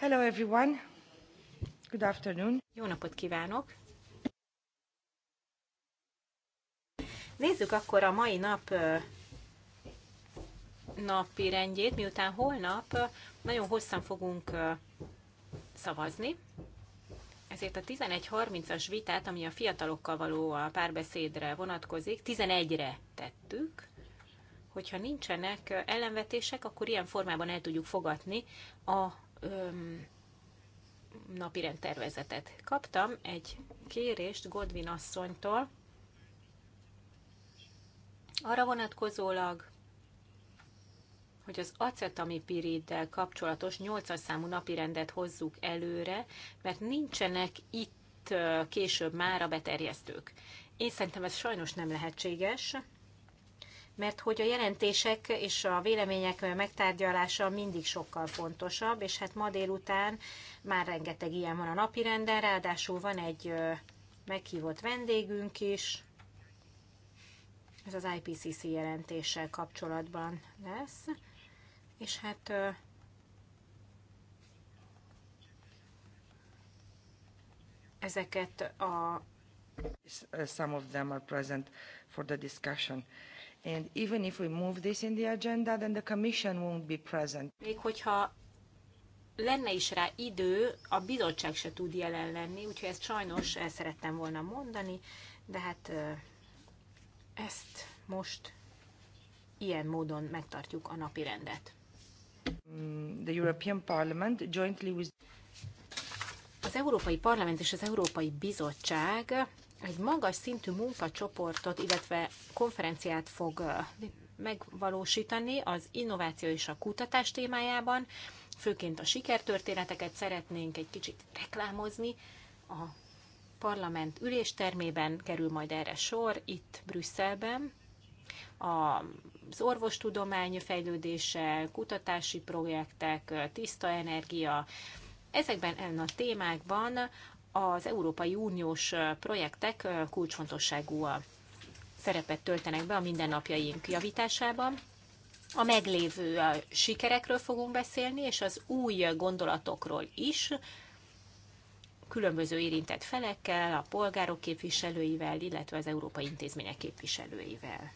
Hello everyone. Good afternoon. Jó napot kívánok. Nézzük akkor a mai nap napi rendjét, miután holnap nagyon hosszan fogunk szavazni. Ezért a 11.30-as vitát, ami a fiatalokkal való a párbeszédre vonatkozik, 11-re tettük. Hogyha nincsenek ellenvetések, akkor ilyen formában el tudjuk fogadni a napirend tervezetet. Kaptam egy kérést Godwin asszonytól, arra vonatkozólag, hogy az acetamipiriddel kapcsolatos 8-as számú napirendet hozzuk előre, mert nincsenek itt később már a beterjesztők. Én szerintem ez sajnos nem lehetséges, mert hogy a jelentések és a vélemények megtárgyalása mindig sokkal fontosabb, és hát ma délután már rengeteg ilyen van a napirenden, ráadásul van egy meghívott vendégünk is, ez az IPCC jelentéssel kapcsolatban lesz, és hát ezeket a uh, Some of them are present for the discussion. And even if we move this in the agenda, then the Commission won't be present. Még hogyha lenne is rá idő, a bizottság se tud jelen lenni, úgyhogy ezt sajnos el szerettem volna mondani, de hát ezt most ilyen módon megtartjuk a napi rendet. Mm, the European Parliament jointly with... Az Európai Parlament és az Európai Bizottság egy magas szintű munkacsoportot, illetve konferenciát fog megvalósítani az innováció és a kutatás témájában. Főként a sikertörténeteket szeretnénk egy kicsit reklámozni. A parlament üléstermében kerül majd erre sor, itt Brüsszelben. Az orvostudomány fejlődése, kutatási projektek, tiszta energia, Ezekben e, a témákban az Európai Uniós projektek kulcsfontosságú szerepet töltenek be a mindennapjaink javításában. A meglévő sikerekről fogunk beszélni, és az új gondolatokról is, különböző érintett felekkel, a polgárok képviselőivel, illetve az európai intézmények képviselőivel.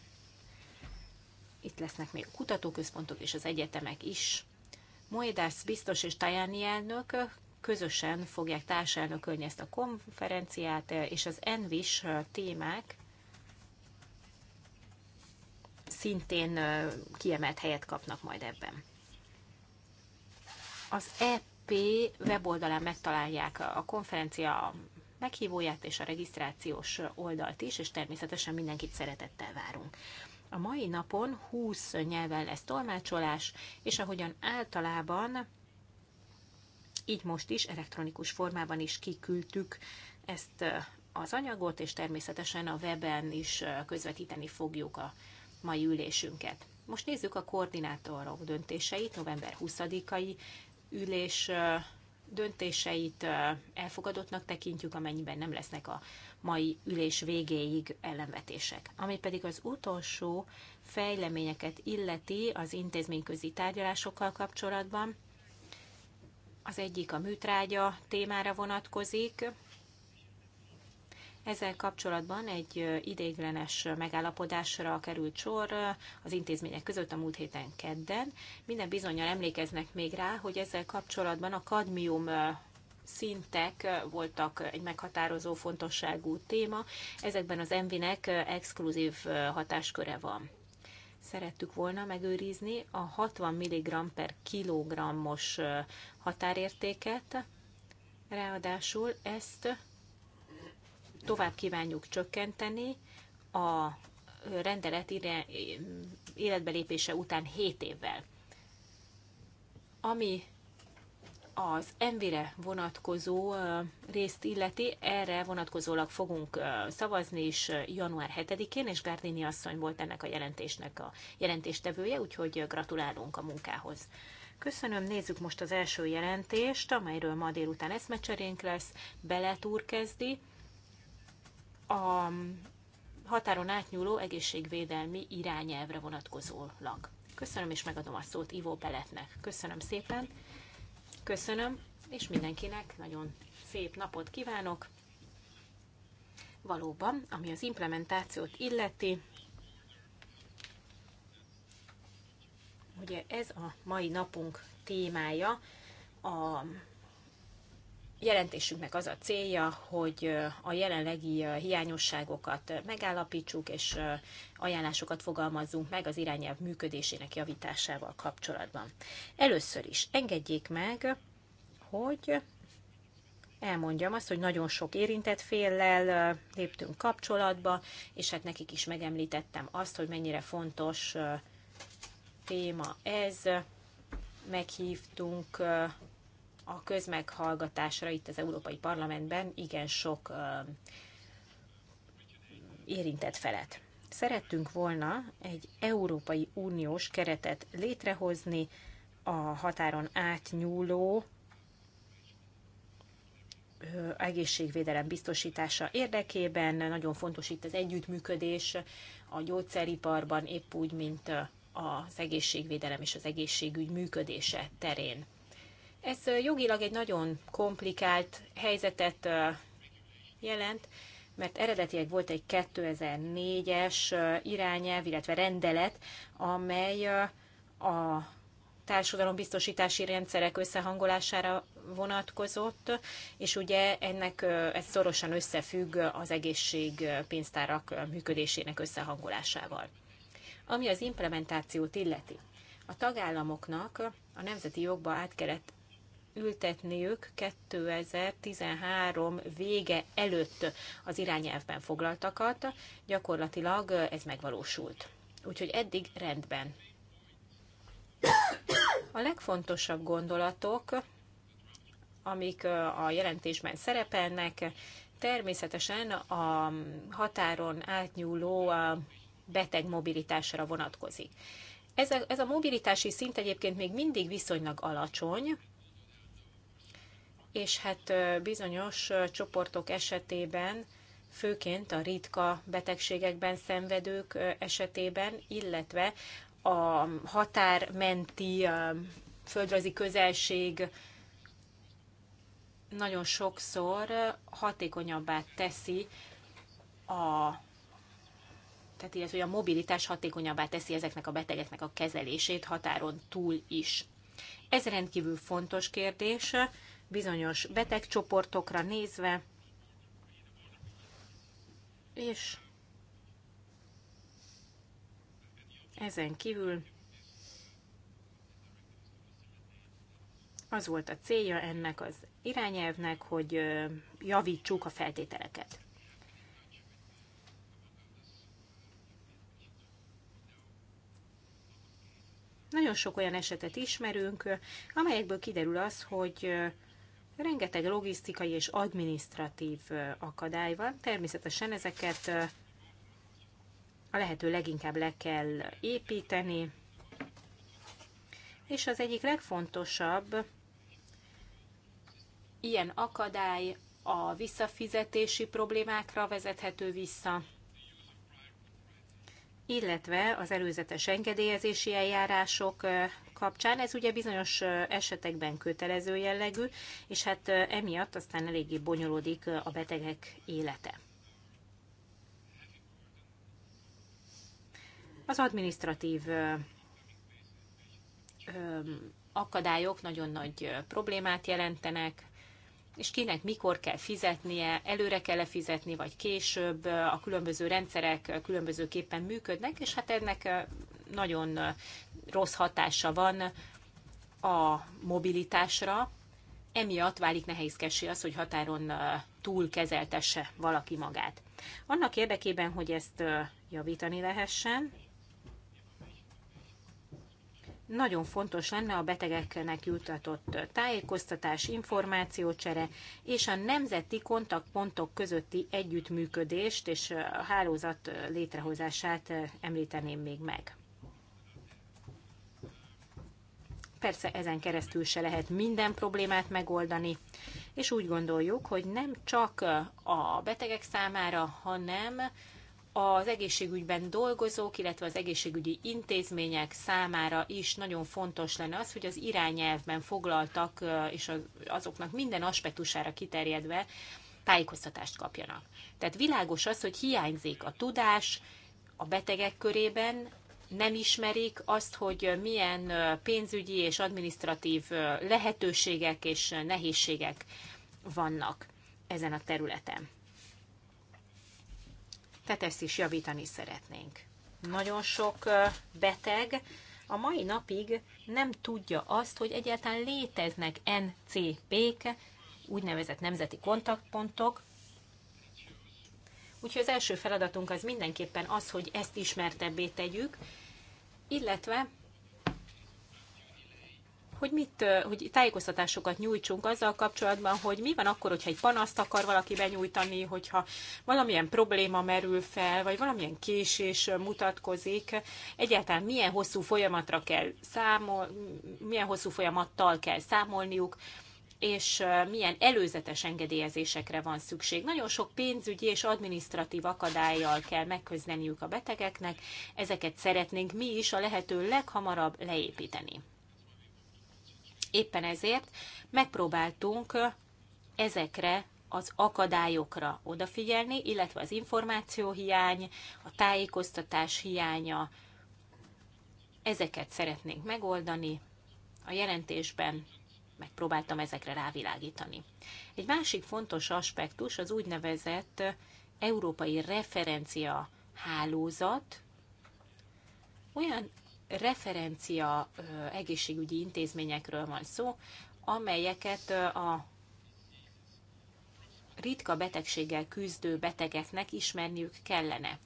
Itt lesznek még a kutatóközpontok és az egyetemek is. Moedász biztos és Tajani elnök közösen fogják társelnökölni ezt a konferenciát, és az Envis témák szintén kiemelt helyet kapnak majd ebben. Az EP weboldalán megtalálják a konferencia meghívóját és a regisztrációs oldalt is, és természetesen mindenkit szeretettel várunk. A mai napon 20 nyelven lesz tolmácsolás, és ahogyan általában így most is elektronikus formában is kiküldtük ezt az anyagot, és természetesen a weben is közvetíteni fogjuk a mai ülésünket. Most nézzük a koordinátorok döntéseit, november 20-ai ülés döntéseit elfogadottnak tekintjük, amennyiben nem lesznek a mai ülés végéig ellenvetések. Ami pedig az utolsó fejleményeket illeti az intézményközi tárgyalásokkal kapcsolatban, az egyik a műtrágya témára vonatkozik. Ezzel kapcsolatban egy idéglenes megállapodásra került sor az intézmények között a múlt héten kedden. Minden bizonyal emlékeznek még rá, hogy ezzel kapcsolatban a kadmium szintek voltak egy meghatározó fontosságú téma. Ezekben az envinek exkluzív hatásköre van szerettük volna megőrizni a 60 mg per kilogrammos határértéket, ráadásul ezt tovább kívánjuk csökkenteni a rendelet életbelépése után 7 évvel. Ami az envire vonatkozó részt illeti, erre vonatkozólag fogunk szavazni is január 7-én, és Gárdini asszony volt ennek a jelentésnek a jelentéstevője, úgyhogy gratulálunk a munkához. Köszönöm, nézzük most az első jelentést, amelyről ma délután eszmecserénk lesz. beletúr kezdi. A határon átnyúló egészségvédelmi irányelvre vonatkozólag. Köszönöm, és megadom a szót Ivó Beletnek. Köszönöm szépen. Köszönöm, és mindenkinek nagyon szép napot kívánok. Valóban, ami az implementációt illeti, ugye ez a mai napunk témája, a jelentésünknek az a célja, hogy a jelenlegi hiányosságokat megállapítsuk, és ajánlásokat fogalmazzunk meg az irányelv működésének javításával kapcsolatban. Először is engedjék meg, hogy elmondjam azt, hogy nagyon sok érintett féllel léptünk kapcsolatba, és hát nekik is megemlítettem azt, hogy mennyire fontos téma ez. Meghívtunk a közmeghallgatásra itt az Európai Parlamentben igen sok érintett felet. Szerettünk volna egy Európai Uniós keretet létrehozni a határon átnyúló egészségvédelem biztosítása érdekében. Nagyon fontos itt az együttműködés a gyógyszeriparban, épp úgy, mint az egészségvédelem és az egészségügy működése terén. Ez jogilag egy nagyon komplikált helyzetet jelent, mert eredetileg volt egy 2004-es irányelv, illetve rendelet, amely a társadalombiztosítási rendszerek összehangolására vonatkozott, és ugye ennek ez szorosan összefügg az pénztárak működésének összehangolásával. Ami az implementációt illeti, a tagállamoknak a nemzeti jogba át kellett ültetniük 2013 vége előtt az irányelvben foglaltakat, gyakorlatilag ez megvalósult. Úgyhogy eddig rendben. A legfontosabb gondolatok, amik a jelentésben szerepelnek, természetesen a határon átnyúló beteg mobilitásra vonatkozik. Ez a, ez a mobilitási szint egyébként még mindig viszonylag alacsony, és hát bizonyos csoportok esetében, főként a ritka betegségekben szenvedők esetében, illetve a határmenti földrajzi közelség nagyon sokszor hatékonyabbá teszi a tehát illetve hogy a mobilitás hatékonyabbá teszi ezeknek a betegeknek a kezelését határon túl is. Ez rendkívül fontos kérdés, bizonyos betegcsoportokra nézve, és ezen kívül az volt a célja ennek az irányelvnek, hogy javítsuk a feltételeket. Nagyon sok olyan esetet ismerünk, amelyekből kiderül az, hogy rengeteg logisztikai és adminisztratív akadály van. Természetesen ezeket a lehető leginkább le kell építeni, és az egyik legfontosabb ilyen akadály a visszafizetési problémákra vezethető vissza, illetve az előzetes engedélyezési eljárások kapcsán. Ez ugye bizonyos esetekben kötelező jellegű, és hát emiatt aztán eléggé bonyolódik a betegek élete. Az administratív akadályok nagyon nagy problémát jelentenek, és kinek mikor kell fizetnie, előre kell -e fizetni, vagy később, a különböző rendszerek különbözőképpen működnek, és hát ennek nagyon rossz hatása van a mobilitásra, emiatt válik nehézkesé az, hogy határon túl kezeltesse valaki magát. Annak érdekében, hogy ezt javítani lehessen, nagyon fontos lenne a betegeknek jutatott tájékoztatás, információcsere és a nemzeti kontaktpontok közötti együttműködést és a hálózat létrehozását említeném még meg. Persze ezen keresztül se lehet minden problémát megoldani, és úgy gondoljuk, hogy nem csak a betegek számára, hanem az egészségügyben dolgozók, illetve az egészségügyi intézmények számára is nagyon fontos lenne az, hogy az irányelvben foglaltak és azoknak minden aspektusára kiterjedve tájékoztatást kapjanak. Tehát világos az, hogy hiányzik a tudás a betegek körében, nem ismerik azt, hogy milyen pénzügyi és adminisztratív lehetőségek és nehézségek vannak ezen a területen. Tehát ezt is javítani szeretnénk. Nagyon sok beteg a mai napig nem tudja azt, hogy egyáltalán léteznek NCP-k, úgynevezett nemzeti kontaktpontok, Úgyhogy az első feladatunk az mindenképpen az, hogy ezt ismertebbé tegyük, illetve hogy, mit, hogy tájékoztatásokat nyújtsunk azzal kapcsolatban, hogy mi van akkor, hogyha egy panaszt akar valaki benyújtani, hogyha valamilyen probléma merül fel, vagy valamilyen késés mutatkozik, egyáltalán milyen hosszú folyamatra kell számol, milyen hosszú folyamattal kell számolniuk, és milyen előzetes engedélyezésekre van szükség. Nagyon sok pénzügyi és adminisztratív akadályjal kell megközdeniük a betegeknek, ezeket szeretnénk mi is a lehető leghamarabb leépíteni. Éppen ezért megpróbáltunk ezekre az akadályokra odafigyelni, illetve az információhiány, a tájékoztatás hiánya, ezeket szeretnénk megoldani. A jelentésben megpróbáltam ezekre rávilágítani. Egy másik fontos aspektus az úgynevezett európai referencia hálózat, olyan referencia egészségügyi intézményekről van szó, amelyeket a ritka betegséggel küzdő betegeknek ismerniük kellene.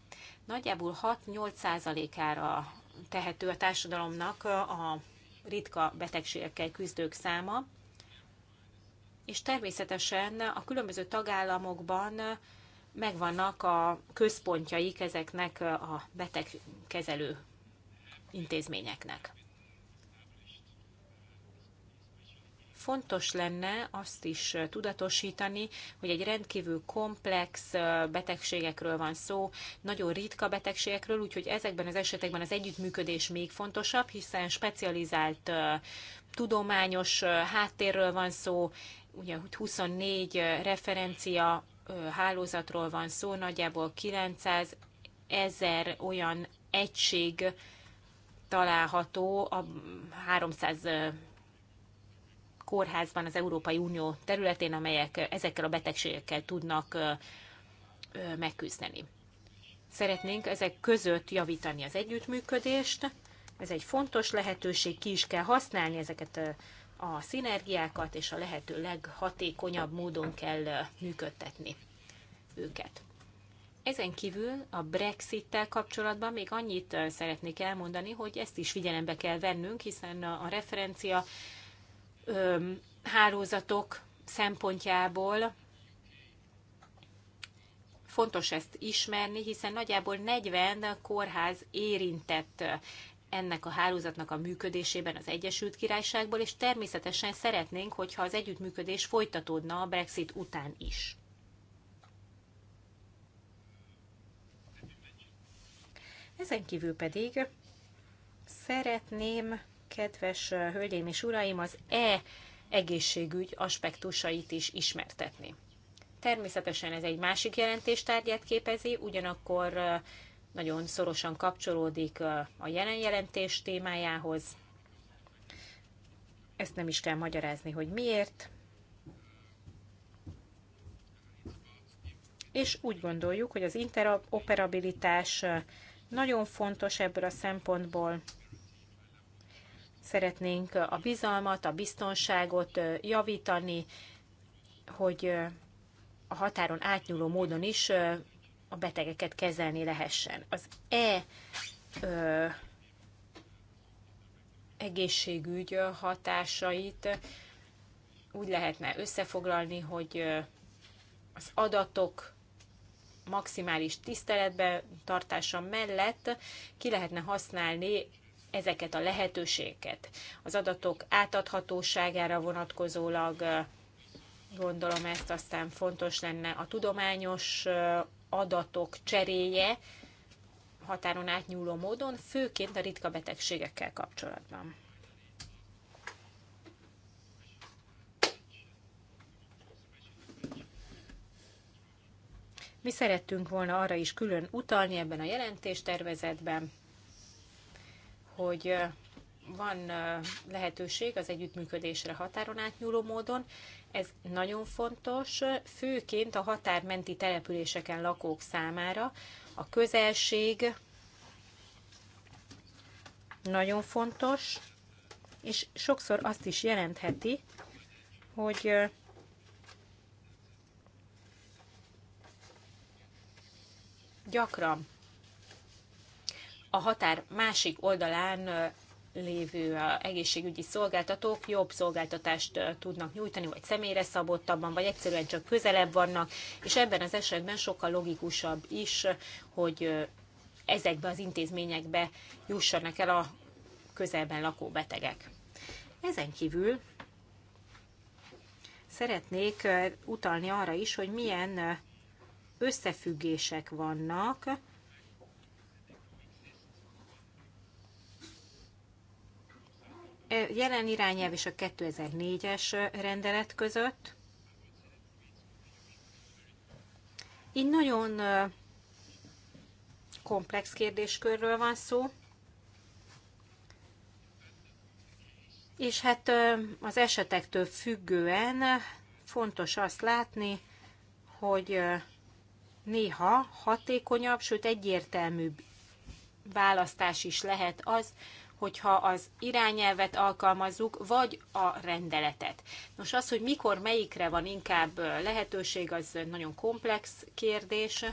Nagyjából 6-8 százalékára tehető a társadalomnak a ritka betegségekkel küzdők száma, és természetesen a különböző tagállamokban megvannak a központjaik ezeknek a betegkezelő intézményeknek. fontos lenne azt is tudatosítani, hogy egy rendkívül komplex betegségekről van szó, nagyon ritka betegségekről, úgyhogy ezekben az esetekben az együttműködés még fontosabb, hiszen specializált tudományos háttérről van szó, ugye 24 referencia hálózatról van szó, nagyjából 900 ezer olyan egység található a 300 kórházban az Európai Unió területén, amelyek ezekkel a betegségekkel tudnak megküzdeni. Szeretnénk ezek között javítani az együttműködést, ez egy fontos lehetőség, ki is kell használni ezeket a szinergiákat, és a lehető leghatékonyabb módon kell működtetni őket. Ezen kívül a Brexit-tel kapcsolatban még annyit szeretnék elmondani, hogy ezt is figyelembe kell vennünk, hiszen a referencia hálózatok szempontjából fontos ezt ismerni, hiszen nagyjából 40 kórház érintett ennek a hálózatnak a működésében az Egyesült Királyságból, és természetesen szeretnénk, hogyha az együttműködés folytatódna a Brexit után is. Ezen kívül pedig szeretném kedves hölgyeim és uraim, az E egészségügy aspektusait is ismertetni. Természetesen ez egy másik jelentéstárgyát képezi, ugyanakkor nagyon szorosan kapcsolódik a jelen jelentés témájához. Ezt nem is kell magyarázni, hogy miért. És úgy gondoljuk, hogy az interoperabilitás nagyon fontos ebből a szempontból, Szeretnénk a bizalmat, a biztonságot javítani, hogy a határon átnyúló módon is a betegeket kezelni lehessen. Az E ö, egészségügy hatásait úgy lehetne összefoglalni, hogy az adatok maximális tiszteletben tartása mellett ki lehetne használni ezeket a lehetőséget. Az adatok átadhatóságára vonatkozólag gondolom ezt aztán fontos lenne a tudományos adatok cseréje határon átnyúló módon, főként a ritka betegségekkel kapcsolatban. Mi szerettünk volna arra is külön utalni ebben a jelentéstervezetben, hogy van lehetőség az együttműködésre határon átnyúló módon. Ez nagyon fontos, főként a határmenti településeken lakók számára. A közelség nagyon fontos, és sokszor azt is jelentheti, hogy gyakran a határ másik oldalán lévő egészségügyi szolgáltatók jobb szolgáltatást tudnak nyújtani, vagy személyre szabottabban, vagy egyszerűen csak közelebb vannak, és ebben az esetben sokkal logikusabb is, hogy ezekbe az intézményekbe jussanak el a közelben lakó betegek. Ezen kívül szeretnék utalni arra is, hogy milyen összefüggések vannak jelen irányelv és a 2004-es rendelet között. Így nagyon komplex kérdéskörről van szó, és hát az esetektől függően fontos azt látni, hogy néha hatékonyabb, sőt egyértelműbb választás is lehet az, hogyha az irányelvet alkalmazzuk, vagy a rendeletet. Nos, az, hogy mikor melyikre van inkább lehetőség, az nagyon komplex kérdés.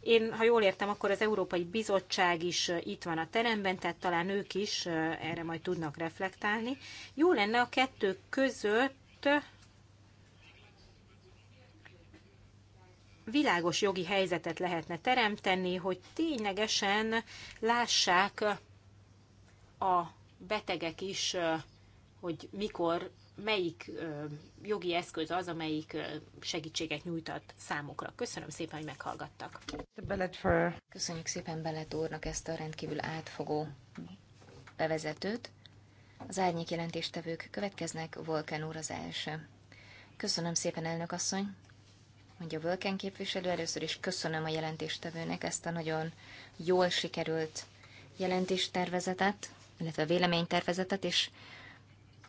Én, ha jól értem, akkor az Európai Bizottság is itt van a teremben, tehát talán ők is erre majd tudnak reflektálni. Jó lenne a kettő között világos jogi helyzetet lehetne teremteni, hogy ténylegesen lássák a betegek is, hogy mikor, melyik jogi eszköz az, amelyik segítséget nyújtott számukra. Köszönöm szépen, hogy meghallgattak. Köszönjük szépen Bellet úrnak ezt a rendkívül átfogó bevezetőt. Az árnyék jelentéstevők következnek, Volken úr az első. Köszönöm szépen, elnök asszony, mondja Völken képviselő. Először is köszönöm a jelentéstevőnek ezt a nagyon jól sikerült jelentéstervezetet illetve a véleménytervezetet, és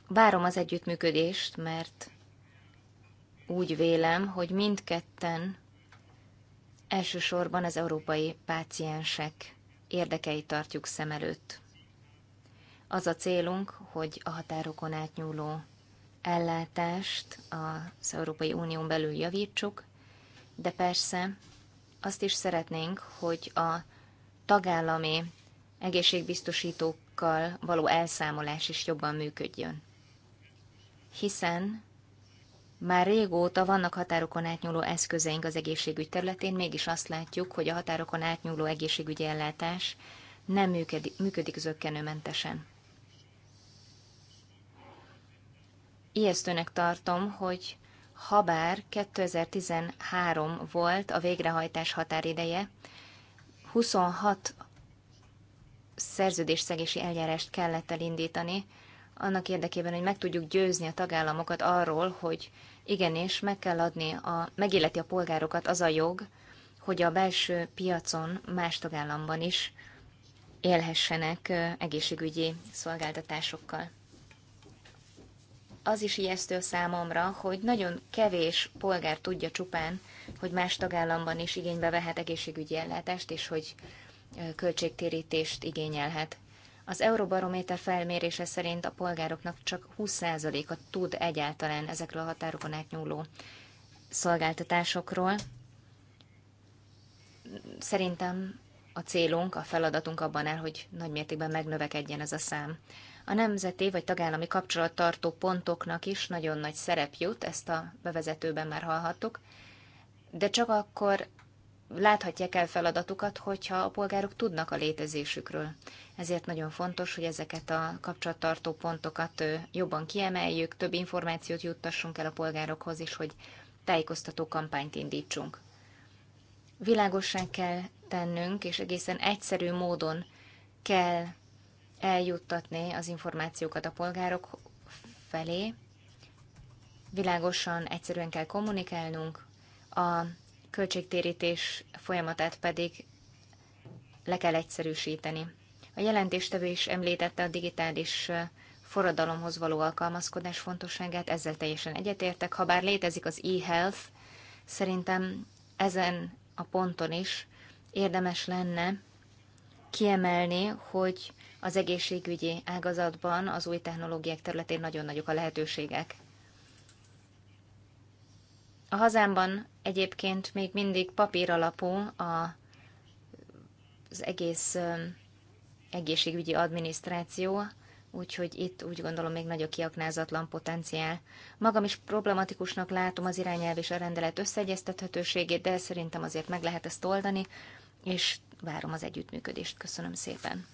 várom az együttműködést, mert úgy vélem, hogy mindketten elsősorban az európai páciensek érdekeit tartjuk szem előtt. Az a célunk, hogy a határokon átnyúló ellátást az Európai Unión belül javítsuk, de persze azt is szeretnénk, hogy a tagállami egészségbiztosító kockázatok való elszámolás is jobban működjön. Hiszen már régóta vannak határokon átnyúló eszközeink az egészségügy területén, mégis azt látjuk, hogy a határokon átnyúló egészségügyi ellátás nem működik, működik zöggenőmentesen. Ijesztőnek tartom, hogy habár 2013 volt a végrehajtás határideje, 26 szerződésszegési eljárást kellett elindítani, annak érdekében, hogy meg tudjuk győzni a tagállamokat arról, hogy igenis meg kell adni, a, megilleti a polgárokat az a jog, hogy a belső piacon más tagállamban is élhessenek egészségügyi szolgáltatásokkal. Az is ijesztő számomra, hogy nagyon kevés polgár tudja csupán, hogy más tagállamban is igénybe vehet egészségügyi ellátást, és hogy költségtérítést igényelhet. Az Euróbarométer felmérése szerint a polgároknak csak 20%-a tud egyáltalán ezekről a határokon átnyúló szolgáltatásokról. Szerintem a célunk, a feladatunk abban áll, hogy nagymértékben megnövekedjen ez a szám. A nemzeti vagy tagállami kapcsolattartó pontoknak is nagyon nagy szerep jut, ezt a bevezetőben már hallhattuk, de csak akkor láthatják el feladatukat, hogyha a polgárok tudnak a létezésükről. Ezért nagyon fontos, hogy ezeket a kapcsolattartó pontokat jobban kiemeljük, több információt juttassunk el a polgárokhoz is, hogy tájékoztató kampányt indítsunk. Világosan kell tennünk, és egészen egyszerű módon kell eljuttatni az információkat a polgárok felé. Világosan, egyszerűen kell kommunikálnunk. A költségtérítés folyamatát pedig le kell egyszerűsíteni. A jelentéstevő is említette a digitális forradalomhoz való alkalmazkodás fontosságát, ezzel teljesen egyetértek, ha bár létezik az e-health, szerintem ezen a ponton is érdemes lenne kiemelni, hogy az egészségügyi ágazatban az új technológiák területén nagyon nagyok a lehetőségek. A hazámban egyébként még mindig papír alapú a, az egész egészségügyi adminisztráció, úgyhogy itt úgy gondolom még nagy a kiaknázatlan potenciál. Magam is problematikusnak látom az irányelv és a rendelet összeegyeztethetőségét, de szerintem azért meg lehet ezt oldani, és várom az együttműködést. Köszönöm szépen!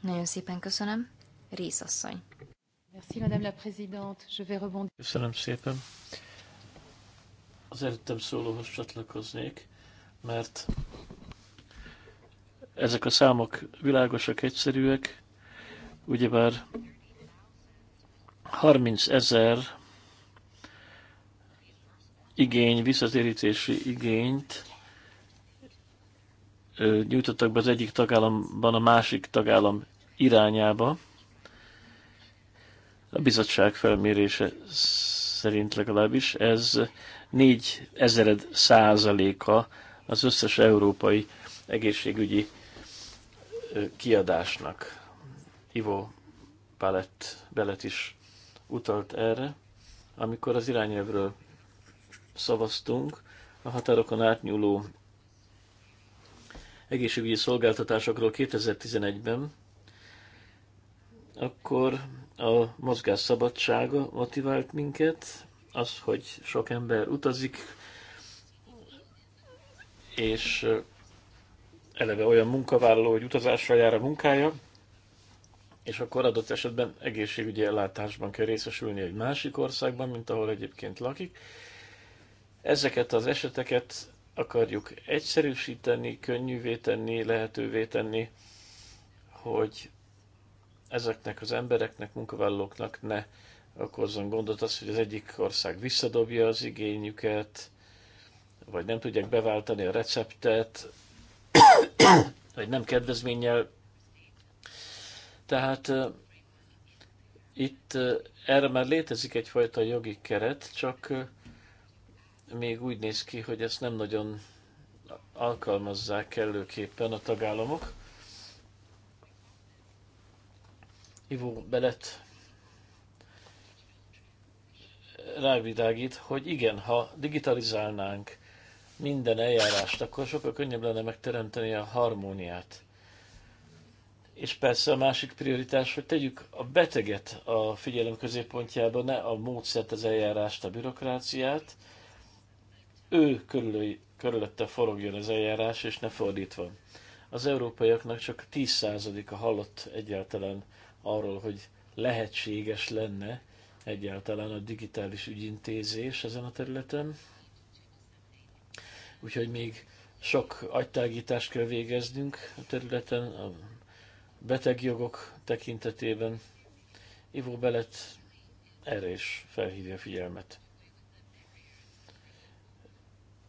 Nagyon szépen köszönöm. Rész asszony. Merci, Madame la Présidente. Je vais rebondir. Köszönöm szépen. Az előttem szólóhoz csatlakoznék, mert ezek a számok világosak, egyszerűek. Ugyebár 30 ezer igény, visszatérítési igényt nyújtottak be az egyik tagállamban a másik tagállam irányába a bizottság felmérése szerint legalábbis, ez 4 ezered százaléka az összes európai egészségügyi kiadásnak. Ivo Palett, Belet is utalt erre. Amikor az irányelvről szavaztunk, a határokon átnyúló egészségügyi szolgáltatásokról 2011-ben, akkor a mozgás szabadsága motivált minket, az, hogy sok ember utazik, és eleve olyan munkavállaló, hogy utazásra jár a munkája, és akkor adott esetben egészségügyi ellátásban kell részesülni egy másik országban, mint ahol egyébként lakik. Ezeket az eseteket akarjuk egyszerűsíteni, könnyűvé tenni, lehetővé tenni, hogy ezeknek az embereknek, munkavállalóknak ne okozzon gondot az, hogy az egyik ország visszadobja az igényüket, vagy nem tudják beváltani a receptet, vagy nem kedvezménnyel. Tehát itt erre már létezik egyfajta jogi keret, csak még úgy néz ki, hogy ezt nem nagyon alkalmazzák kellőképpen a tagállamok. Ivó Belet rávidágít, hogy igen, ha digitalizálnánk minden eljárást, akkor sokkal könnyebb lenne megteremteni a harmóniát. És persze a másik prioritás, hogy tegyük a beteget a figyelem középpontjába, ne a módszert, az eljárást, a bürokráciát. Ő körülő, körülötte forogjon az eljárás, és ne fordítva. Az európaiaknak csak 10%-a hallott egyáltalán arról, hogy lehetséges lenne egyáltalán a digitális ügyintézés ezen a területen. Úgyhogy még sok agytágítást kell végeznünk a területen, a betegjogok tekintetében. Ivó Belet erre is felhívja a figyelmet.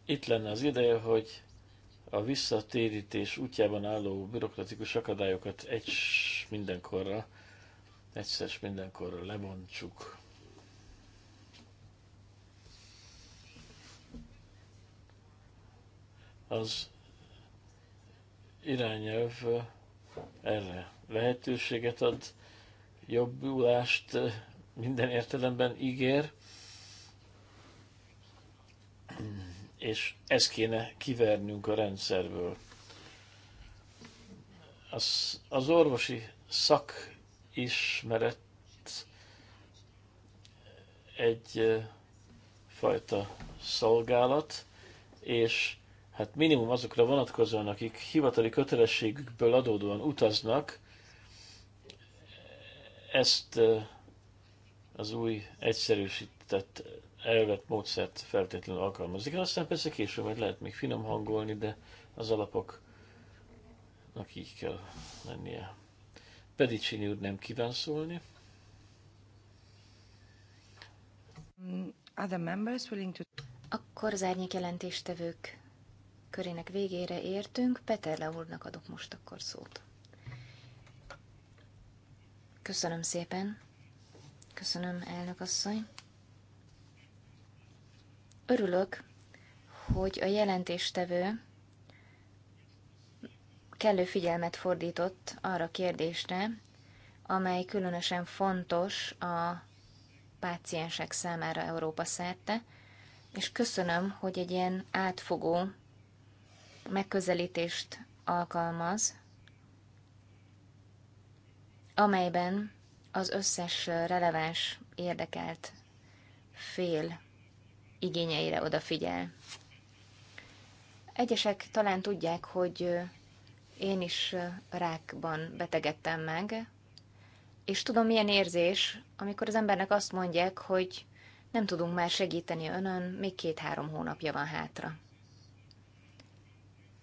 Itt lenne az ideje, hogy a visszatérítés útjában álló bürokratikus akadályokat egy mindenkorra egyszer mindenkor lebontsuk. Az irányelv erre lehetőséget ad, jobbulást minden értelemben ígér, és ezt kéne kivernünk a rendszerből. Az, az orvosi szak ismerett egy fajta szolgálat, és hát minimum azokra vonatkozóan, akik hivatali kötelességükből adódóan utaznak, ezt az új egyszerűsített elvett módszert feltétlenül alkalmazik. Aztán persze később majd lehet még finom hangolni, de az alapoknak így kell lennie. Pedicini úr nem kíván szólni. Mm, other members willing to... Akkor az árnyék jelentéstevők körének végére értünk. Peterle úrnak adok most akkor szót. Köszönöm szépen. Köszönöm, elnök asszony. Örülök, hogy a jelentéstevő kellő figyelmet fordított arra kérdésre, amely különösen fontos a páciensek számára Európa szerte, és köszönöm, hogy egy ilyen átfogó megközelítést alkalmaz, amelyben az összes releváns érdekelt fél igényeire odafigyel. Egyesek talán tudják, hogy én is rákban betegedtem meg, és tudom, milyen érzés, amikor az embernek azt mondják, hogy nem tudunk már segíteni önön, még két-három hónapja van hátra.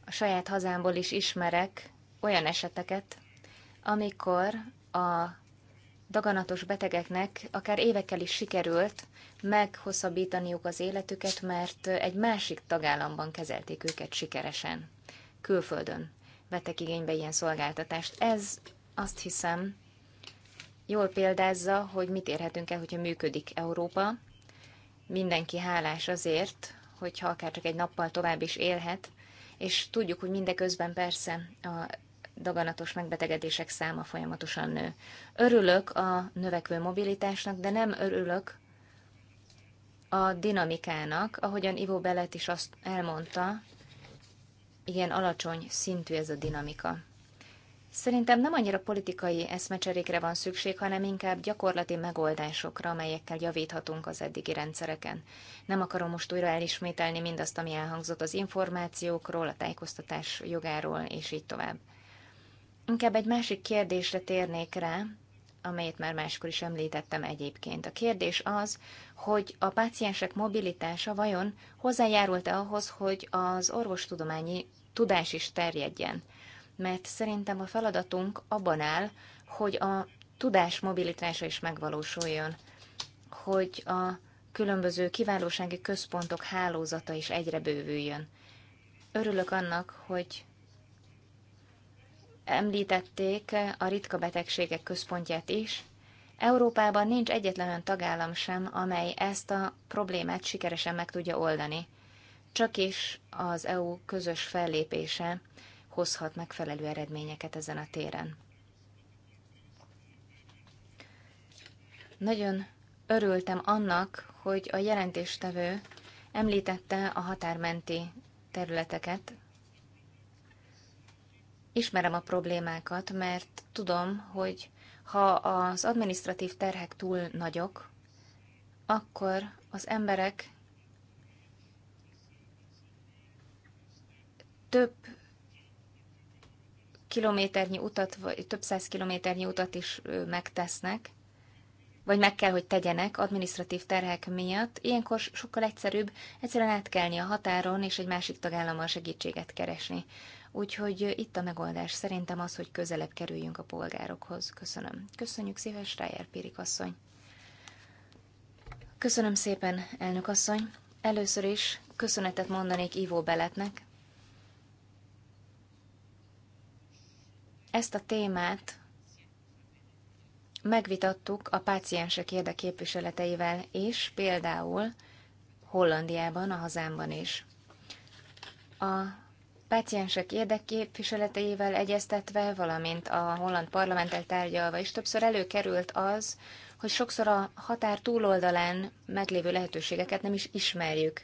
A saját hazámból is ismerek olyan eseteket, amikor a daganatos betegeknek akár évekkel is sikerült meghosszabbítaniuk az életüket, mert egy másik tagállamban kezelték őket sikeresen, külföldön vettek igénybe ilyen szolgáltatást. Ez azt hiszem jól példázza, hogy mit érhetünk el, hogyha működik Európa. Mindenki hálás azért, hogyha akár csak egy nappal tovább is élhet, és tudjuk, hogy mindeközben persze a daganatos megbetegedések száma folyamatosan nő. Örülök a növekvő mobilitásnak, de nem örülök a dinamikának, ahogyan Ivo Belet is azt elmondta, ilyen alacsony szintű ez a dinamika. Szerintem nem annyira politikai eszmecserékre van szükség, hanem inkább gyakorlati megoldásokra, amelyekkel javíthatunk az eddigi rendszereken. Nem akarom most újra elismételni mindazt, ami elhangzott az információkról, a tájékoztatás jogáról, és így tovább. Inkább egy másik kérdésre térnék rá, amelyet már máskor is említettem egyébként. A kérdés az, hogy a páciensek mobilitása vajon hozzájárult-e ahhoz, hogy az orvostudományi tudás is terjedjen. Mert szerintem a feladatunk abban áll, hogy a tudás mobilitása is megvalósuljon, hogy a különböző kiválósági központok hálózata is egyre bővüljön. Örülök annak, hogy Említették a ritka betegségek központját is. Európában nincs egyetlen olyan tagállam sem, amely ezt a problémát sikeresen meg tudja oldani. Csak is az EU közös fellépése hozhat megfelelő eredményeket ezen a téren. Nagyon örültem annak, hogy a jelentéstevő említette a határmenti területeket, Ismerem a problémákat, mert tudom, hogy ha az administratív terhek túl nagyok, akkor az emberek több kilométernyi utat, vagy több száz kilométernyi utat is megtesznek, vagy meg kell, hogy tegyenek administratív terhek miatt, ilyenkor sokkal egyszerűbb egyszerűen átkelni a határon és egy másik tagállammal segítséget keresni. Úgyhogy itt a megoldás szerintem az, hogy közelebb kerüljünk a polgárokhoz. Köszönöm. Köszönjük szíves, Rájer Pirik asszony. Köszönöm szépen, elnök asszony. Először is köszönetet mondanék Ivó Beletnek. Ezt a témát megvitattuk a páciensek érdeképviseleteivel és például Hollandiában, a hazámban is. A páciensek érdekképviseleteivel egyeztetve, valamint a holland parlamenttel tárgyalva is többször előkerült az, hogy sokszor a határ túloldalán meglévő lehetőségeket nem is ismerjük.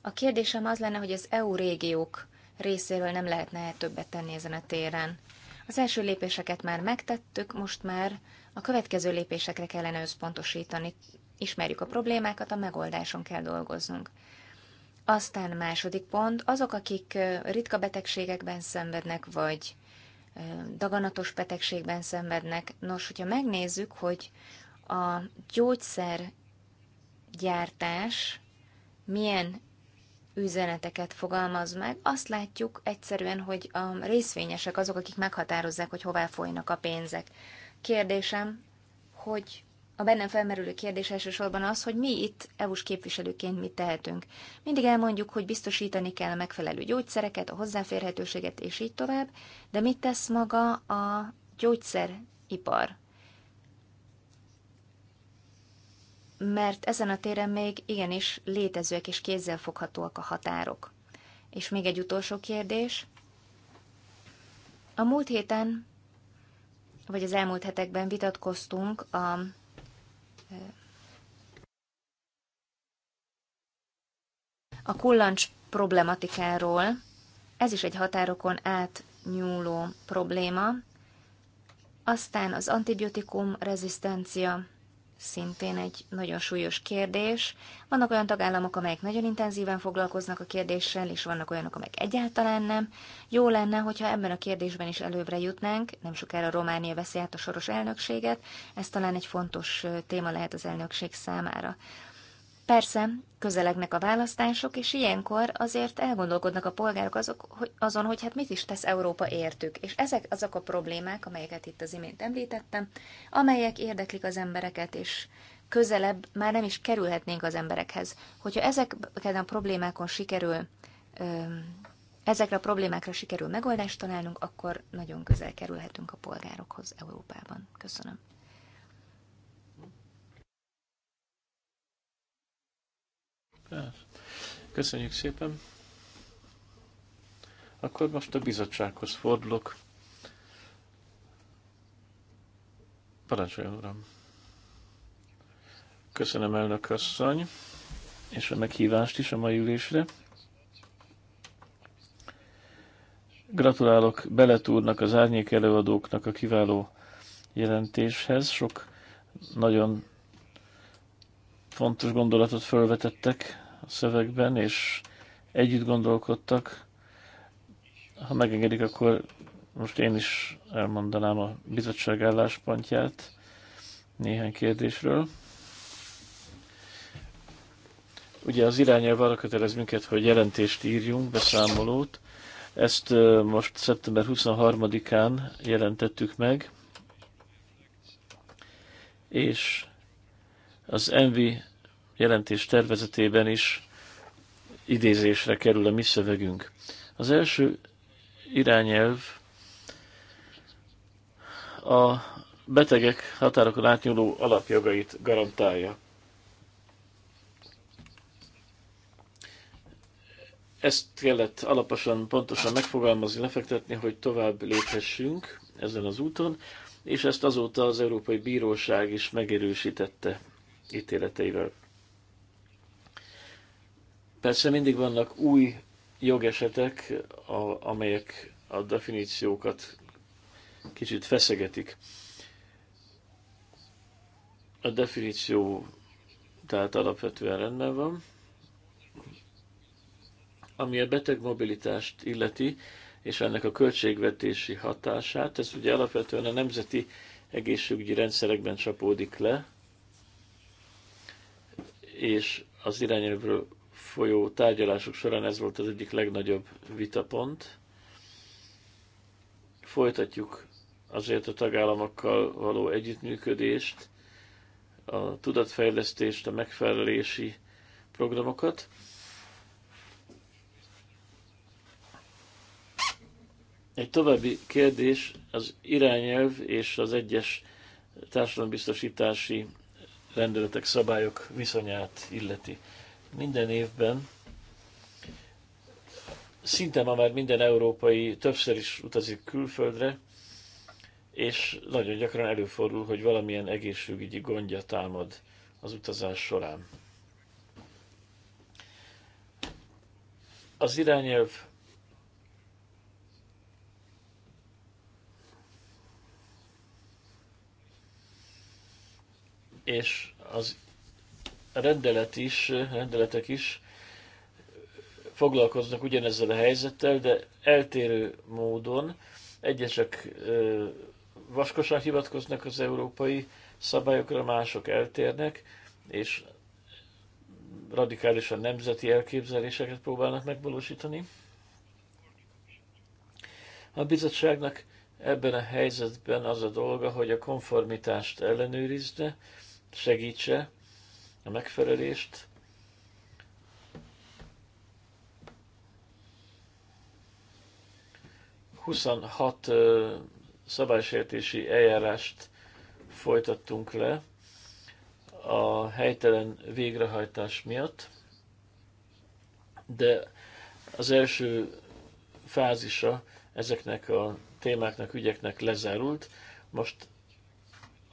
A kérdésem az lenne, hogy az EU régiók részéről nem lehetne -e többet tenni ezen a téren. Az első lépéseket már megtettük, most már a következő lépésekre kellene összpontosítani. Ismerjük a problémákat, a megoldáson kell dolgoznunk. Aztán második pont, azok, akik ritka betegségekben szenvednek, vagy daganatos betegségben szenvednek. Nos, hogyha megnézzük, hogy a gyógyszergyártás milyen üzeneteket fogalmaz meg, azt látjuk egyszerűen, hogy a részvényesek azok, akik meghatározzák, hogy hová folynak a pénzek. Kérdésem, hogy a bennem felmerülő kérdés elsősorban az, hogy mi itt EU-s képviselőként mit tehetünk. Mindig elmondjuk, hogy biztosítani kell a megfelelő gyógyszereket, a hozzáférhetőséget és így tovább, de mit tesz maga a gyógyszeripar? Mert ezen a téren még igenis létezőek és kézzelfoghatóak a határok. És még egy utolsó kérdés. A múlt héten, vagy az elmúlt hetekben vitatkoztunk a a kullancs problematikáról. Ez is egy határokon átnyúló probléma. Aztán az antibiotikum rezisztencia, szintén egy nagyon súlyos kérdés. Vannak olyan tagállamok, amelyek nagyon intenzíven foglalkoznak a kérdéssel, és vannak olyanok, amelyek egyáltalán nem. Jó lenne, hogyha ebben a kérdésben is előbbre jutnánk, nem sokára Románia veszi át a soros elnökséget, ez talán egy fontos téma lehet az elnökség számára. Persze, közelegnek a választások, és ilyenkor azért elgondolkodnak a polgárok azok, hogy azon, hogy hát mit is tesz Európa értük. És ezek azok a problémák, amelyeket itt az imént említettem, amelyek érdeklik az embereket, és közelebb már nem is kerülhetnénk az emberekhez. Hogyha ezeken a problémákon sikerül, ezekre a problémákra sikerül megoldást találnunk, akkor nagyon közel kerülhetünk a polgárokhoz Európában. Köszönöm. Köszönjük szépen. Akkor most a bizottsághoz fordulok. Parancsoljon, uram. Köszönöm, elnök asszony, és a meghívást is a mai ülésre. Gratulálok Beletúrnak, az árnyék előadóknak a kiváló jelentéshez. Sok nagyon fontos gondolatot felvetettek a szövegben, és együtt gondolkodtak. Ha megengedik, akkor most én is elmondanám a bizottság álláspontját néhány kérdésről. Ugye az irányelv arra kötelez minket, hogy jelentést írjunk, beszámolót. Ezt most szeptember 23-án jelentettük meg, és az Envi jelentés tervezetében is idézésre kerül a mi szövegünk. Az első irányelv a betegek határokon átnyúló alapjogait garantálja. Ezt kellett alaposan, pontosan megfogalmazni, lefektetni, hogy tovább léphessünk ezen az úton, és ezt azóta az Európai Bíróság is megerősítette ítéleteivel. Persze mindig vannak új jogesetek, a, amelyek a definíciókat kicsit feszegetik. A definíció tehát alapvetően rendben van. Ami a beteg mobilitást illeti, és ennek a költségvetési hatását, ez ugye alapvetően a nemzeti egészségügyi rendszerekben csapódik le, és az irányelvről folyó tárgyalások során ez volt az egyik legnagyobb vitapont. Folytatjuk azért a tagállamokkal való együttműködést, a tudatfejlesztést, a megfelelési programokat. Egy további kérdés az irányelv és az egyes társadalombiztosítási rendeletek, szabályok viszonyát illeti. Minden évben szinte ma már minden európai többször is utazik külföldre, és nagyon gyakran előfordul, hogy valamilyen egészségügyi gondja támad az utazás során. Az irányelv és az rendelet is, rendeletek is foglalkoznak ugyanezzel a helyzettel, de eltérő módon egyesek vaskosan hivatkoznak az európai szabályokra, mások eltérnek, és radikálisan nemzeti elképzeléseket próbálnak megvalósítani. A bizottságnak ebben a helyzetben az a dolga, hogy a konformitást ellenőrizze, segítse a megfelelést. Huszonhat szabálysértési eljárást folytattunk le a helytelen végrehajtás miatt, de az első fázisa ezeknek a témáknak, ügyeknek lezárult. Most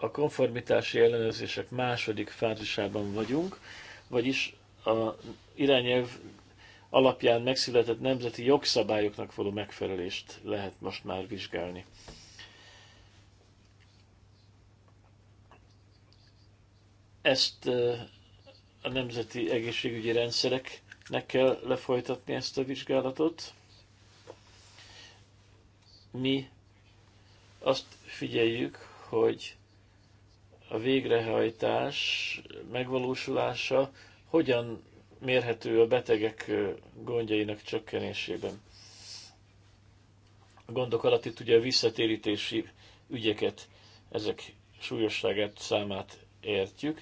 a konformitási ellenőrzések második fázisában vagyunk, vagyis a irányelv alapján megszületett nemzeti jogszabályoknak való megfelelést lehet most már vizsgálni. Ezt a nemzeti egészségügyi rendszereknek kell lefolytatni ezt a vizsgálatot. Mi azt figyeljük, hogy a végrehajtás megvalósulása hogyan mérhető a betegek gondjainak csökkenésében. A gondok alatt itt ugye a visszatérítési ügyeket, ezek súlyosságát, számát értjük.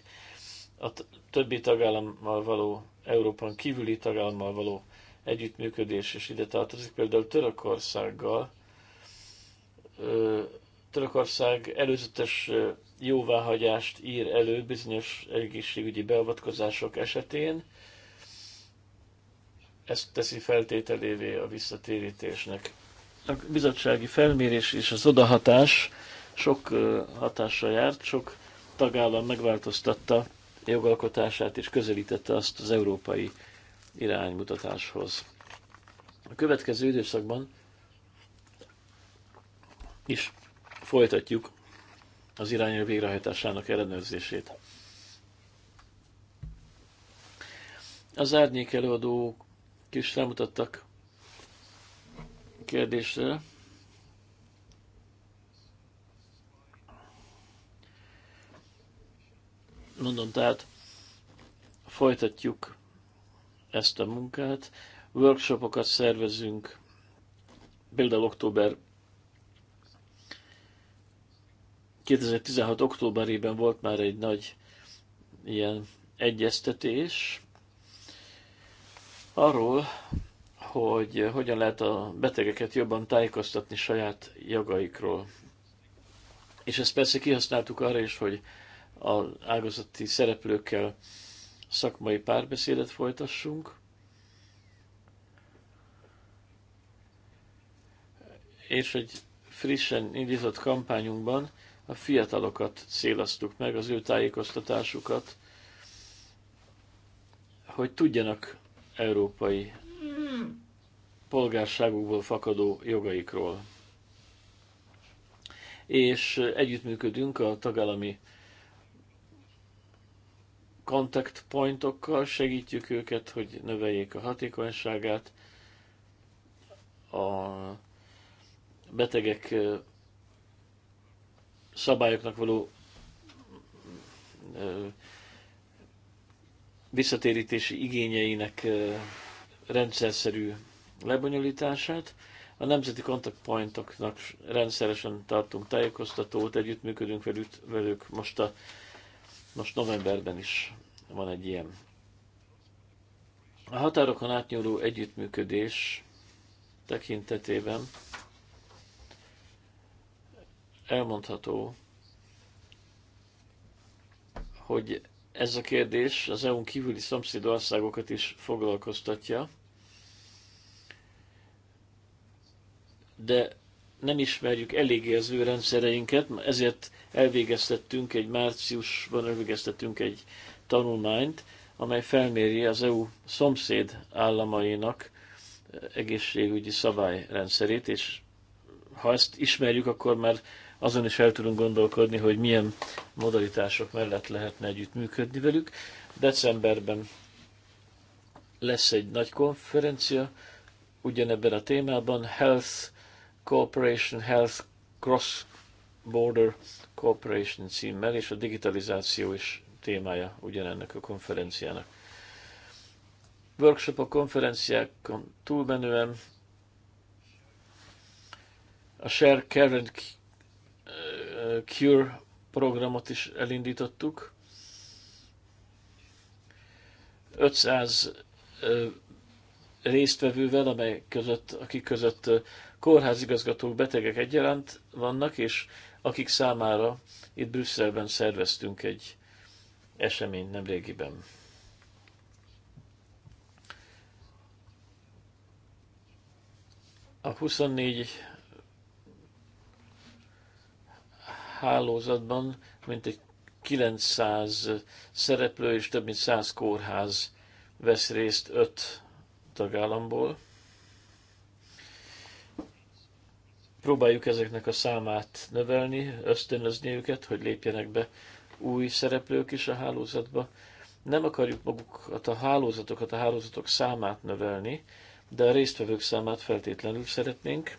A többi tagállammal való, Európán kívüli tagállammal való együttműködés is ide tartozik, például Törökországgal Törökország előzetes jóváhagyást ír elő bizonyos egészségügyi beavatkozások esetén. Ezt teszi feltételévé a visszatérítésnek. A bizottsági felmérés és az odahatás sok hatással járt, sok tagállam megváltoztatta jogalkotását és közelítette azt az európai iránymutatáshoz. A következő időszakban is folytatjuk az irányelv végrehajtásának ellenőrzését. Az árnyék előadók is rámutattak kérdésre. Mondom, tehát folytatjuk ezt a munkát, workshopokat szervezünk, például október 2016. októberében volt már egy nagy ilyen egyeztetés arról, hogy hogyan lehet a betegeket jobban tájékoztatni saját jogaikról. És ezt persze kihasználtuk arra is, hogy az ágazati szereplőkkel szakmai párbeszédet folytassunk. És egy frissen indított kampányunkban a fiatalokat szélasztuk meg, az ő tájékoztatásukat, hogy tudjanak európai polgárságukból fakadó jogaikról. És együttműködünk a tagállami contact pointokkal, segítjük őket, hogy növeljék a hatékonyságát, a betegek szabályoknak való visszatérítési igényeinek rendszerszerű lebonyolítását. A nemzeti kontaktpointoknak rendszeresen tartunk tájékoztatót, együttműködünk velük, velük most, a, most novemberben is van egy ilyen. A határokon átnyúló együttműködés tekintetében elmondható, hogy ez a kérdés az EU-n kívüli szomszéd országokat is foglalkoztatja, de nem ismerjük eléggé az ő rendszereinket, ezért elvégeztettünk egy márciusban elvégeztettünk egy tanulmányt, amely felméri az EU szomszéd államainak egészségügyi szabályrendszerét, és ha ezt ismerjük, akkor már azon is el tudunk gondolkodni, hogy milyen modalitások mellett lehetne együttműködni velük. Decemberben lesz egy nagy konferencia ugyanebben a témában, Health Cooperation, Health Cross Border Cooperation címmel, és a digitalizáció is témája ugyanennek a konferenciának. Workshop a konferenciákon túlmenően a Share Current Cure programot is elindítottuk. 500 résztvevővel, amely között, akik között kórházigazgatók, betegek egyaránt vannak, és akik számára itt Brüsszelben szerveztünk egy eseményt nemrégiben. A 24 hálózatban mintegy 900 szereplő és több mint 100 kórház vesz részt 5 tagállamból. Próbáljuk ezeknek a számát növelni, ösztönözni őket, hogy lépjenek be új szereplők is a hálózatba. Nem akarjuk magukat a hálózatokat, a hálózatok számát növelni, de a résztvevők számát feltétlenül szeretnénk,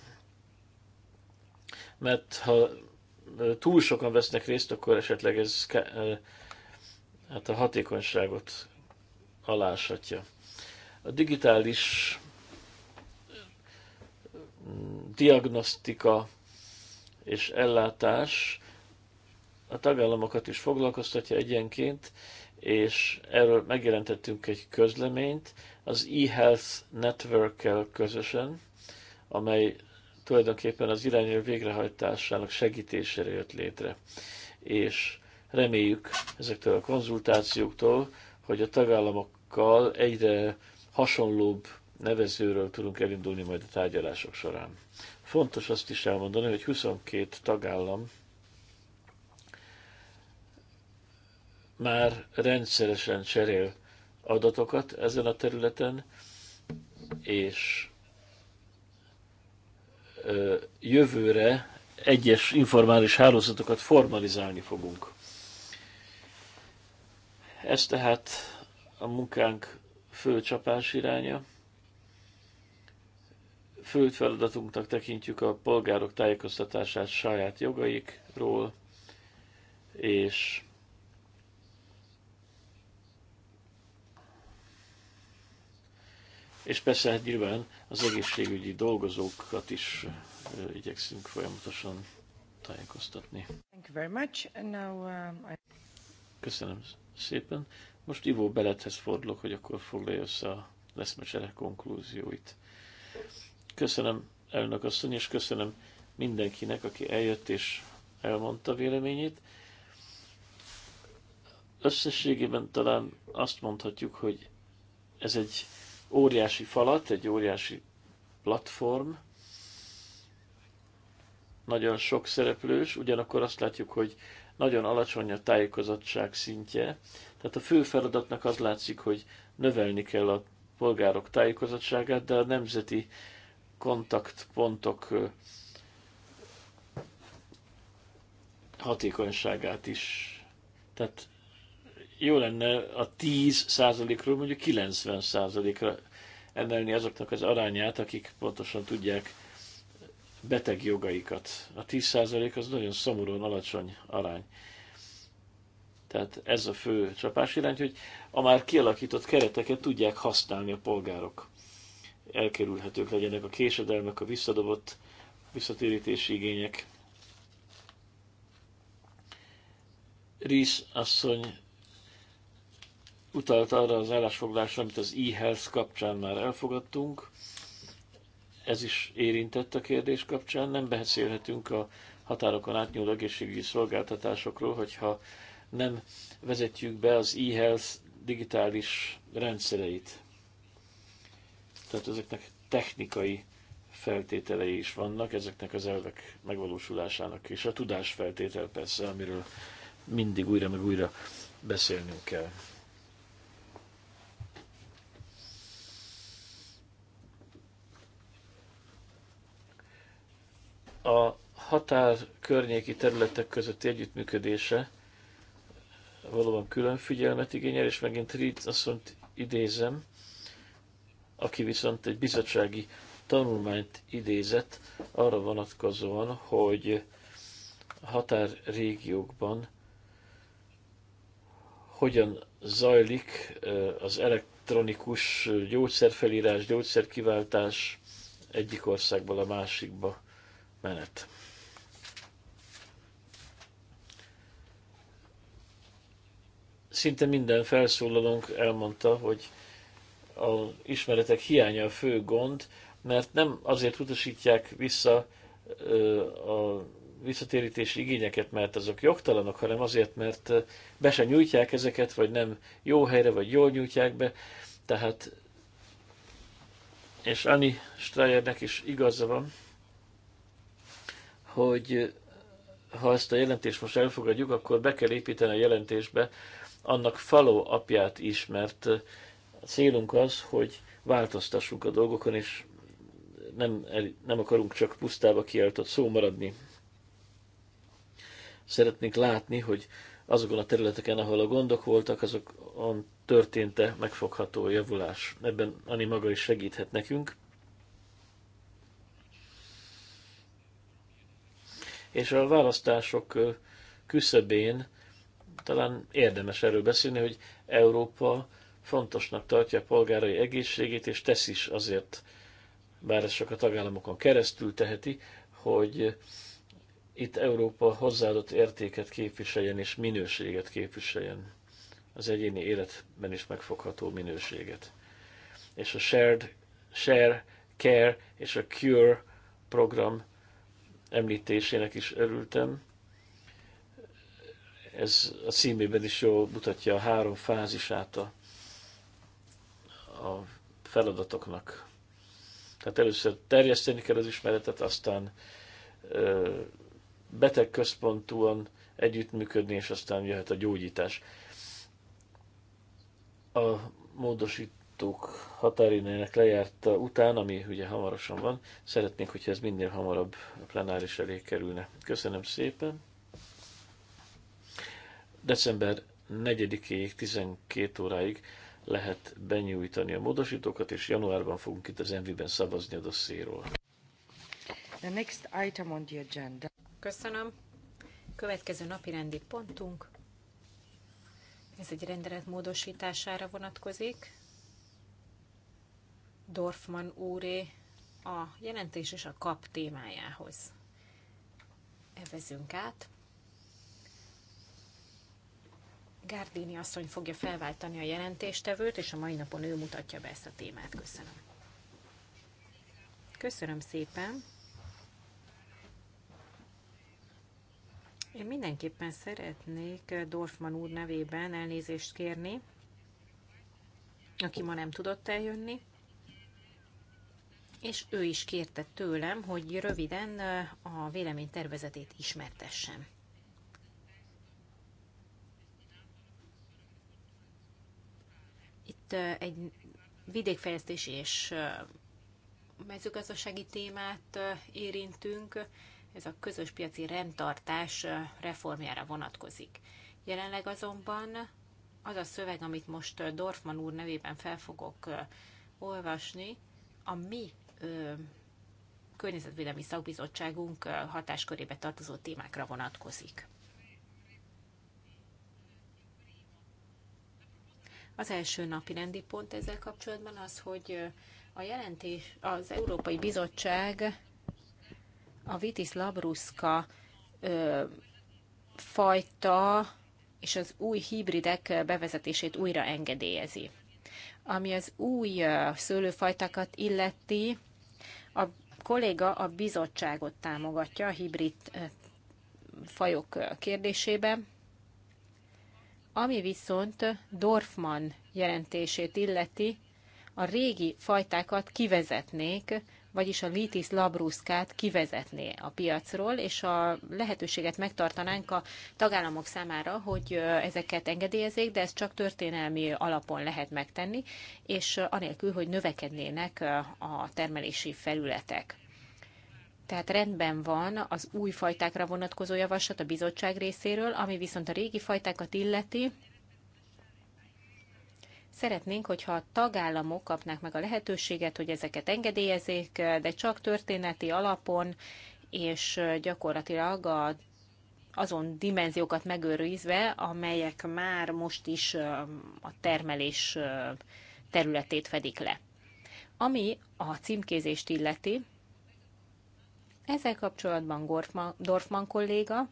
mert ha túl sokan vesznek részt, akkor esetleg ez hát a hatékonyságot aláshatja. A digitális mm, diagnosztika és ellátás a tagállamokat is foglalkoztatja egyenként, és erről megjelentettünk egy közleményt az e-health network közösen, amely tulajdonképpen az irányelv végrehajtásának segítésére jött létre. És reméljük ezektől a konzultációktól, hogy a tagállamokkal egyre hasonlóbb nevezőről tudunk elindulni majd a tárgyalások során. Fontos azt is elmondani, hogy 22 tagállam már rendszeresen cserél adatokat ezen a területen, és jövőre egyes informális hálózatokat formalizálni fogunk. Ez tehát a munkánk fő csapás iránya. Fő feladatunknak tekintjük a polgárok tájékoztatását saját jogaikról, és és persze hát nyilván az egészségügyi dolgozókat is igyekszünk folyamatosan tájékoztatni. Thank you very much. now, uh, I... Köszönöm szépen. Most Ivo Belethez fordulok, hogy akkor foglalja össze a leszmecsere konklúzióit. Köszönöm elnök asszony, és köszönöm mindenkinek, aki eljött és elmondta véleményét. Összességében talán azt mondhatjuk, hogy ez egy óriási falat, egy óriási platform, nagyon sok szereplős, ugyanakkor azt látjuk, hogy nagyon alacsony a tájékozottság szintje. Tehát a fő feladatnak az látszik, hogy növelni kell a polgárok tájékozottságát, de a nemzeti kontaktpontok hatékonyságát is. Tehát jó lenne a 10%-ról mondjuk 90%-ra emelni azoknak az arányát, akik pontosan tudják beteg jogaikat. A 10% az nagyon szomorúan alacsony arány. Tehát ez a fő csapás irány, hogy a már kialakított kereteket tudják használni a polgárok. Elkerülhetők legyenek a késedelmek, a visszadobott visszatérítési igények. Rész asszony utalt arra az állásfoglalásra, amit az e-health kapcsán már elfogadtunk. Ez is érintett a kérdés kapcsán. Nem beszélhetünk a határokon átnyúló egészségügyi szolgáltatásokról, hogyha nem vezetjük be az e-health digitális rendszereit. Tehát ezeknek technikai feltételei is vannak, ezeknek az elvek megvalósulásának, és a tudás feltétel persze, amiről mindig újra meg újra beszélnünk kell. A határ környéki területek közötti együttműködése valóban külön figyelmet igényel, és megint Reed asszonyt idézem, aki viszont egy bizottsági tanulmányt idézett arra vonatkozóan, hogy határrégiókban hogyan zajlik az elektronikus gyógyszerfelírás, gyógyszerkiváltás egyik országból a másikba menet. Szinte minden felszólalónk elmondta, hogy az ismeretek hiánya a fő gond, mert nem azért utasítják vissza a visszatérítési igényeket, mert azok jogtalanok, hanem azért, mert be se nyújtják ezeket, vagy nem jó helyre, vagy jól nyújtják be. Tehát, és Ani Strayernek is igaza van, hogy ha ezt a jelentést most elfogadjuk, akkor be kell építeni a jelentésbe annak faló apját is, mert a célunk az, hogy változtassunk a dolgokon, és nem, nem akarunk csak pusztába kiáltott szó maradni. Szeretnénk látni, hogy azokon a területeken, ahol a gondok voltak, azokon történt-e megfogható javulás. Ebben Ani maga is segíthet nekünk. és a választások küszöbén talán érdemes erről beszélni, hogy Európa fontosnak tartja a polgárai egészségét, és tesz is azért, bár ez csak a tagállamokon keresztül teheti, hogy itt Európa hozzáadott értéket képviseljen és minőséget képviseljen. Az egyéni életben is megfogható minőséget. És a shared, share, care és a cure program említésének is örültem. Ez a címében is jól mutatja a három fázisát a, a feladatoknak. Tehát először terjeszteni kell az ismeretet, aztán ö, betegközpontúan együttműködni, és aztán jöhet a gyógyítás. A módosít adtuk határidőnek lejárt után, ami ugye hamarosan van, szeretnénk, hogyha ez minél hamarabb a plenáris elé kerülne. Köszönöm szépen! December 4-ig 12 óráig lehet benyújtani a módosítókat, és januárban fogunk itt az Envi-ben szavazni a dosszéról. The next item on the agenda. Köszönöm. Következő napi rendi pontunk. Ez egy rendelet módosítására vonatkozik. Dorfman úré a jelentés és a kap témájához. Evezünk át. Gárdini asszony fogja felváltani a jelentéstevőt, és a mai napon ő mutatja be ezt a témát. Köszönöm. Köszönöm szépen. Én mindenképpen szeretnék Dorfman úr nevében elnézést kérni, aki ma nem tudott eljönni és ő is kérte tőlem, hogy röviden a vélemény tervezetét ismertessem. Itt egy vidékfejlesztési és mezőgazdasági témát érintünk, ez a közös piaci rendtartás reformjára vonatkozik. Jelenleg azonban az a szöveg, amit most Dorfman úr nevében fel fogok olvasni, a mi környezetvédelmi szakbizottságunk hatáskörébe tartozó témákra vonatkozik. Az első napi rendi pont ezzel kapcsolatban az, hogy a jelentés, az Európai Bizottság a Vitis labruszka fajta és az új hibridek bevezetését újra engedélyezi. Ami az új szőlőfajtákat illeti, a kolléga a bizottságot támogatja a hibrid fajok kérdésében, ami viszont Dorfman jelentését illeti, a régi fajtákat kivezetnék vagyis a litis labruszkát kivezetné a piacról, és a lehetőséget megtartanánk a tagállamok számára, hogy ezeket engedélyezzék, de ezt csak történelmi alapon lehet megtenni, és anélkül, hogy növekednének a termelési felületek. Tehát rendben van az új fajtákra vonatkozó javaslat a bizottság részéről, ami viszont a régi fajtákat illeti, Szeretnénk, hogyha a tagállamok kapnák meg a lehetőséget, hogy ezeket engedélyezzék, de csak történeti alapon, és gyakorlatilag a, azon dimenziókat megőrizve, amelyek már most is a termelés területét fedik le. Ami a címkézést illeti, ezzel kapcsolatban Dorfman, Dorfman kolléga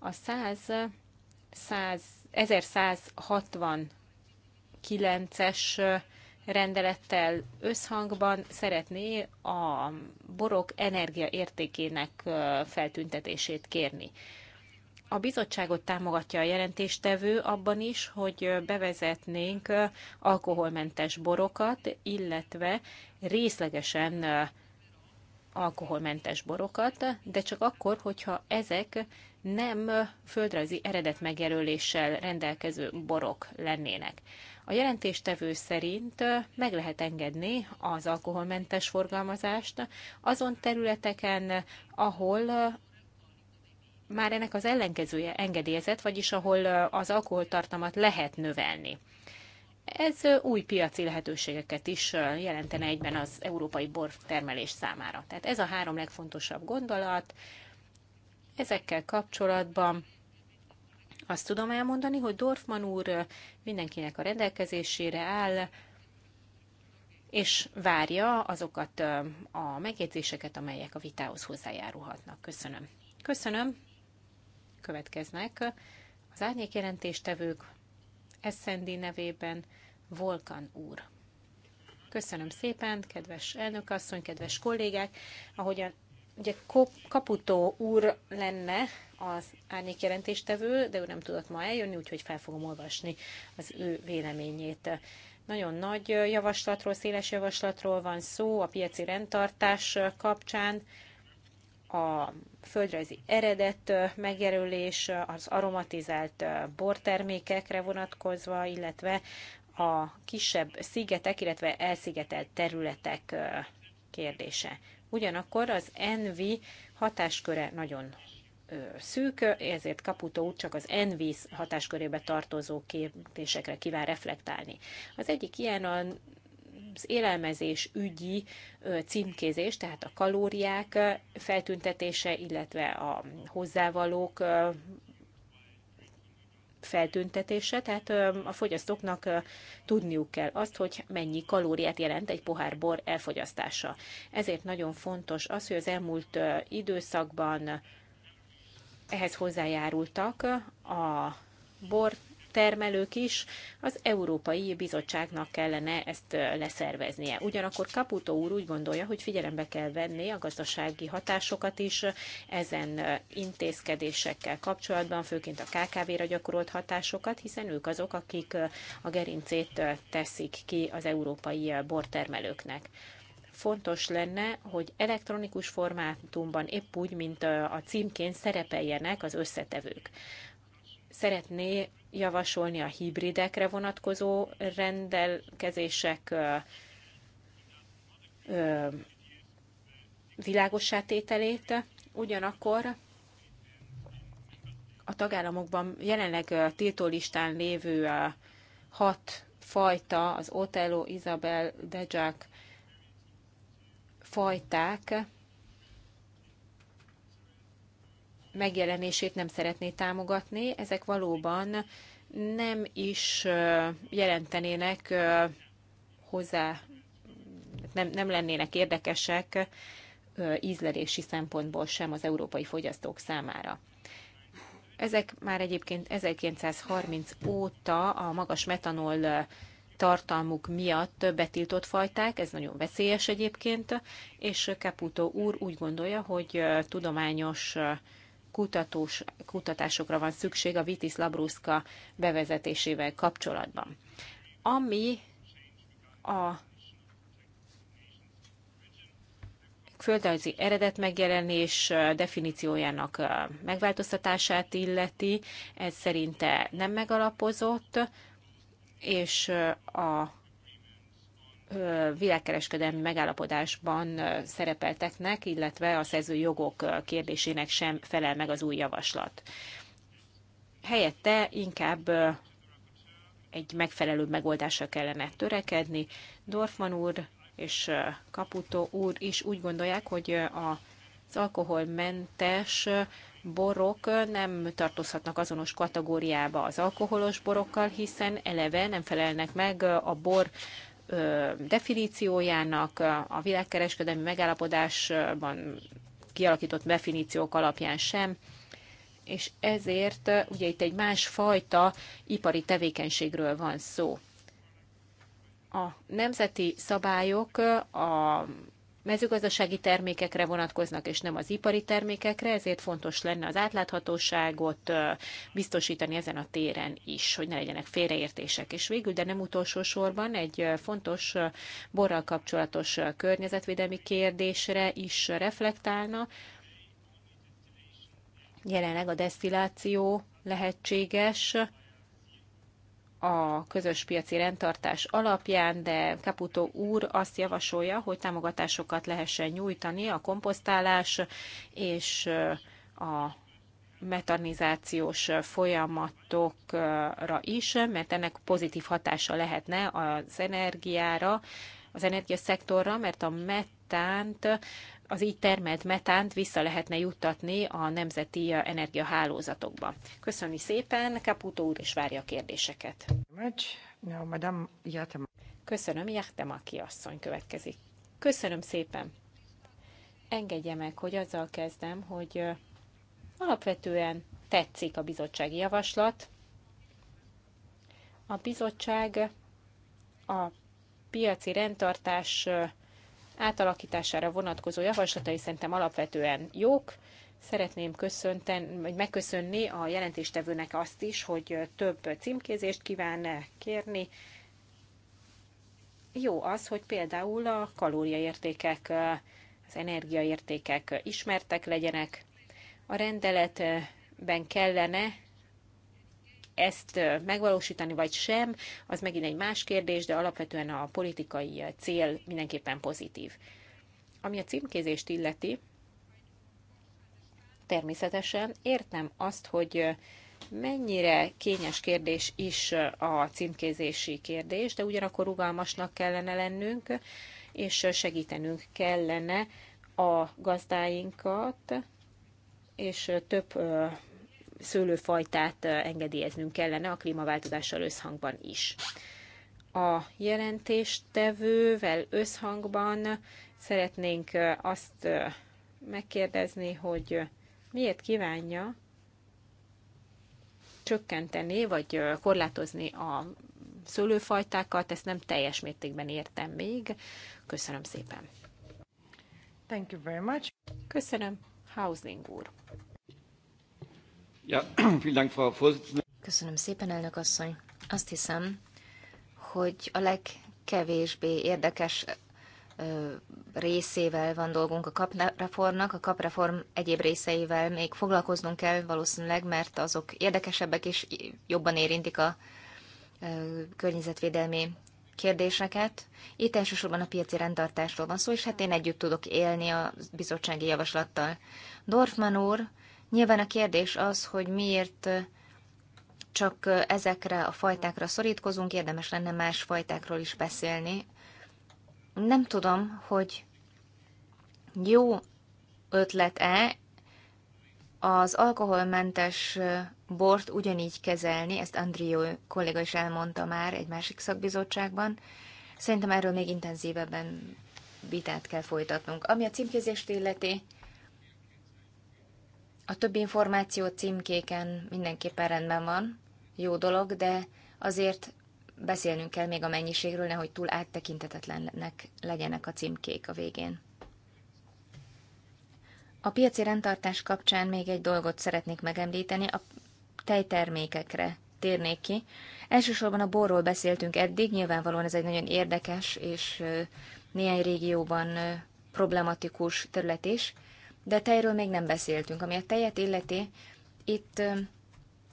a 100, 100, 1160 9-es rendelettel összhangban szeretné a borok energiaértékének feltüntetését kérni. A bizottságot támogatja a jelentéstevő abban is, hogy bevezetnénk alkoholmentes borokat, illetve részlegesen alkoholmentes borokat, de csak akkor, hogyha ezek nem földrajzi eredet megjelöléssel rendelkező borok lennének. A jelentéstevő szerint meg lehet engedni az alkoholmentes forgalmazást azon területeken, ahol már ennek az ellenkezője engedélyezett, vagyis ahol az alkoholtartalmat lehet növelni. Ez új piaci lehetőségeket is jelentene egyben az európai bortermelés számára. Tehát ez a három legfontosabb gondolat. Ezekkel kapcsolatban azt tudom elmondani, hogy Dorfman úr mindenkinek a rendelkezésére áll, és várja azokat a megjegyzéseket, amelyek a vitához hozzájárulhatnak. Köszönöm. Köszönöm. Következnek az árnyékjelentéstevők Eszendi nevében Volkan úr. Köszönöm szépen, kedves elnök, asszony, kedves kollégák, ahogyan Ugye Kaputó úr lenne az árnyék jelentéstevő, de ő nem tudott ma eljönni, úgyhogy fel fogom olvasni az ő véleményét. Nagyon nagy javaslatról, széles javaslatról van szó a piaci rendtartás kapcsán, a földrajzi eredet megjelölés, az aromatizált bortermékekre vonatkozva, illetve a kisebb szigetek, illetve elszigetelt területek kérdése. Ugyanakkor az Envi hatásköre nagyon szűk, ezért Caputo úgy csak az NV hatáskörébe tartozó kérdésekre kíván reflektálni. Az egyik ilyen a az élelmezés ügyi címkézés, tehát a kalóriák feltüntetése, illetve a hozzávalók feltüntetése, tehát a fogyasztóknak tudniuk kell azt, hogy mennyi kalóriát jelent egy pohár bor elfogyasztása. Ezért nagyon fontos az, hogy az elmúlt időszakban ehhez hozzájárultak a bor termelők is, az Európai Bizottságnak kellene ezt leszerveznie. Ugyanakkor Caputo úr úgy gondolja, hogy figyelembe kell venni a gazdasági hatásokat is ezen intézkedésekkel kapcsolatban, főként a KKV-ra gyakorolt hatásokat, hiszen ők azok, akik a gerincét teszik ki az európai bortermelőknek fontos lenne, hogy elektronikus formátumban épp úgy, mint a címként szerepeljenek az összetevők. Szeretné javasolni a hibridekre vonatkozó rendelkezések világossá ugyanakkor a tagállamokban jelenleg tiltólistán lévő hat fajta, az Otello, Isabel, Dejak fajták megjelenését nem szeretné támogatni, ezek valóban nem is jelentenének hozzá, nem, nem lennének érdekesek ízlelési szempontból sem az európai fogyasztók számára. Ezek már egyébként 1930 óta a magas metanol tartalmuk miatt betiltott fajták, ez nagyon veszélyes egyébként, és Caputo úr úgy gondolja, hogy tudományos kutatós, kutatásokra van szükség a Vitis labruszka bevezetésével kapcsolatban. Ami a földrajzi eredet megjelenés definíciójának megváltoztatását illeti, ez szerinte nem megalapozott, és a világkereskedelmi megállapodásban szerepelteknek, illetve a szerző jogok kérdésének sem felel meg az új javaslat. Helyette inkább egy megfelelő megoldásra kellene törekedni. Dorfman úr és Kaputo úr is úgy gondolják, hogy az alkoholmentes borok nem tartozhatnak azonos kategóriába az alkoholos borokkal, hiszen eleve nem felelnek meg a bor definíciójának, a világkereskedelmi megállapodásban kialakított definíciók alapján sem, és ezért ugye itt egy másfajta ipari tevékenységről van szó. A nemzeti szabályok a mezőgazdasági termékekre vonatkoznak, és nem az ipari termékekre, ezért fontos lenne az átláthatóságot biztosítani ezen a téren is, hogy ne legyenek félreértések. És végül, de nem utolsó sorban egy fontos borral kapcsolatos környezetvédelmi kérdésre is reflektálna. Jelenleg a desztilláció lehetséges, a közös piaci rendtartás alapján, de Caputo úr azt javasolja, hogy támogatásokat lehessen nyújtani a komposztálás és a metanizációs folyamatokra is, mert ennek pozitív hatása lehetne az energiára, az energiaszektorra, mert a metánt az így termelt metánt vissza lehetne juttatni a nemzeti energiahálózatokba. Köszönjük szépen, Caputo úr, és várja a kérdéseket. Köszönöm, aki asszony következik. Köszönöm szépen. Engedje meg, hogy azzal kezdem, hogy alapvetően tetszik a bizottsági javaslat. A bizottság a piaci rendtartás átalakítására vonatkozó javaslatai szerintem alapvetően jók. Szeretném köszönten, vagy megköszönni a jelentéstevőnek azt is, hogy több címkézést kíván kérni. Jó az, hogy például a kalóriaértékek, az energiaértékek ismertek legyenek. A rendeletben kellene ezt megvalósítani, vagy sem, az megint egy más kérdés, de alapvetően a politikai cél mindenképpen pozitív. Ami a címkézést illeti, természetesen értem azt, hogy mennyire kényes kérdés is a címkézési kérdés, de ugyanakkor rugalmasnak kellene lennünk, és segítenünk kellene a gazdáinkat, és több szőlőfajtát engedélyeznünk kellene a klímaváltozással összhangban is. A jelentéstevővel összhangban szeretnénk azt megkérdezni, hogy miért kívánja csökkenteni vagy korlátozni a szőlőfajtákat, ezt nem teljes mértékben értem még. Köszönöm szépen. Thank you very much. Köszönöm, Housing úr. Köszönöm szépen, elnök asszony. Azt hiszem, hogy a legkevésbé érdekes részével van dolgunk a kapreformnak, a kapreform egyéb részeivel még foglalkoznunk kell valószínűleg, mert azok érdekesebbek és jobban érintik a környezetvédelmi kérdéseket. Itt elsősorban a piaci rendtartásról van szó, és hát én együtt tudok élni a bizottsági javaslattal. Dorfman úr Nyilván a kérdés az, hogy miért csak ezekre a fajtákra szorítkozunk, érdemes lenne más fajtákról is beszélni. Nem tudom, hogy jó ötlet-e az alkoholmentes bort ugyanígy kezelni, ezt Andrió kolléga is elmondta már egy másik szakbizottságban. Szerintem erről még intenzívebben vitát kell folytatnunk. Ami a címkézést illeti, a többi információ címkéken mindenképpen rendben van, jó dolog, de azért beszélnünk kell még a mennyiségről, nehogy túl áttekintetetlenek legyenek a címkék a végén. A piaci rendtartás kapcsán még egy dolgot szeretnék megemlíteni, a tejtermékekre térnék ki. Elsősorban a borról beszéltünk eddig, nyilvánvalóan ez egy nagyon érdekes és néhány régióban problematikus terület is de tejről még nem beszéltünk. Ami a tejet illeti, itt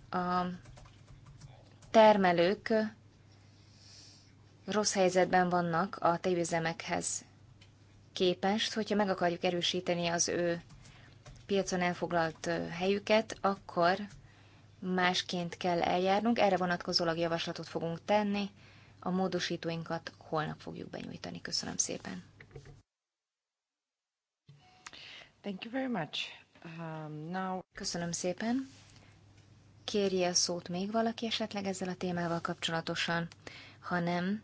a termelők rossz helyzetben vannak a tejüzemekhez képest, hogyha meg akarjuk erősíteni az ő piacon elfoglalt helyüket, akkor másként kell eljárnunk. Erre vonatkozólag javaslatot fogunk tenni, a módosítóinkat holnap fogjuk benyújtani. Köszönöm szépen! Thank you very much. Um, now... Köszönöm szépen. Kérje a szót még valaki esetleg ezzel a témával kapcsolatosan. Ha nem,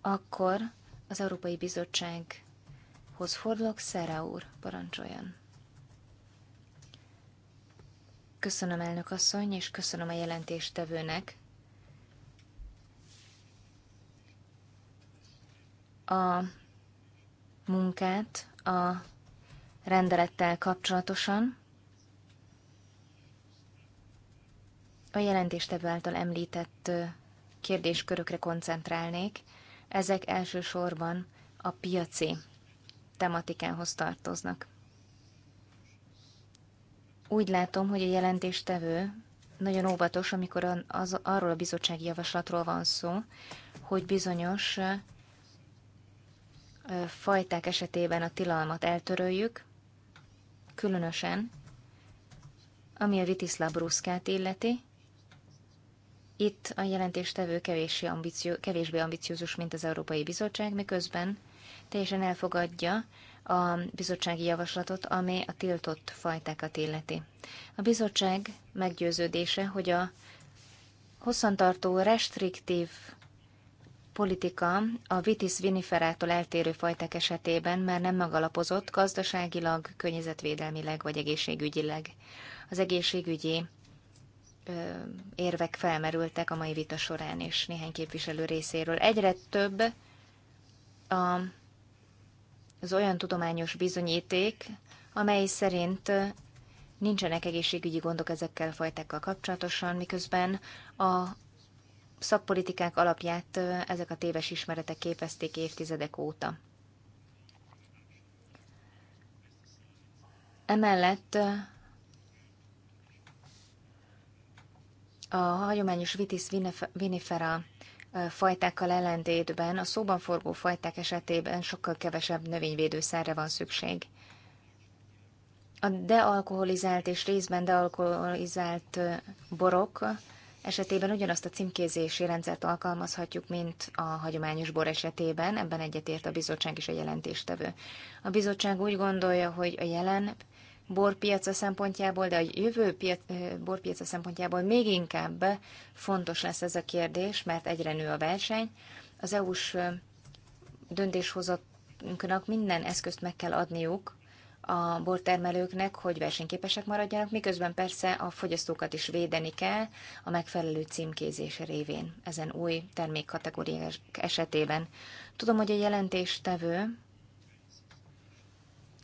akkor az Európai Bizottsághoz fordulok. Szere úr, parancsoljon. Köszönöm elnök asszony, és köszönöm a jelentéstevőnek. A munkát a rendelettel kapcsolatosan. A jelentéstevő által említett kérdéskörökre koncentrálnék. Ezek elsősorban a piaci tematikához tartoznak. Úgy látom, hogy a jelentéstevő nagyon óvatos, amikor az, arról a bizottsági javaslatról van szó, hogy bizonyos fajták esetében a tilalmat eltöröljük, különösen, ami a Vitisla Bruszkát illeti. Itt a jelentéstevő kevésbé, ambicio, kevésbé ambiciózus, mint az Európai Bizottság, miközben teljesen elfogadja a bizottsági javaslatot, ami a tiltott fajtákat illeti. A bizottság meggyőződése, hogy a hosszantartó restriktív politika a Vitis viniferától eltérő fajták esetében már nem megalapozott gazdaságilag, környezetvédelmileg vagy egészségügyileg. Az egészségügyi ö, érvek felmerültek a mai vita során is néhány képviselő részéről. Egyre több a, az olyan tudományos bizonyíték, amely szerint nincsenek egészségügyi gondok ezekkel a fajtákkal kapcsolatosan, miközben a szakpolitikák alapját ezek a téves ismeretek képezték évtizedek óta. Emellett a hagyományos Vitis vinifera fajtákkal ellentétben a szóban forgó fajták esetében sokkal kevesebb növényvédőszerre van szükség. A dealkoholizált és részben dealkoholizált borok esetében ugyanazt a címkézési rendszert alkalmazhatjuk, mint a hagyományos bor esetében, ebben egyetért a bizottság is a jelentéstevő. A bizottság úgy gondolja, hogy a jelen borpiaca szempontjából, de a jövő piac, borpiaca szempontjából még inkább fontos lesz ez a kérdés, mert egyre nő a verseny. Az EU-s döntéshozatunknak minden eszközt meg kell adniuk a bortermelőknek, hogy versenyképesek maradjanak, miközben persze a fogyasztókat is védeni kell a megfelelő címkézés révén ezen új termékkategóriák esetében. Tudom, hogy a jelentéstevő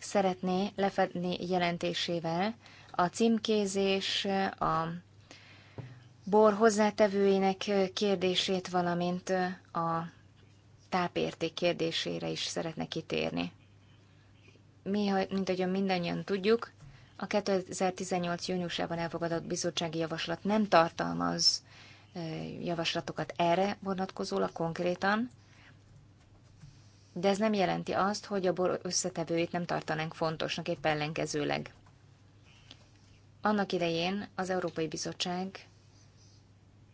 szeretné lefedni jelentésével a címkézés, a bor hozzátevőinek kérdését, valamint a tápérték kérdésére is szeretne kitérni. Mi, mint ahogy mindannyian tudjuk, a 2018. júniusában elfogadott bizottsági javaslat nem tartalmaz javaslatokat erre vonatkozólag konkrétan, de ez nem jelenti azt, hogy a bor összetevőit nem tartanánk fontosnak, épp ellenkezőleg. Annak idején az Európai Bizottság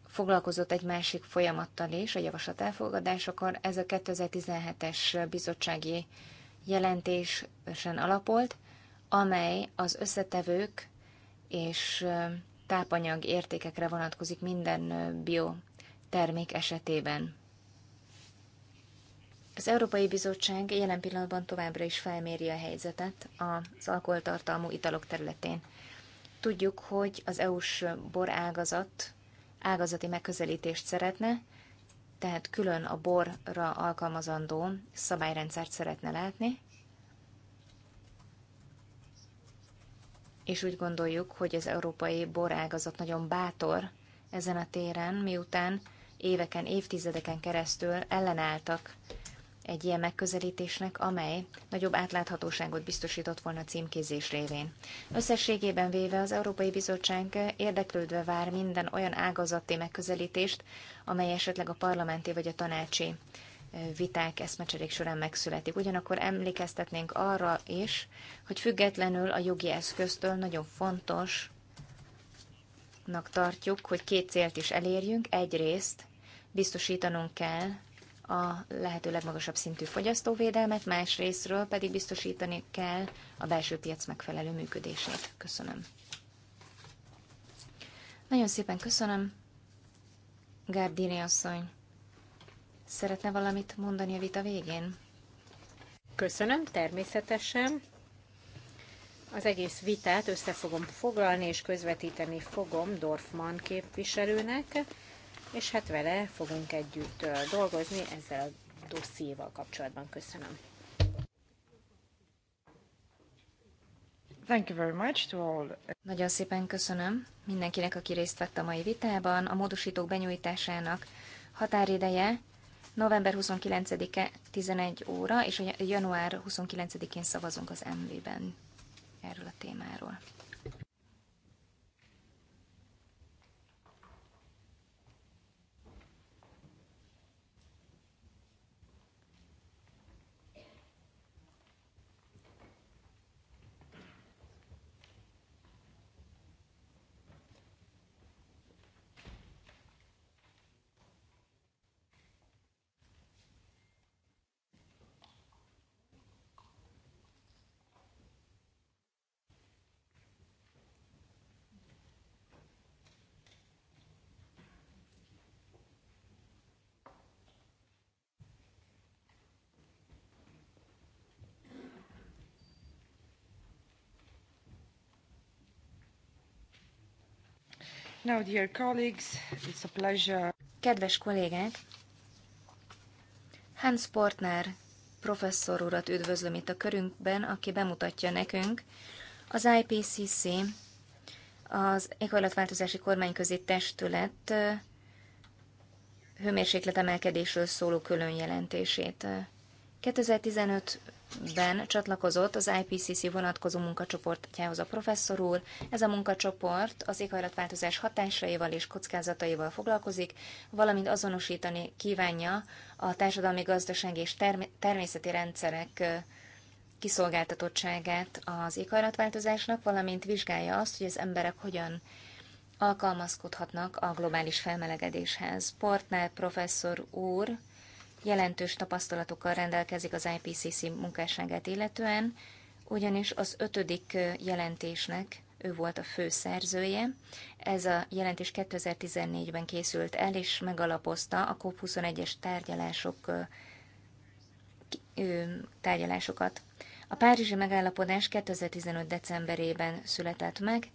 foglalkozott egy másik folyamattal is, a javaslat elfogadásakor. Ez a 2017-es bizottsági jelentésen alapolt, amely az összetevők és tápanyag értékekre vonatkozik minden biotermék esetében. Az Európai Bizottság jelen pillanatban továbbra is felméri a helyzetet az alkoholtartalmú italok területén. Tudjuk, hogy az EU-s borágazat ágazati megközelítést szeretne, tehát külön a borra alkalmazandó szabályrendszert szeretne látni, és úgy gondoljuk, hogy az európai borágazat nagyon bátor ezen a téren, miután éveken, évtizedeken keresztül ellenálltak egy ilyen megközelítésnek, amely nagyobb átláthatóságot biztosított volna a címkézés révén. Összességében véve az Európai Bizottság érdeklődve vár minden olyan ágazati megközelítést, amely esetleg a parlamenti vagy a tanácsi viták, eszmecserék során megszületik. Ugyanakkor emlékeztetnénk arra is, hogy függetlenül a jogi eszköztől nagyon fontos tartjuk, hogy két célt is elérjünk. Egyrészt biztosítanunk kell, a lehető legmagasabb szintű fogyasztóvédelmet, másrésztről pedig biztosítani kell a belső piac megfelelő működését. Köszönöm. Nagyon szépen köszönöm. Gárdini asszony, szeretne valamit mondani a vita végén? Köszönöm, természetesen. Az egész vitát össze fogom foglalni és közvetíteni fogom Dorfman képviselőnek és hát vele fogunk együtt dolgozni ezzel a dossziéval kapcsolatban. Köszönöm. Thank you very much to all. Nagyon szépen köszönöm mindenkinek, aki részt vett a mai vitában. A módosítók benyújtásának határideje november 29-e 11 óra, és január 29-én szavazunk az MV-ben erről a témáról. Now, dear colleagues, it's a pleasure. Kedves kollégák, Hans Portner professzor urat üdvözlöm itt a körünkben, aki bemutatja nekünk az IPCC, az éghajlatváltozási kormányközi testület hőmérsékletemelkedésről szóló különjelentését. 2015 ben csatlakozott az IPCC vonatkozó munkacsoportjához a professzor úr. Ez a munkacsoport az éghajlatváltozás hatásaival és kockázataival foglalkozik, valamint azonosítani kívánja a társadalmi, gazdasági és term- természeti rendszerek kiszolgáltatottságát az éghajlatváltozásnak, valamint vizsgálja azt, hogy az emberek hogyan alkalmazkodhatnak a globális felmelegedéshez. Portnál professzor úr jelentős tapasztalatokkal rendelkezik az IPCC munkásságát illetően, ugyanis az ötödik jelentésnek ő volt a fő szerzője. Ez a jelentés 2014-ben készült el, és megalapozta a COP21-es tárgyalások, tárgyalásokat. A Párizsi megállapodás 2015. decemberében született meg,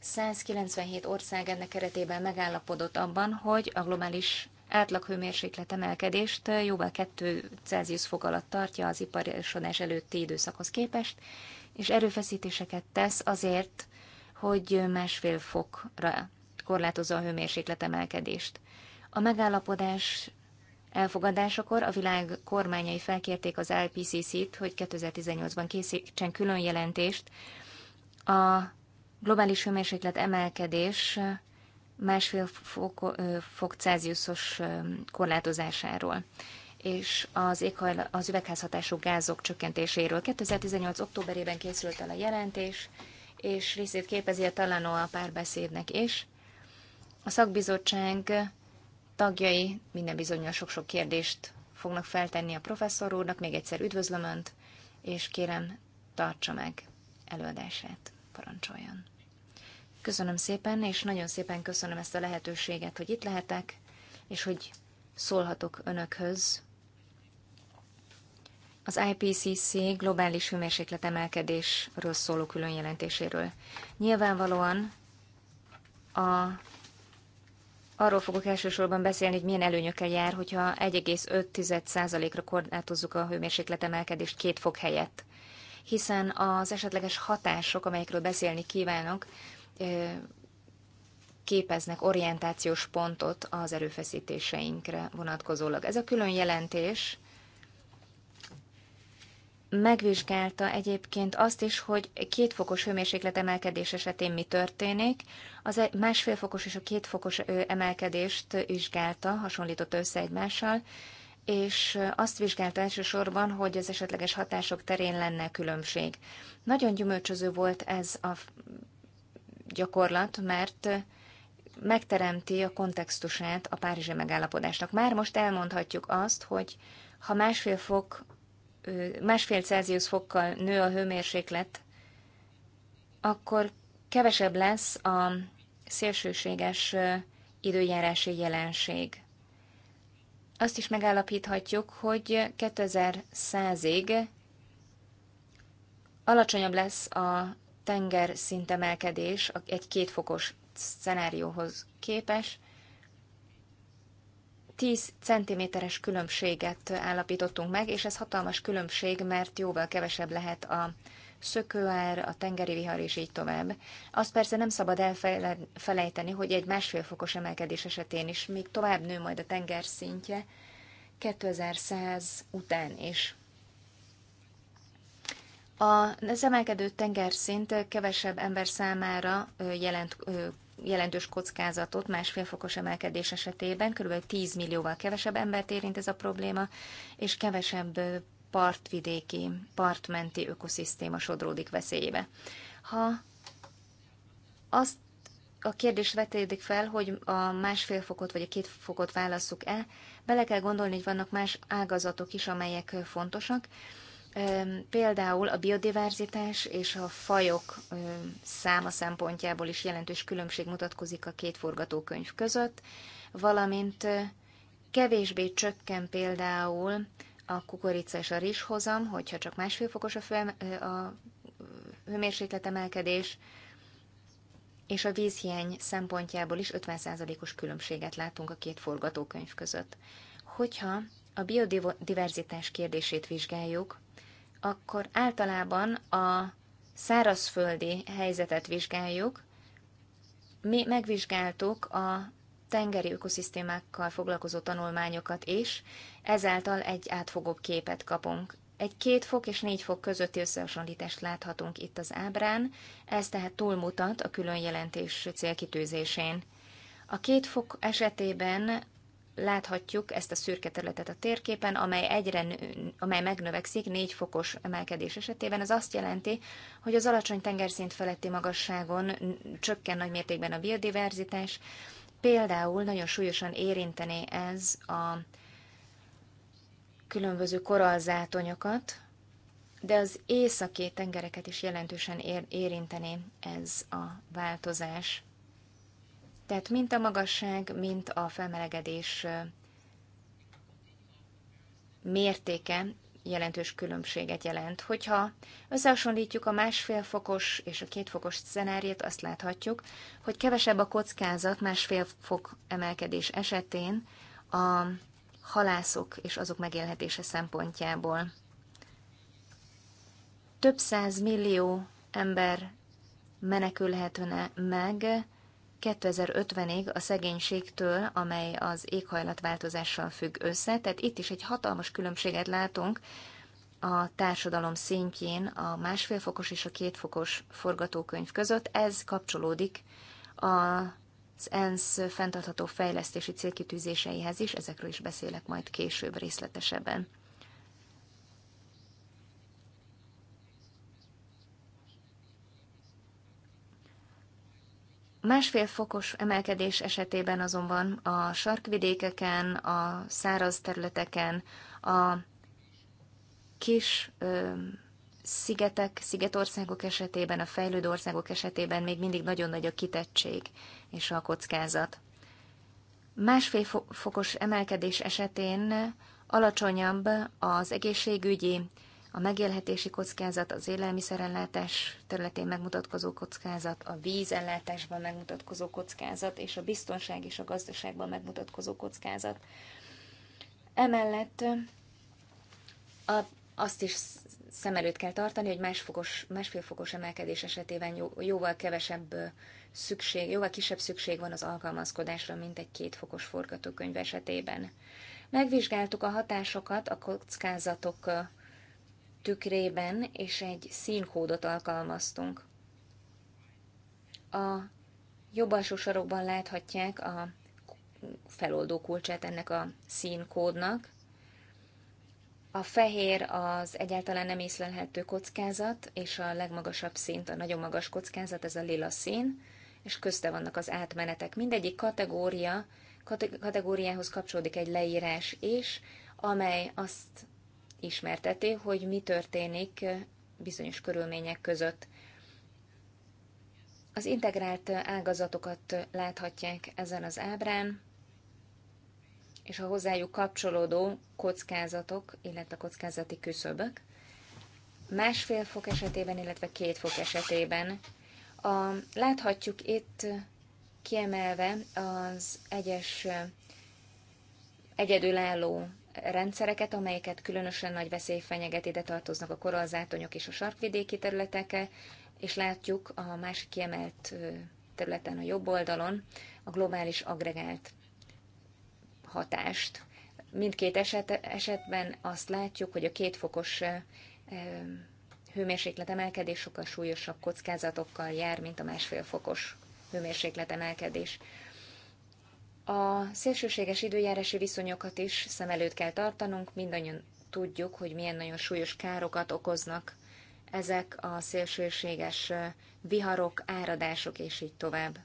197 ország ennek keretében megállapodott abban, hogy a globális átlaghőmérséklet emelkedést jóval 2 Celsius fok alatt tartja az iparosodás előtti időszakhoz képest, és erőfeszítéseket tesz azért, hogy másfél fokra korlátozza a hőmérséklet emelkedést. A megállapodás elfogadásakor a világ kormányai felkérték az IPCC-t, hogy 2018-ban készítsen külön jelentést a globális hőmérséklet emelkedés másfél fok, fok Celsiusos korlátozásáról és az, éghajla, az üvegházhatású gázok csökkentéséről. 2018. októberében készült el a jelentés, és részét képezi a Talano a párbeszédnek is. A szakbizottság tagjai minden bizonyos sok-sok kérdést fognak feltenni a professzor úrnak. Még egyszer üdvözlöm Önt, és kérem, tartsa meg előadását, parancsoljon. Köszönöm szépen, és nagyon szépen köszönöm ezt a lehetőséget, hogy itt lehetek, és hogy szólhatok önökhöz. Az IPCC globális hőmérséklet emelkedésről szóló külön jelentéséről. Nyilvánvalóan a, arról fogok elsősorban beszélni, hogy milyen előnyökkel jár, hogyha 1,5%-ra korlátozzuk a hőmérséklet emelkedést két fok helyett. Hiszen az esetleges hatások, amelyekről beszélni kívánok, képeznek orientációs pontot az erőfeszítéseinkre vonatkozólag. Ez a külön jelentés megvizsgálta egyébként azt is, hogy két fokos hőmérséklet emelkedés esetén mi történik. Az e- másfél fokos és a két fokos emelkedést vizsgálta, hasonlított össze egymással, és azt vizsgálta elsősorban, hogy az esetleges hatások terén lenne különbség. Nagyon gyümölcsöző volt ez a gyakorlat, mert megteremti a kontextusát a Párizsi megállapodásnak. Már most elmondhatjuk azt, hogy ha másfél, fok, másfél Celsius fokkal nő a hőmérséklet, akkor kevesebb lesz a szélsőséges időjárási jelenség. Azt is megállapíthatjuk, hogy 2100-ig alacsonyabb lesz a tenger szintemelkedés egy kétfokos szenárióhoz képes. 10 centiméteres különbséget állapítottunk meg, és ez hatalmas különbség, mert jóval kevesebb lehet a szökőár, a tengeri vihar és így tovább. Azt persze nem szabad elfelejteni, hogy egy másfél fokos emelkedés esetén is még tovább nő majd a tenger szintje 2100 után is. A emelkedő tengerszint kevesebb ember számára jelent jelentős kockázatot másfél fokos emelkedés esetében, kb. 10 millióval kevesebb embert érint ez a probléma, és kevesebb partvidéki, partmenti ökoszisztéma sodródik veszélybe. Ha azt a kérdés vetődik fel, hogy a másfél fokot vagy a két fokot válasszuk-e, bele kell gondolni, hogy vannak más ágazatok is, amelyek fontosak, Például a biodiverzitás és a fajok száma szempontjából is jelentős különbség mutatkozik a két forgatókönyv között, valamint kevésbé csökken például a kukorica és a rizshozam, hogyha csak másfél fokos a, fő, a hőmérséklet emelkedés, és a vízhiány szempontjából is 50%-os különbséget látunk a két forgatókönyv között. Hogyha a biodiverzitás kérdését vizsgáljuk, akkor általában a szárazföldi helyzetet vizsgáljuk. Mi megvizsgáltuk a tengeri ökoszisztémákkal foglalkozó tanulmányokat is, ezáltal egy átfogóbb képet kapunk. Egy két fok és négy fok közötti összehasonlítást láthatunk itt az ábrán, ez tehát túlmutat a külön jelentés célkitűzésén. A két fok esetében láthatjuk ezt a szürke területet a térképen, amely, egyre amely megnövekszik 4 fokos emelkedés esetében. Ez azt jelenti, hogy az alacsony tengerszint feletti magasságon csökken nagy mértékben a biodiverzitás. Például nagyon súlyosan érinteni ez a különböző koralzátonyokat, de az északi tengereket is jelentősen érinteni ez a változás. Tehát mint a magasság, mint a felmelegedés mértéke jelentős különbséget jelent. Hogyha összehasonlítjuk a másfél fokos és a két fokos szenáriát, azt láthatjuk, hogy kevesebb a kockázat másfél fok emelkedés esetén a halászok és azok megélhetése szempontjából. Több száz millió ember menekülhetne meg 2050-ig a szegénységtől, amely az éghajlatváltozással függ össze. Tehát itt is egy hatalmas különbséget látunk a társadalom szintjén a másfél fokos és a két fokos forgatókönyv között. Ez kapcsolódik az ENSZ fenntartható fejlesztési célkitűzéseihez is, ezekről is beszélek majd később részletesebben. Másfél fokos emelkedés esetében azonban a sarkvidékeken, a száraz területeken, a kis ö, szigetek, szigetországok esetében, a fejlődő országok esetében még mindig nagyon nagy a kitettség és a kockázat. Másfél fokos emelkedés esetén alacsonyabb az egészségügyi, a megélhetési kockázat, az élelmiszerellátás területén megmutatkozó kockázat, a vízellátásban megmutatkozó kockázat és a biztonság és a gazdaságban megmutatkozó kockázat. Emellett a, azt is szem előtt kell tartani, hogy másfokos, fokos emelkedés esetében jó, jóval kevesebb szükség, jóval kisebb szükség van az alkalmazkodásra, mint egy kétfokos forgatókönyv esetében. Megvizsgáltuk a hatásokat a kockázatok tükrében, és egy színkódot alkalmaztunk. A jobb alsó sarokban láthatják a feloldó kulcsát ennek a színkódnak. A fehér az egyáltalán nem észlelhető kockázat, és a legmagasabb szint, a nagyon magas kockázat, ez a lila szín, és közte vannak az átmenetek. Mindegyik kategória, kategóriához kapcsolódik egy leírás is, amely azt ismerteti, hogy mi történik bizonyos körülmények között. Az integrált ágazatokat láthatják ezen az ábrán, és a hozzájuk kapcsolódó kockázatok, illetve kockázati küszöbök. Másfél fok esetében, illetve két fok esetében. A, láthatjuk itt kiemelve az egyes egyedülálló rendszereket, amelyeket különösen nagy veszély fenyeget, ide tartoznak a korallzátonyok és a sarkvidéki területeke, és látjuk a másik kiemelt területen, a jobb oldalon a globális agregált hatást. Mindkét eset, esetben azt látjuk, hogy a kétfokos hőmérséklet emelkedés sokkal súlyosabb kockázatokkal jár, mint a másfél fokos hőmérséklet emelkedés. A szélsőséges időjárási viszonyokat is szem előtt kell tartanunk, mindannyian tudjuk, hogy milyen nagyon súlyos károkat okoznak ezek a szélsőséges viharok, áradások és így tovább.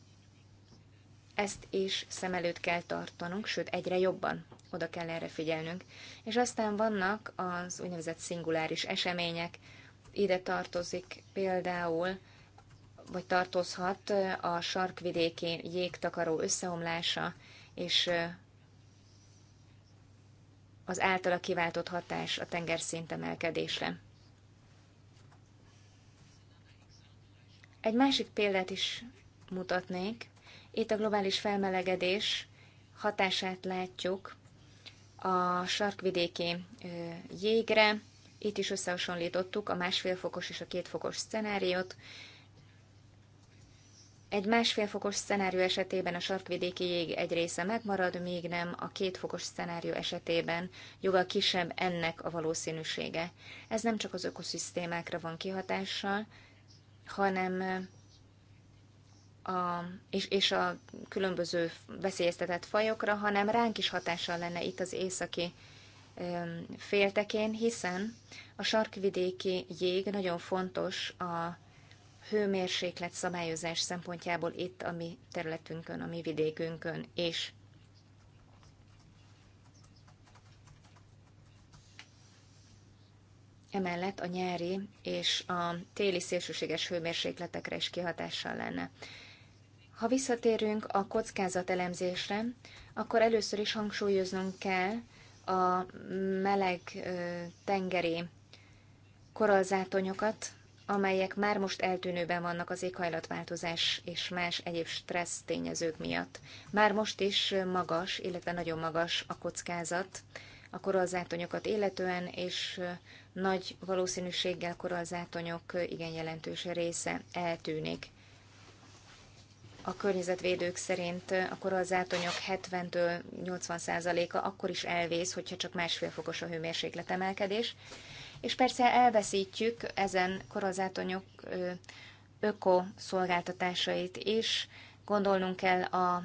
Ezt is szem előtt kell tartanunk, sőt egyre jobban oda kell erre figyelnünk. És aztán vannak az úgynevezett szinguláris események, ide tartozik például, vagy tartozhat a sarkvidéki jégtakaró összeomlása, és az általa kiváltott hatás a tengerszint emelkedésre. Egy másik példát is mutatnék. Itt a globális felmelegedés hatását látjuk a sarkvidéki jégre. Itt is összehasonlítottuk a másfél fokos és a két fokos szenáriót. Egy másfél fokos szenárió esetében a sarkvidéki jég egy része megmarad, míg nem a két fokos szenárió esetében joga kisebb ennek a valószínűsége. Ez nem csak az ökoszisztémákra van kihatással, hanem a, és, és a különböző veszélyeztetett fajokra, hanem ránk is hatással lenne itt az északi féltekén, hiszen a sarkvidéki jég nagyon fontos a hőmérséklet szabályozás szempontjából itt a mi területünkön, a mi vidékünkön, és emellett a nyári és a téli szélsőséges hőmérsékletekre is kihatással lenne. Ha visszatérünk a elemzésre, akkor először is hangsúlyoznunk kell a meleg tengeri korallzátonyokat, amelyek már most eltűnőben vannak az éghajlatváltozás és más egyéb stressz tényezők miatt. Már most is magas, illetve nagyon magas a kockázat a korallzátonyokat illetően, és nagy valószínűséggel korallzátonyok igen jelentős része eltűnik. A környezetvédők szerint a korallzátonyok 70 80%-a akkor is elvész, hogyha csak másfél fokos a hőmérséklet emelkedés és persze elveszítjük ezen korozátonyok öko szolgáltatásait is. Gondolnunk kell a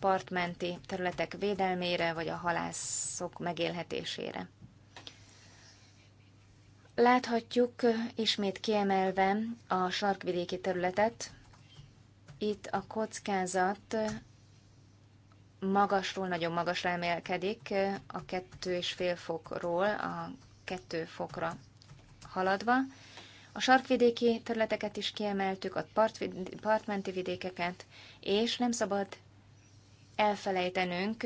partmenti területek védelmére, vagy a halászok megélhetésére. Láthatjuk ismét kiemelve a sarkvidéki területet. Itt a kockázat magasról, nagyon magasra emelkedik, a kettő és fél fokról a 2 fokra haladva. A sarkvidéki területeket is kiemeltük, a partmenti vidékeket, és nem szabad elfelejtenünk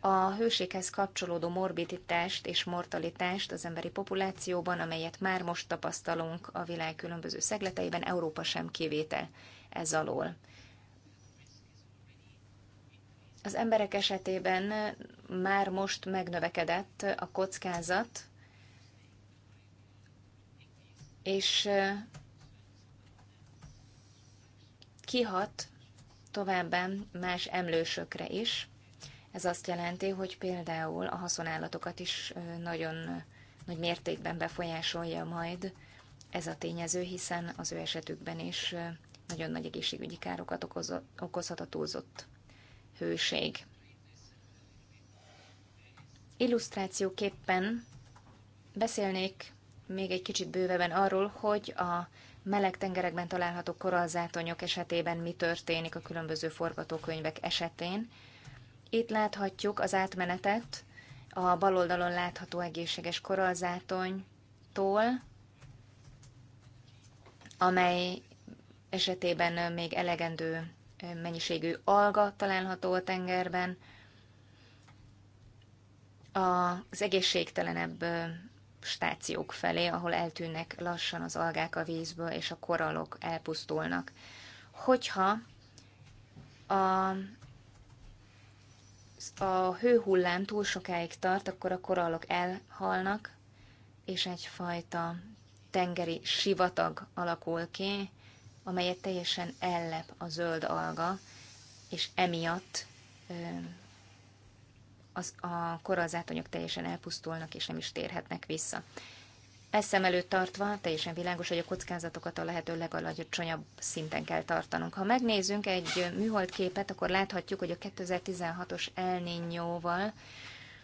a hőséghez kapcsolódó morbiditást és mortalitást az emberi populációban, amelyet már most tapasztalunk a világ különböző szegleteiben, Európa sem kivétel ez alól. Az emberek esetében már most megnövekedett a kockázat, és kihat továbbá más emlősökre is. Ez azt jelenti, hogy például a haszonállatokat is nagyon nagy mértékben befolyásolja majd ez a tényező, hiszen az ő esetükben is nagyon nagy egészségügyi károkat okozhat a túlzott hőség. Illusztrációképpen beszélnék még egy kicsit bővebben arról, hogy a meleg tengerekben található korallzátonyok esetében mi történik a különböző forgatókönyvek esetén. Itt láthatjuk az átmenetet, a bal oldalon látható egészséges korallzátonytól, amely esetében még elegendő mennyiségű alga található a tengerben, az egészségtelenebb stációk felé, ahol eltűnnek lassan az algák a vízből, és a korallok elpusztulnak. Hogyha a, a hőhullám túl sokáig tart, akkor a korallok elhalnak, és egyfajta tengeri sivatag alakul ki, amelyet teljesen ellep a zöld alga, és emiatt az, a korallzátonyok teljesen elpusztulnak és nem is térhetnek vissza. Ezt szem előtt tartva teljesen világos, hogy a kockázatokat a lehető legalacsonyabb szinten kell tartanunk. Ha megnézzünk egy műhold képet, akkor láthatjuk, hogy a 2016-os elnényóval,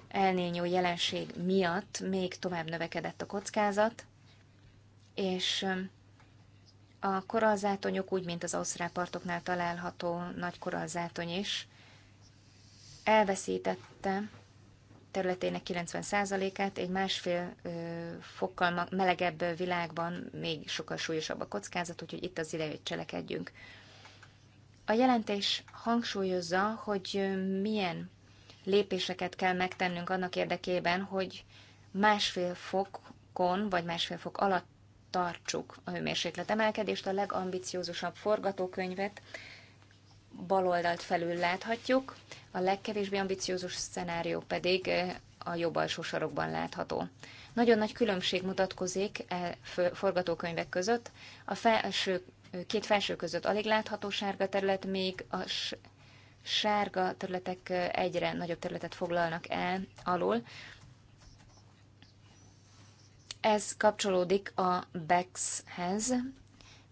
elnényó jelenség miatt még tovább növekedett a kockázat, és um, a korallzátonyok úgy, mint az ausztrál partoknál található nagy korallzátony is, elveszítette területének 90%-át egy másfél fokkal melegebb világban még sokkal súlyosabb a kockázat, úgyhogy itt az ideje, hogy cselekedjünk. A jelentés hangsúlyozza, hogy milyen lépéseket kell megtennünk annak érdekében, hogy másfél fokon vagy másfél fok alatt tartsuk a hőmérséklet emelkedést, a legambiciózusabb forgatókönyvet baloldalt felül láthatjuk, a legkevésbé ambiciózus szenárió pedig eh, a jobb alsó sarokban látható. Nagyon nagy különbség mutatkozik e forgatókönyvek között. A felső, két felső között alig látható sárga terület, még a sárga területek eh, egyre nagyobb területet foglalnak el alul. Ez kapcsolódik a BEX-hez,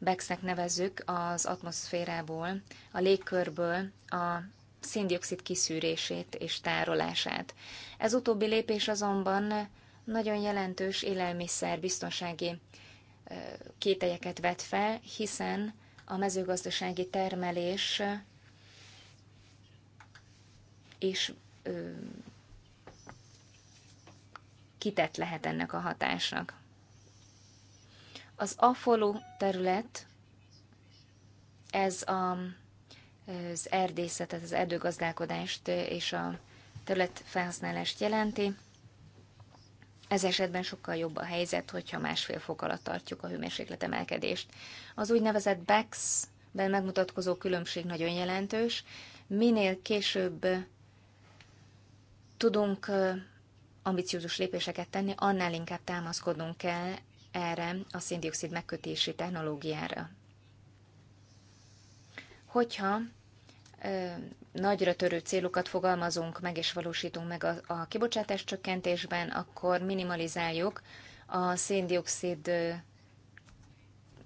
BEX-nek nevezzük, az atmoszférából, a légkörből a széndiokszid kiszűrését és tárolását. Ez utóbbi lépés azonban nagyon jelentős élelmiszer biztonsági kételyeket vet fel, hiszen a mezőgazdasági termelés és kitett lehet ennek a hatásnak. Az afoló terület, ez a, az erdészetet, az erdőgazdálkodást és a felhasználást jelenti. Ez esetben sokkal jobb a helyzet, hogyha másfél fok alatt tartjuk a hőmérséklet emelkedést. Az úgynevezett BEX-ben megmutatkozó különbség nagyon jelentős. Minél később tudunk ambiciózus lépéseket tenni, annál inkább támaszkodnunk kell erre a széndiokszid megkötési technológiára. Hogyha nagyra törő célokat fogalmazunk meg és valósítunk meg a, a kibocsátás csökkentésben, akkor minimalizáljuk a széndiokszid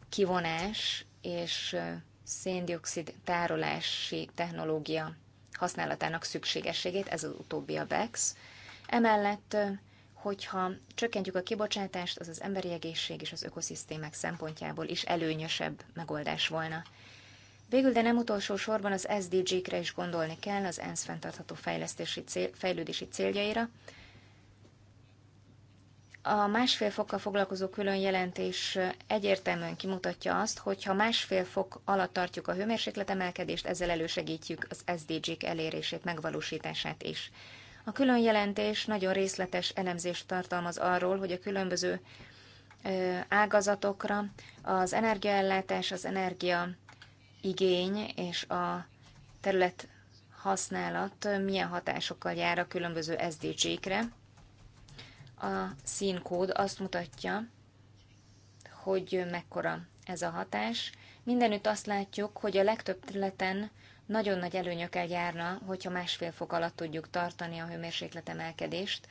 kivonás és széndiokszid tárolási technológia használatának szükségességét, ez az utóbbi a BEX. Emellett hogyha csökkentjük a kibocsátást, az az emberi egészség és az ökoszisztémák szempontjából is előnyösebb megoldás volna. Végül, de nem utolsó sorban az SDG-kre is gondolni kell, az ENSZ fenntartható fejlesztési cél, fejlődési céljaira. A másfél fokkal foglalkozó külön jelentés egyértelműen kimutatja azt, hogy ha másfél fok alatt tartjuk a hőmérsékletemelkedést, ezzel elősegítjük az SDG-k elérését, megvalósítását is. A külön jelentés nagyon részletes elemzést tartalmaz arról, hogy a különböző ágazatokra az energiaellátás, az energia igény és a terület használat milyen hatásokkal jár a különböző SDG-kre. A színkód azt mutatja, hogy mekkora ez a hatás. Mindenütt azt látjuk, hogy a legtöbb területen nagyon nagy előnyökkel járna, hogyha másfél fok alatt tudjuk tartani a hőmérséklet emelkedést,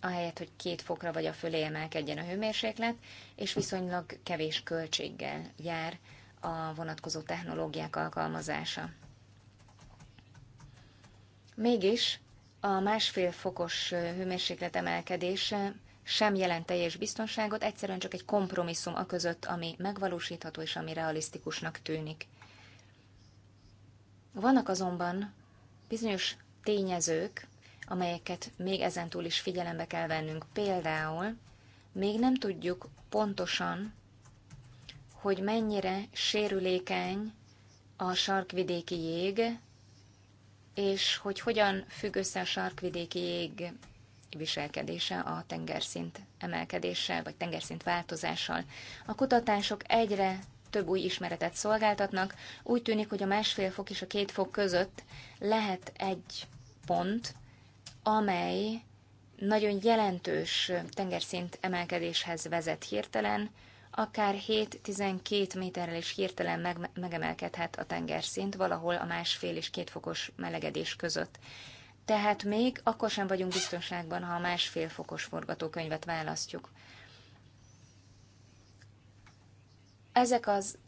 ahelyett, hogy két fokra vagy a fölé emelkedjen a hőmérséklet, és viszonylag kevés költséggel jár a vonatkozó technológiák alkalmazása. Mégis a másfél fokos hőmérséklet emelkedése sem jelent teljes biztonságot, egyszerűen csak egy kompromisszum a között, ami megvalósítható és ami realisztikusnak tűnik. Vannak azonban bizonyos tényezők, amelyeket még ezentúl is figyelembe kell vennünk. Például még nem tudjuk pontosan, hogy mennyire sérülékeny a sarkvidéki jég, és hogy hogyan függ össze a sarkvidéki jég viselkedése a tengerszint emelkedéssel, vagy tengerszint változással. A kutatások egyre több új ismeretet szolgáltatnak. Úgy tűnik, hogy a másfél fok és a két fok között lehet egy pont, amely nagyon jelentős tengerszint emelkedéshez vezet hirtelen, akár 7-12 méterrel is hirtelen meg, megemelkedhet a tengerszint valahol a másfél és két fokos melegedés között. Tehát még akkor sem vagyunk biztonságban, ha a másfél fokos forgatókönyvet választjuk. Ezek az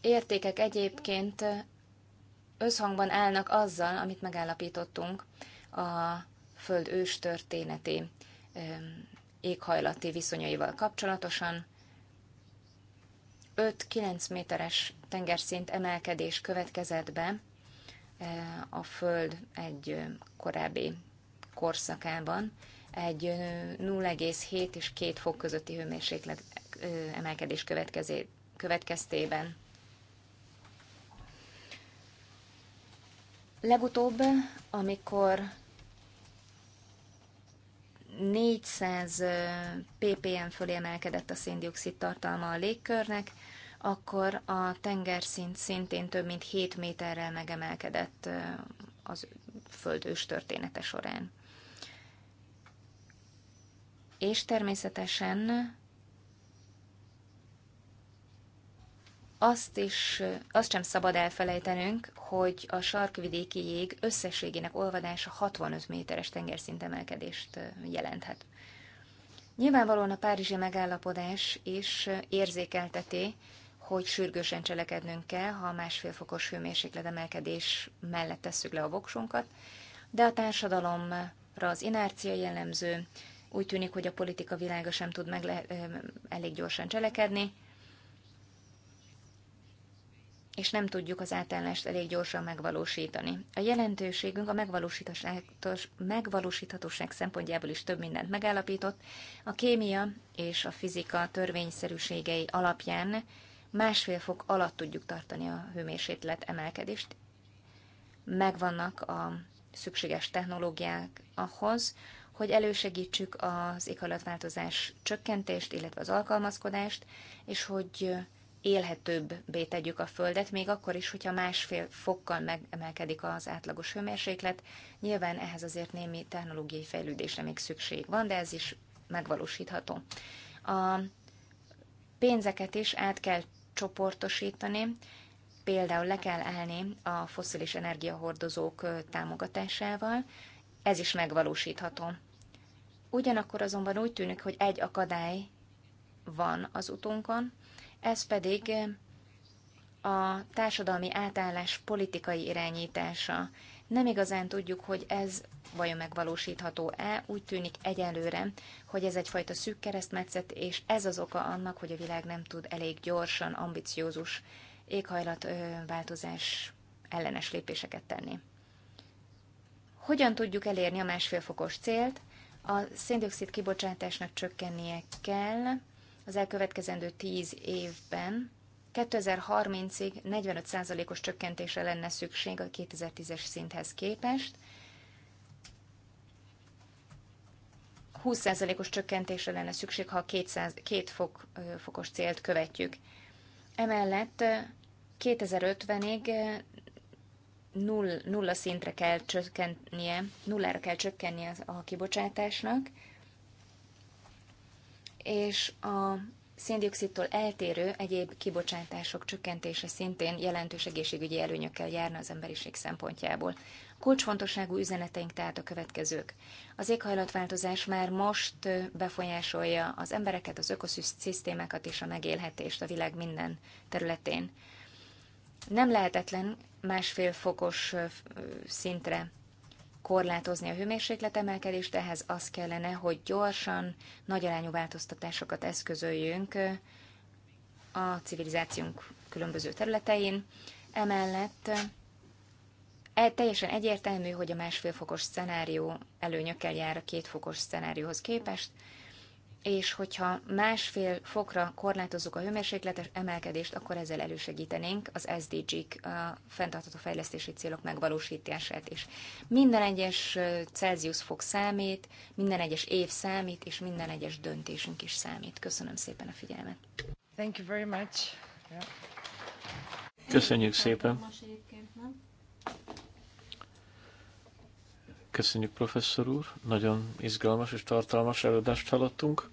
értékek egyébként összhangban állnak azzal, amit megállapítottunk a Föld ős történeti éghajlati viszonyaival kapcsolatosan. 5-9 méteres tengerszint emelkedés következett be a Föld egy korábbi korszakában, egy 0,7 és 2 fok közötti hőmérséklet emelkedés következé, következtében. Legutóbb, amikor 400 ppm fölé emelkedett a széndiokszid tartalma a légkörnek, akkor a tengerszint szintén több mint 7 méterrel megemelkedett az földős története során. És természetesen azt is, azt sem szabad elfelejtenünk, hogy a sarkvidéki jég összességének olvadása 65 méteres tengerszint emelkedést jelenthet. Nyilvánvalóan a párizsi megállapodás is érzékelteti, hogy sürgősen cselekednünk kell, ha a másfél fokos hőmérséklet emelkedés mellett tesszük le a voksunkat, de a társadalomra az inercia jellemző, úgy tűnik, hogy a politika világa sem tud meg elég gyorsan cselekedni, és nem tudjuk az átállást elég gyorsan megvalósítani. A jelentőségünk a megvalósíthatóság szempontjából is több mindent megállapított. A kémia és a fizika törvényszerűségei alapján másfél fok alatt tudjuk tartani a hőmérséklet emelkedést. Megvannak a szükséges technológiák ahhoz, hogy elősegítsük az éghajlatváltozás csökkentést, illetve az alkalmazkodást, és hogy élhetőbbé tegyük a Földet, még akkor is, hogyha másfél fokkal megemelkedik az átlagos hőmérséklet. Nyilván ehhez azért némi technológiai fejlődésre még szükség van, de ez is megvalósítható. A pénzeket is át kell csoportosítani, például le kell állni a foszilis energiahordozók támogatásával, ez is megvalósítható. Ugyanakkor azonban úgy tűnik, hogy egy akadály van az utunkon, ez pedig eh, a társadalmi átállás politikai irányítása. Nem igazán tudjuk, hogy ez vajon megvalósítható-e, úgy tűnik egyelőre, hogy ez egyfajta szűk keresztmetszet, és ez az oka annak, hogy a világ nem tud elég gyorsan, ambiciózus éghajlatváltozás ellenes lépéseket tenni. Hogyan tudjuk elérni a másfél fokos célt? A széndiokszid kibocsátásnak csökkennie kell, az elkövetkezendő 10 évben 2030-ig 45%-os csökkentésre lenne szükség a 2010-es szinthez képest, 20%-os csökkentésre lenne szükség, ha a 200, 2 fok, fokos célt követjük. Emellett 2050-ig null, nulla szintre kell csökkennie, nullára kell csökkennie a kibocsátásnak, és a széndiokszidtól eltérő egyéb kibocsátások csökkentése szintén jelentős egészségügyi előnyökkel járna az emberiség szempontjából. Kulcsfontosságú üzeneteink tehát a következők. Az éghajlatváltozás már most befolyásolja az embereket, az ökoszisztémákat és a megélhetést a világ minden területén. Nem lehetetlen másfél fokos szintre korlátozni a hőmérséklet emelkedést, ehhez az kellene, hogy gyorsan, nagyarányú változtatásokat eszközöljünk a civilizációnk különböző területein. Emellett e, teljesen egyértelmű, hogy a másfél fokos szenárió előnyökkel jár a két fokos szenárióhoz képest, és hogyha másfél fokra korlátozzuk a hőmérsékletes emelkedést, akkor ezzel elősegítenénk az SDG-k a uh, fenntartható fejlesztési célok megvalósítását is. Minden egyes uh, Celsius fok számít, minden egyes év számít, és minden egyes döntésünk is számít. Köszönöm szépen a figyelmet. Thank you very much. Köszönjük szépen. Köszönjük, professzor úr. Nagyon izgalmas és tartalmas előadást hallottunk.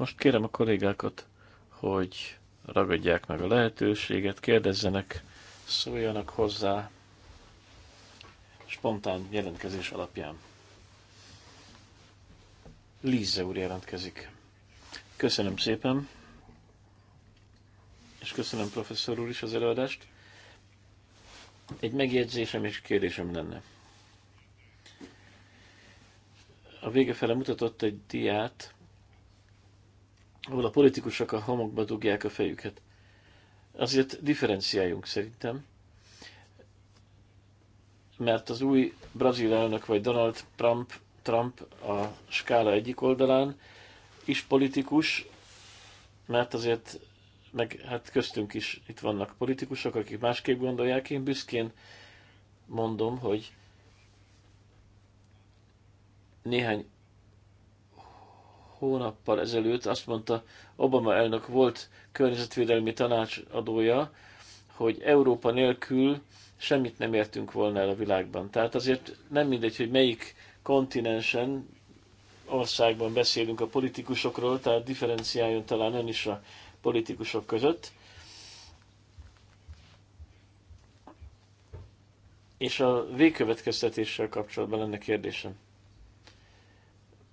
Most kérem a kollégákat, hogy ragadják meg a lehetőséget, kérdezzenek, szóljanak hozzá spontán jelentkezés alapján. Líze úr jelentkezik. Köszönöm szépen, és köszönöm professzor úr is az előadást. Egy megjegyzésem és kérdésem lenne. A vége fele mutatott egy diát, ahol a politikusok a homokba dugják a fejüket. Azért differenciáljunk szerintem, mert az új brazil elnök vagy Donald Trump, Trump a skála egyik oldalán is politikus, mert azért meg hát köztünk is itt vannak politikusok, akik másképp gondolják. Én büszkén mondom, hogy néhány hónappal ezelőtt azt mondta Obama elnök volt környezetvédelmi tanácsadója, hogy Európa nélkül semmit nem értünk volna el a világban. Tehát azért nem mindegy, hogy melyik kontinensen, országban beszélünk a politikusokról, tehát differenciáljon talán ön is a politikusok között. És a végkövetkeztetéssel kapcsolatban lenne kérdésem.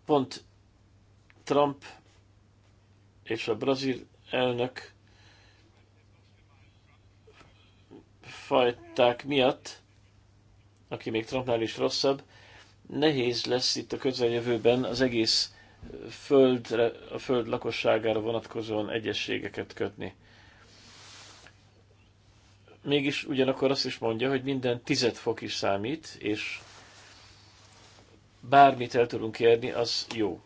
Pont Trump és a brazil elnök fajták miatt, aki még Trumpnál is rosszabb, nehéz lesz itt a közeljövőben az egész földre, a föld lakosságára vonatkozóan egyességeket kötni. Mégis ugyanakkor azt is mondja, hogy minden tized fok is számít, és bármit el tudunk érni, az jó.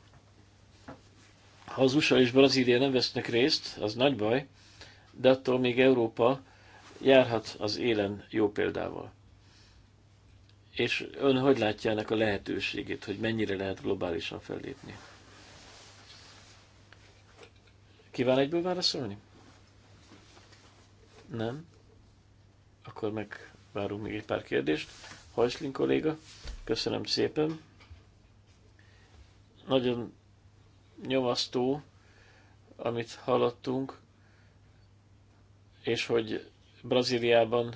Ha az USA és Brazília nem vesznek részt, az nagy baj, de attól még Európa járhat az élen jó példával. És ön hogy látja ennek a lehetőségét, hogy mennyire lehet globálisan fellépni? Kíván egyből válaszolni? Nem? Akkor megvárunk még egy pár kérdést. Hajslin kolléga, köszönöm szépen. Nagyon nyomasztó, amit hallottunk, és hogy Brazíliában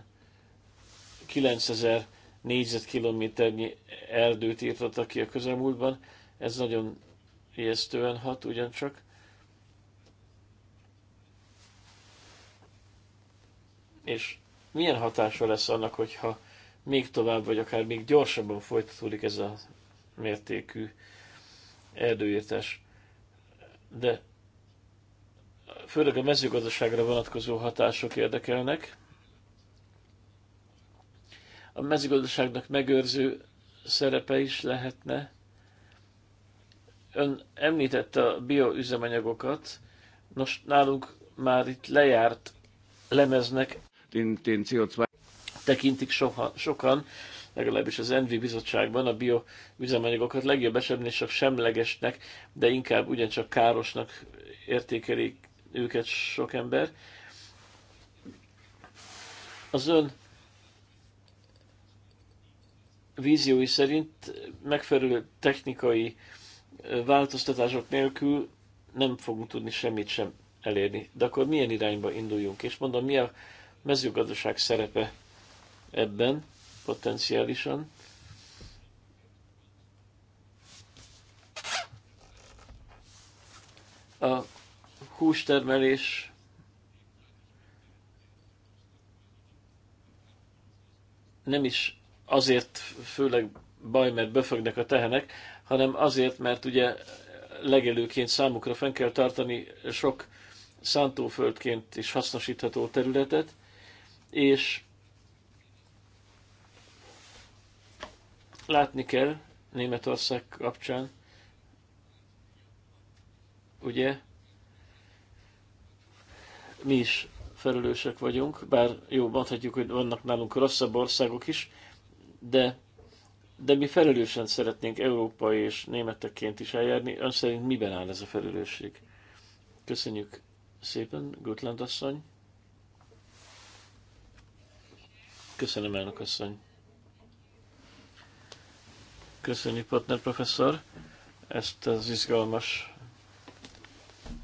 9000 négyzetkilométernyi erdőt írtottak ki a közelmúltban, ez nagyon ijesztően hat ugyancsak. És milyen hatása lesz annak, hogyha még tovább, vagy akár még gyorsabban folytatódik ez a mértékű erdőírtás? de főleg a mezőgazdaságra vonatkozó hatások érdekelnek. A mezőgazdaságnak megőrző szerepe is lehetne. Ön említette a bioüzemanyagokat, nos, nálunk már itt lejárt lemeznek den, CO2 tekintik soha, sokan legalábbis az Envi bizottságban a bioüzemanyagokat legjobb esetben csak semlegesnek, de inkább ugyancsak károsnak értékelik őket sok ember. Az ön víziói szerint megfelelő technikai változtatások nélkül nem fogunk tudni semmit sem elérni. De akkor milyen irányba induljunk? És mondom, mi a mezőgazdaság szerepe ebben? potenciálisan. A hústermelés nem is azért főleg baj, mert befögnek a tehenek, hanem azért, mert ugye legelőként számukra fenn kell tartani sok szántóföldként is hasznosítható területet, és Látni kell Németország kapcsán, ugye, mi is felelősek vagyunk, bár jó, mondhatjuk, hogy vannak nálunk rosszabb országok is, de, de mi felelősen szeretnénk európai és németekként is eljárni. Ön szerint miben áll ez a felelősség? Köszönjük szépen, Gutland asszony. Köszönöm, elnök asszony. Köszönjük, Potner professzor, ezt az izgalmas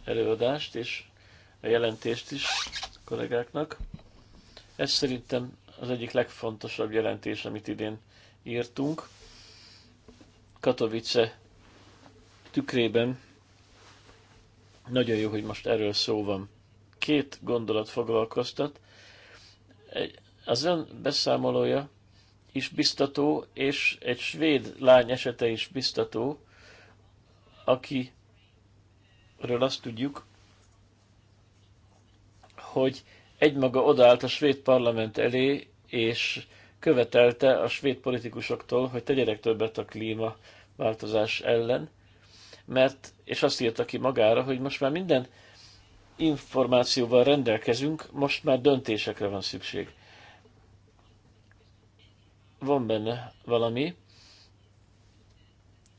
előadást és a jelentést is a kollégáknak. Ez szerintem az egyik legfontosabb jelentés, amit idén írtunk. Katowice tükrében nagyon jó, hogy most erről szó van. Két gondolat foglalkoztat. Az ön beszámolója is biztató, és egy svéd lány esete is biztató, akiről azt tudjuk, hogy egymaga odaállt a svéd parlament elé, és követelte a svéd politikusoktól, hogy tegyenek többet a klímaváltozás ellen, mert, és azt írta ki magára, hogy most már minden információval rendelkezünk, most már döntésekre van szükség van benne valami.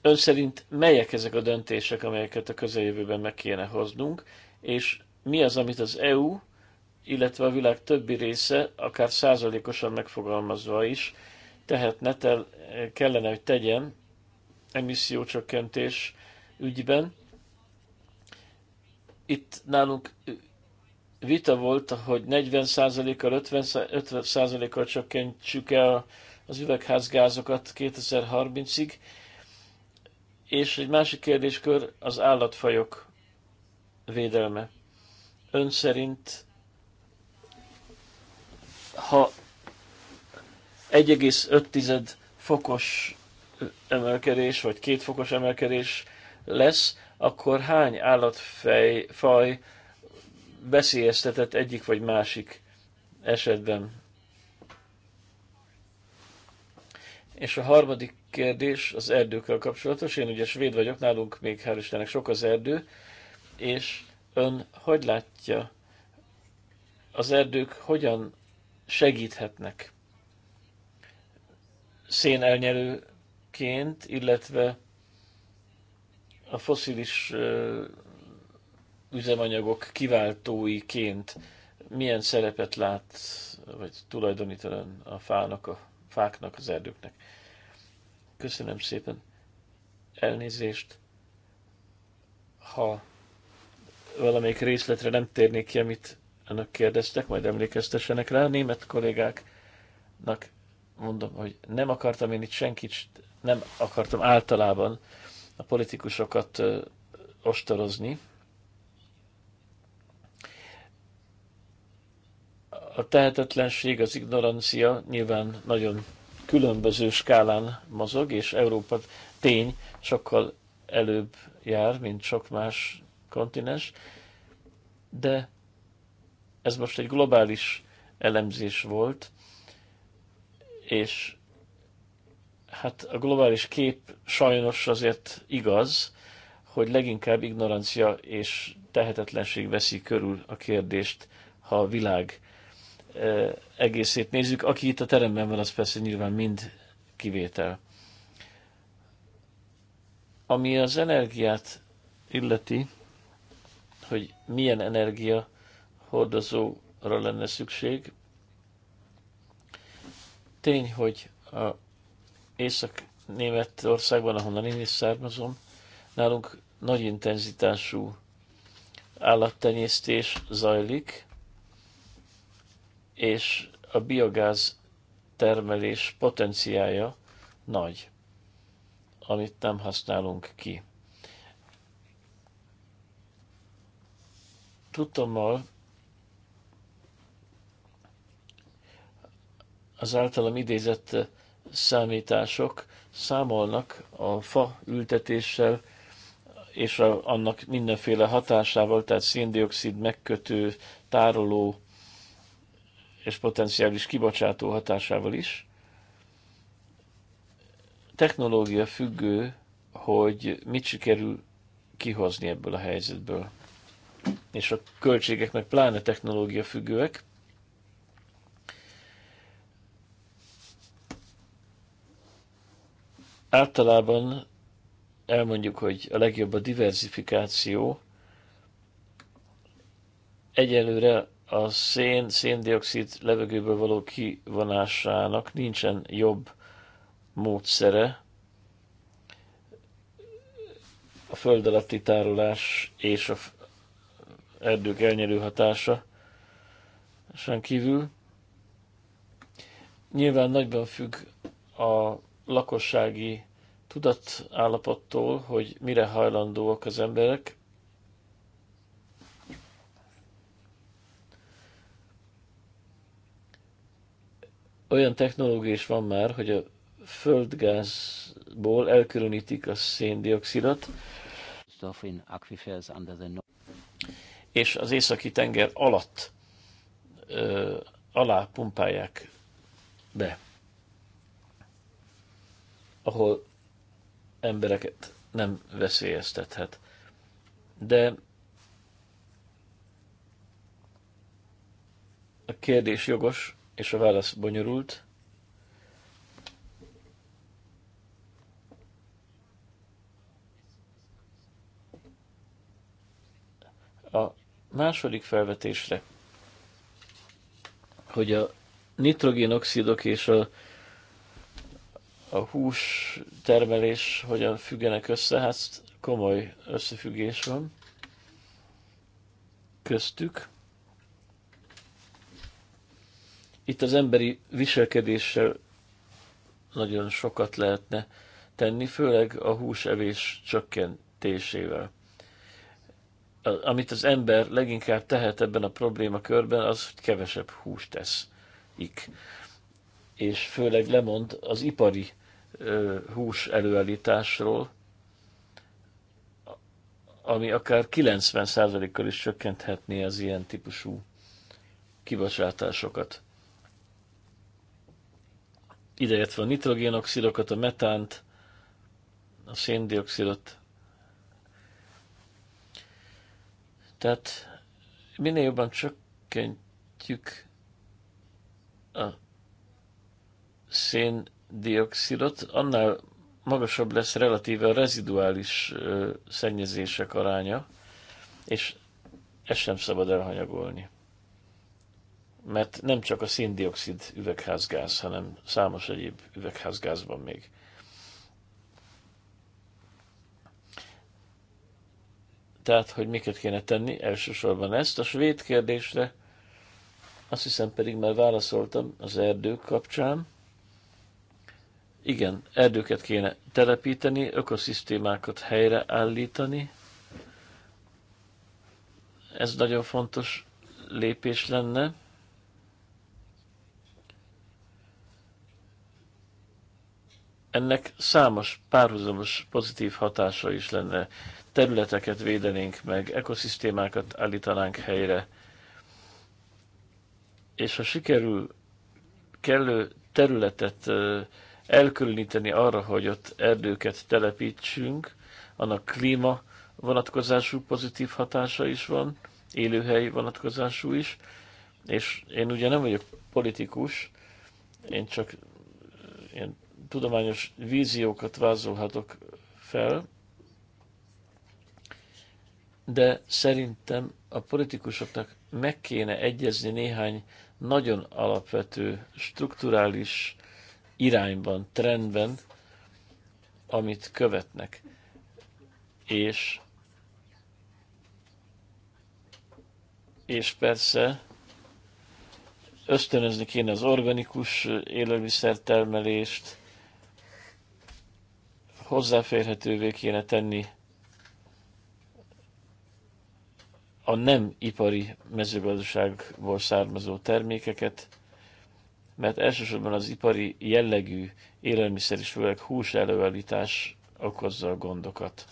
Ön szerint melyek ezek a döntések, amelyeket a közeljövőben meg kéne hoznunk, és mi az, amit az EU, illetve a világ többi része, akár százalékosan megfogalmazva is, tehetne, tel, kellene, hogy tegyen emissziócsökkentés ügyben. Itt nálunk vita volt, hogy 40%-kal, 50%-kal csökkentsük el az üvegházgázokat 2030-ig, és egy másik kérdéskör az állatfajok védelme. Ön szerint, ha 1,5 fokos emelkedés, vagy két fokos emelkedés lesz, akkor hány állatfaj faj veszélyeztetett egyik vagy másik esetben? És a harmadik kérdés az erdőkkel kapcsolatos. Én ugye svéd vagyok, nálunk még hál' Istennek sok az erdő, és ön hogy látja, az erdők hogyan segíthetnek szénelnyelőként, illetve a foszilis üzemanyagok kiváltóiként milyen szerepet lát, vagy tulajdonít a fának a fáknak, az erdőknek. Köszönöm szépen. Elnézést, ha valamelyik részletre nem térnék ki, amit önök kérdeztek, majd emlékeztessenek rá. A német kollégáknak mondom, hogy nem akartam én itt senkit, nem akartam általában a politikusokat ostorozni, a tehetetlenség, az ignorancia nyilván nagyon különböző skálán mozog, és Európa tény sokkal előbb jár, mint sok más kontinens, de ez most egy globális elemzés volt, és hát a globális kép sajnos azért igaz, hogy leginkább ignorancia és tehetetlenség veszi körül a kérdést, ha a világ egészét nézzük. Aki itt a teremben van, az persze nyilván mind kivétel. Ami az energiát illeti, hogy milyen energia hordozóra lenne szükség, tény, hogy a Észak-Németországban, ahonnan én is származom, nálunk nagy intenzitású állattenyésztés zajlik, és a biogáz termelés potenciája nagy, amit nem használunk ki. Tudtommal az általam idézett számítások számolnak a fa ültetéssel és a, annak mindenféle hatásával, tehát széndiokszid megkötő, tároló és potenciális kibocsátó hatásával is. Technológia függő, hogy mit sikerül kihozni ebből a helyzetből. És a költségek meg pláne technológia függőek. Általában elmondjuk, hogy a legjobb a diversifikáció. Egyelőre a szén, széndiokszid levegőből való kivonásának nincsen jobb módszere a föld alatti tárolás és a erdők elnyerő hatása sem kívül. Nyilván nagyban függ a lakossági tudatállapottól, hogy mire hajlandóak az emberek, Olyan technológia is van már, hogy a földgázból elkülönítik a széndiokszidot, és az északi tenger alatt ö, alá pumpálják be, ahol embereket nem veszélyeztethet. De a kérdés jogos, és a válasz bonyolult. A második felvetésre, hogy a nitrogénoxidok és a, a hús termelés hogyan függenek össze, hát komoly összefüggés van köztük. Itt az emberi viselkedéssel nagyon sokat lehetne tenni, főleg a húsevés csökkentésével. Amit az ember leginkább tehet ebben a problémakörben, az hogy kevesebb húst tesz. Ik. És főleg lemond az ipari ö, hús előállításról, ami akár 90%-kal is csökkenthetné az ilyen típusú kibocsátásokat ideértve a nitrogénoxidokat, a metánt, a széndiokszidot. Tehát minél jobban csökkentjük a széndiokszidot, annál magasabb lesz relatíve a reziduális szennyezések aránya, és ezt sem szabad elhanyagolni mert nem csak a széndiokszid üvegházgáz, hanem számos egyéb üvegházgáz van még. Tehát, hogy miket kéne tenni, elsősorban ezt. A svéd kérdésre azt hiszem pedig már válaszoltam az erdők kapcsán. Igen, erdőket kéne telepíteni, ökoszisztémákat helyreállítani. Ez nagyon fontos lépés lenne ennek számos párhuzamos pozitív hatása is lenne. Területeket védenénk meg, ekoszisztémákat állítanánk helyre, és ha sikerül kellő területet elkülöníteni arra, hogy ott erdőket telepítsünk, annak klíma vonatkozású pozitív hatása is van, élőhely vonatkozású is, és én ugye nem vagyok politikus, én csak ilyen tudományos víziókat vázolhatok fel, de szerintem a politikusoknak meg kéne egyezni néhány nagyon alapvető, strukturális irányban, trendben, amit követnek. És és persze ösztönözni kéne az organikus élelmiszertermelést, hozzáférhetővé kéne tenni a nem ipari mezőgazdaságból származó termékeket, mert elsősorban az ipari jellegű élelmiszer és főleg hús előállítás okozza a gondokat.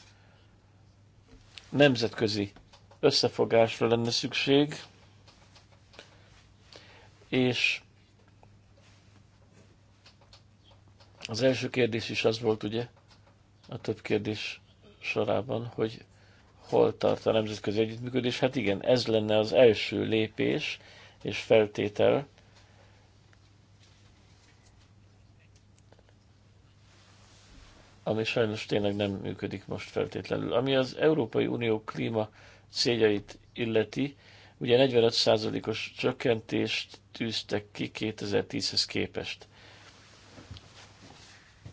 Nemzetközi összefogásra lenne szükség, és az első kérdés is az volt, ugye, a több kérdés sorában, hogy hol tart a nemzetközi együttműködés. Hát igen, ez lenne az első lépés és feltétel, ami sajnos tényleg nem működik most feltétlenül. Ami az Európai Unió klíma céljait illeti, ugye 45%-os csökkentést tűztek ki 2010-hez képest.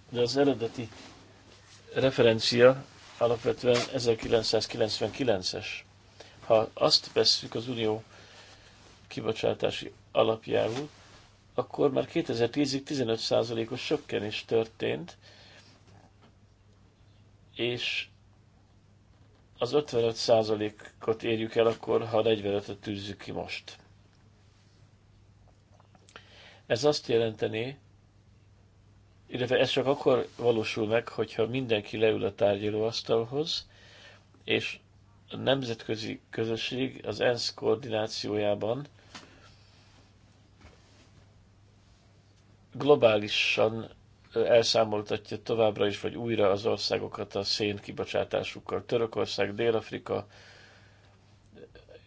De az eredeti referencia alapvetően 1999-es. Ha azt vesszük az unió kibocsátási alapjául, akkor már 2010-ig 15%-os sökkenés történt, és az 55%-ot érjük el akkor, ha 45-öt tűzzük ki most. Ez azt jelenteni, illetve ez csak akkor valósul meg, hogyha mindenki leül a tárgyalóasztalhoz, és a nemzetközi közösség az ENSZ koordinációjában globálisan elszámoltatja továbbra is, vagy újra az országokat a szén kibocsátásukkal. Törökország, Dél-Afrika,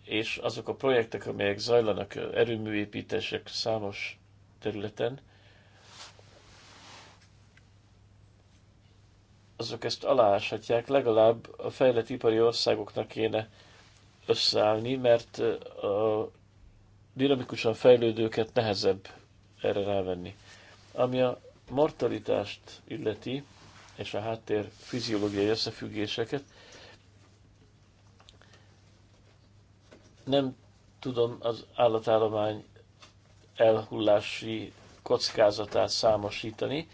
és azok a projektek, amelyek zajlanak erőműépítések számos területen, azok ezt aláshatják, legalább a fejlett ipari országoknak kéne összeállni, mert a dinamikusan fejlődőket nehezebb erre rávenni. Ami a mortalitást illeti, és a háttér fiziológiai összefüggéseket, nem tudom az állatállomány elhullási kockázatát számosítani,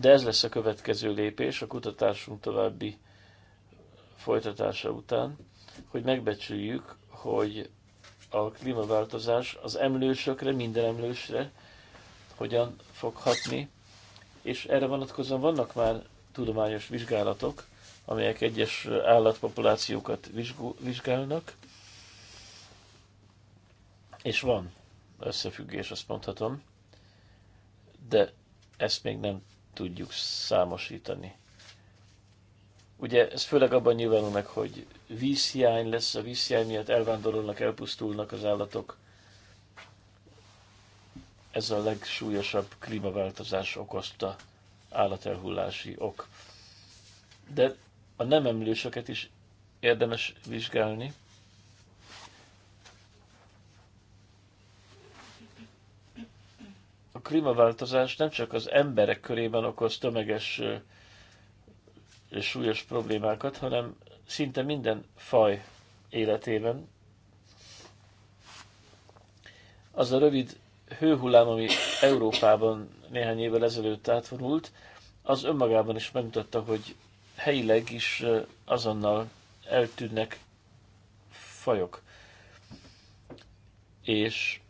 de ez lesz a következő lépés a kutatásunk további folytatása után, hogy megbecsüljük, hogy a klímaváltozás az emlősökre, minden emlősre hogyan fog hatni, és erre vonatkozóan vannak már tudományos vizsgálatok, amelyek egyes állatpopulációkat vizsgálnak, és van összefüggés, azt mondhatom, de ezt még nem tudjuk számosítani. Ugye ez főleg abban nyilvánul meg, hogy vízhiány lesz, a vízhiány miatt elvándorolnak, elpusztulnak az állatok. Ez a legsúlyosabb klímaváltozás okozta állatelhullási ok. De a nem emlősöket is érdemes vizsgálni. klímaváltozás nem csak az emberek körében okoz tömeges és súlyos problémákat, hanem szinte minden faj életében. Az a rövid hőhullám, ami Európában néhány évvel ezelőtt átvonult, az önmagában is megmutatta, hogy helyileg is azonnal eltűnnek fajok. És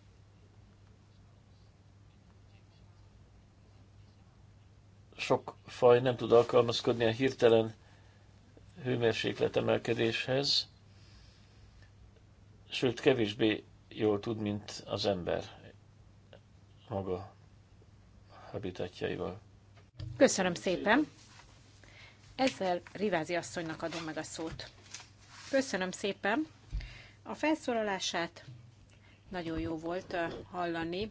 sok faj nem tud alkalmazkodni a hirtelen hőmérsékletemelkedéshez, sőt kevésbé jól tud, mint az ember maga habitatjaival. Köszönöm szépen! Ezzel Rivázi asszonynak adom meg a szót. Köszönöm szépen a felszólalását. Nagyon jó volt eh, hallani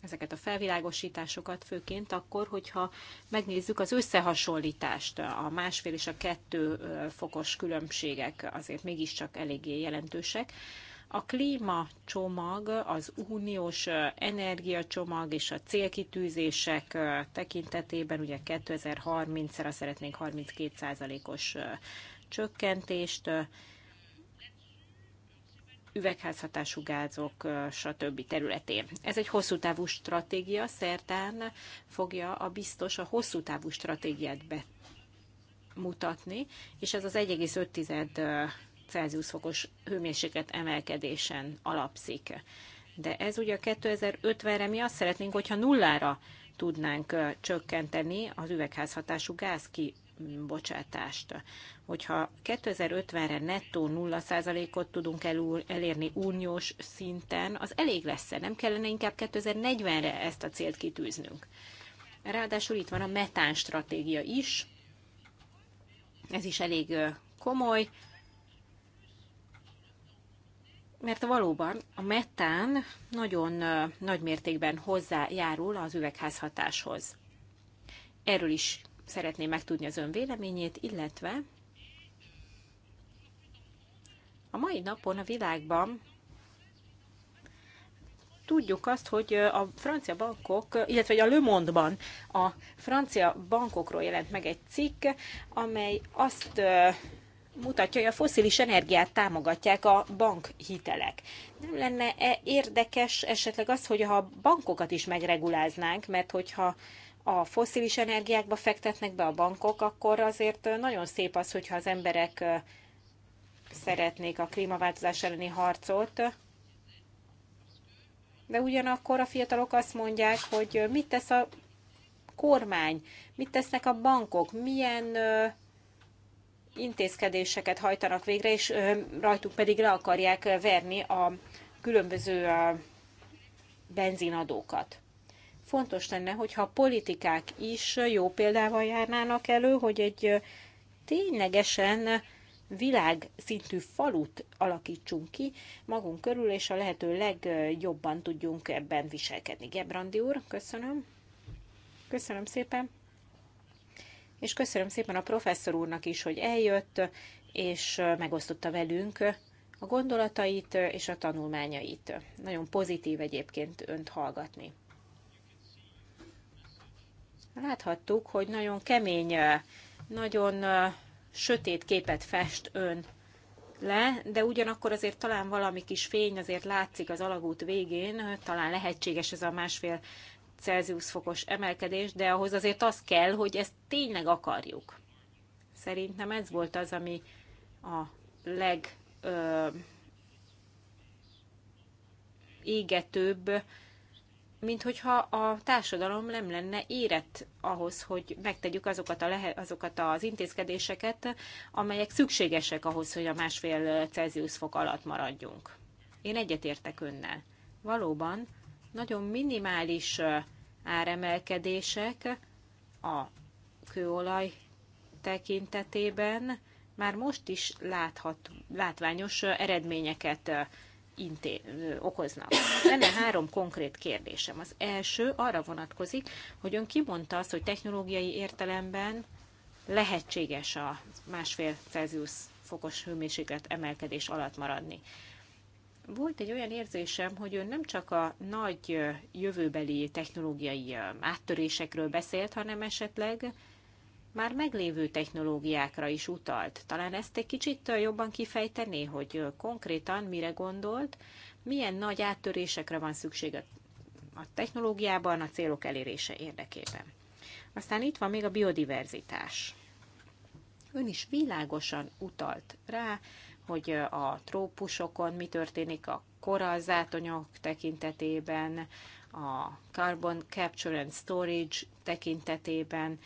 ezeket a felvilágosításokat, főként akkor, hogyha megnézzük az összehasonlítást, a másfél és a kettő fokos különbségek azért mégiscsak eléggé jelentősek. A klímacsomag, az uniós energiacsomag és a célkitűzések tekintetében ugye 2030-ra szeretnénk 32%-os csökkentést, üvegházhatású gázok, stb. területén. Ez egy hosszú távú stratégia, szertán fogja a biztos a hosszú távú stratégiát bemutatni, és ez az 1,5 Celsius fokos hőmérséklet emelkedésen alapszik. De ez ugye a 2050-re mi azt szeretnénk, hogyha nullára tudnánk csökkenteni az üvegházhatású gáz ki bocsátást, Hogyha 2050-re nettó 0%-ot tudunk elérni uniós szinten, az elég lesz-e? Nem kellene inkább 2040-re ezt a célt kitűznünk? Ráadásul itt van a metán stratégia is, ez is elég komoly, mert valóban a metán nagyon nagy mértékben hozzájárul az üvegházhatáshoz. Erről is szeretném megtudni az ön véleményét, illetve a mai napon a világban tudjuk azt, hogy a francia bankok, illetve a Le Monde-ban a francia bankokról jelent meg egy cikk, amely azt mutatja, hogy a foszilis energiát támogatják a bankhitelek. Nem lenne -e érdekes esetleg az, hogy ha a bankokat is megreguláznánk, mert hogyha a foszilis energiákba fektetnek be a bankok, akkor azért nagyon szép az, hogyha az emberek szeretnék a klímaváltozás elleni harcot, de ugyanakkor a fiatalok azt mondják, hogy mit tesz a kormány, mit tesznek a bankok, milyen intézkedéseket hajtanak végre, és rajtuk pedig le akarják verni a különböző benzinadókat fontos lenne, hogyha a politikák is jó példával járnának elő, hogy egy ténylegesen világszintű falut alakítsunk ki magunk körül, és a lehető legjobban tudjunk ebben viselkedni. Gebrandi úr, köszönöm. Köszönöm szépen. És köszönöm szépen a professzor úrnak is, hogy eljött, és megosztotta velünk a gondolatait és a tanulmányait. Nagyon pozitív egyébként önt hallgatni láthattuk, hogy nagyon kemény, nagyon sötét képet fest ön le, de ugyanakkor azért talán valami kis fény azért látszik az alagút végén, talán lehetséges ez a másfél Celsius fokos emelkedés, de ahhoz azért az kell, hogy ezt tényleg akarjuk. Szerintem ez volt az, ami a leg ö, égetőbb mint hogyha a társadalom nem lenne érett ahhoz, hogy megtegyük azokat, a lehe, azokat az intézkedéseket, amelyek szükségesek ahhoz, hogy a másfél Celsius fok alatt maradjunk. Én egyetértek önnel. Valóban nagyon minimális áremelkedések a kőolaj tekintetében már most is láthat, látványos eredményeket inté- okoznak. Lenne három konkrét kérdésem. Az első arra vonatkozik, hogy ön kimondta azt, hogy technológiai értelemben lehetséges a másfél Celsius fokos hőmérséklet emelkedés alatt maradni. Volt egy olyan érzésem, hogy ön nem csak a nagy jövőbeli technológiai áttörésekről beszélt, hanem esetleg már meglévő technológiákra is utalt. Talán ezt egy kicsit jobban kifejtené, hogy konkrétan mire gondolt, milyen nagy áttörésekre van szükség a technológiában a célok elérése érdekében. Aztán itt van még a biodiverzitás. Ön is világosan utalt rá, hogy a trópusokon mi történik a korallzátonyok tekintetében, a carbon capture and storage tekintetében,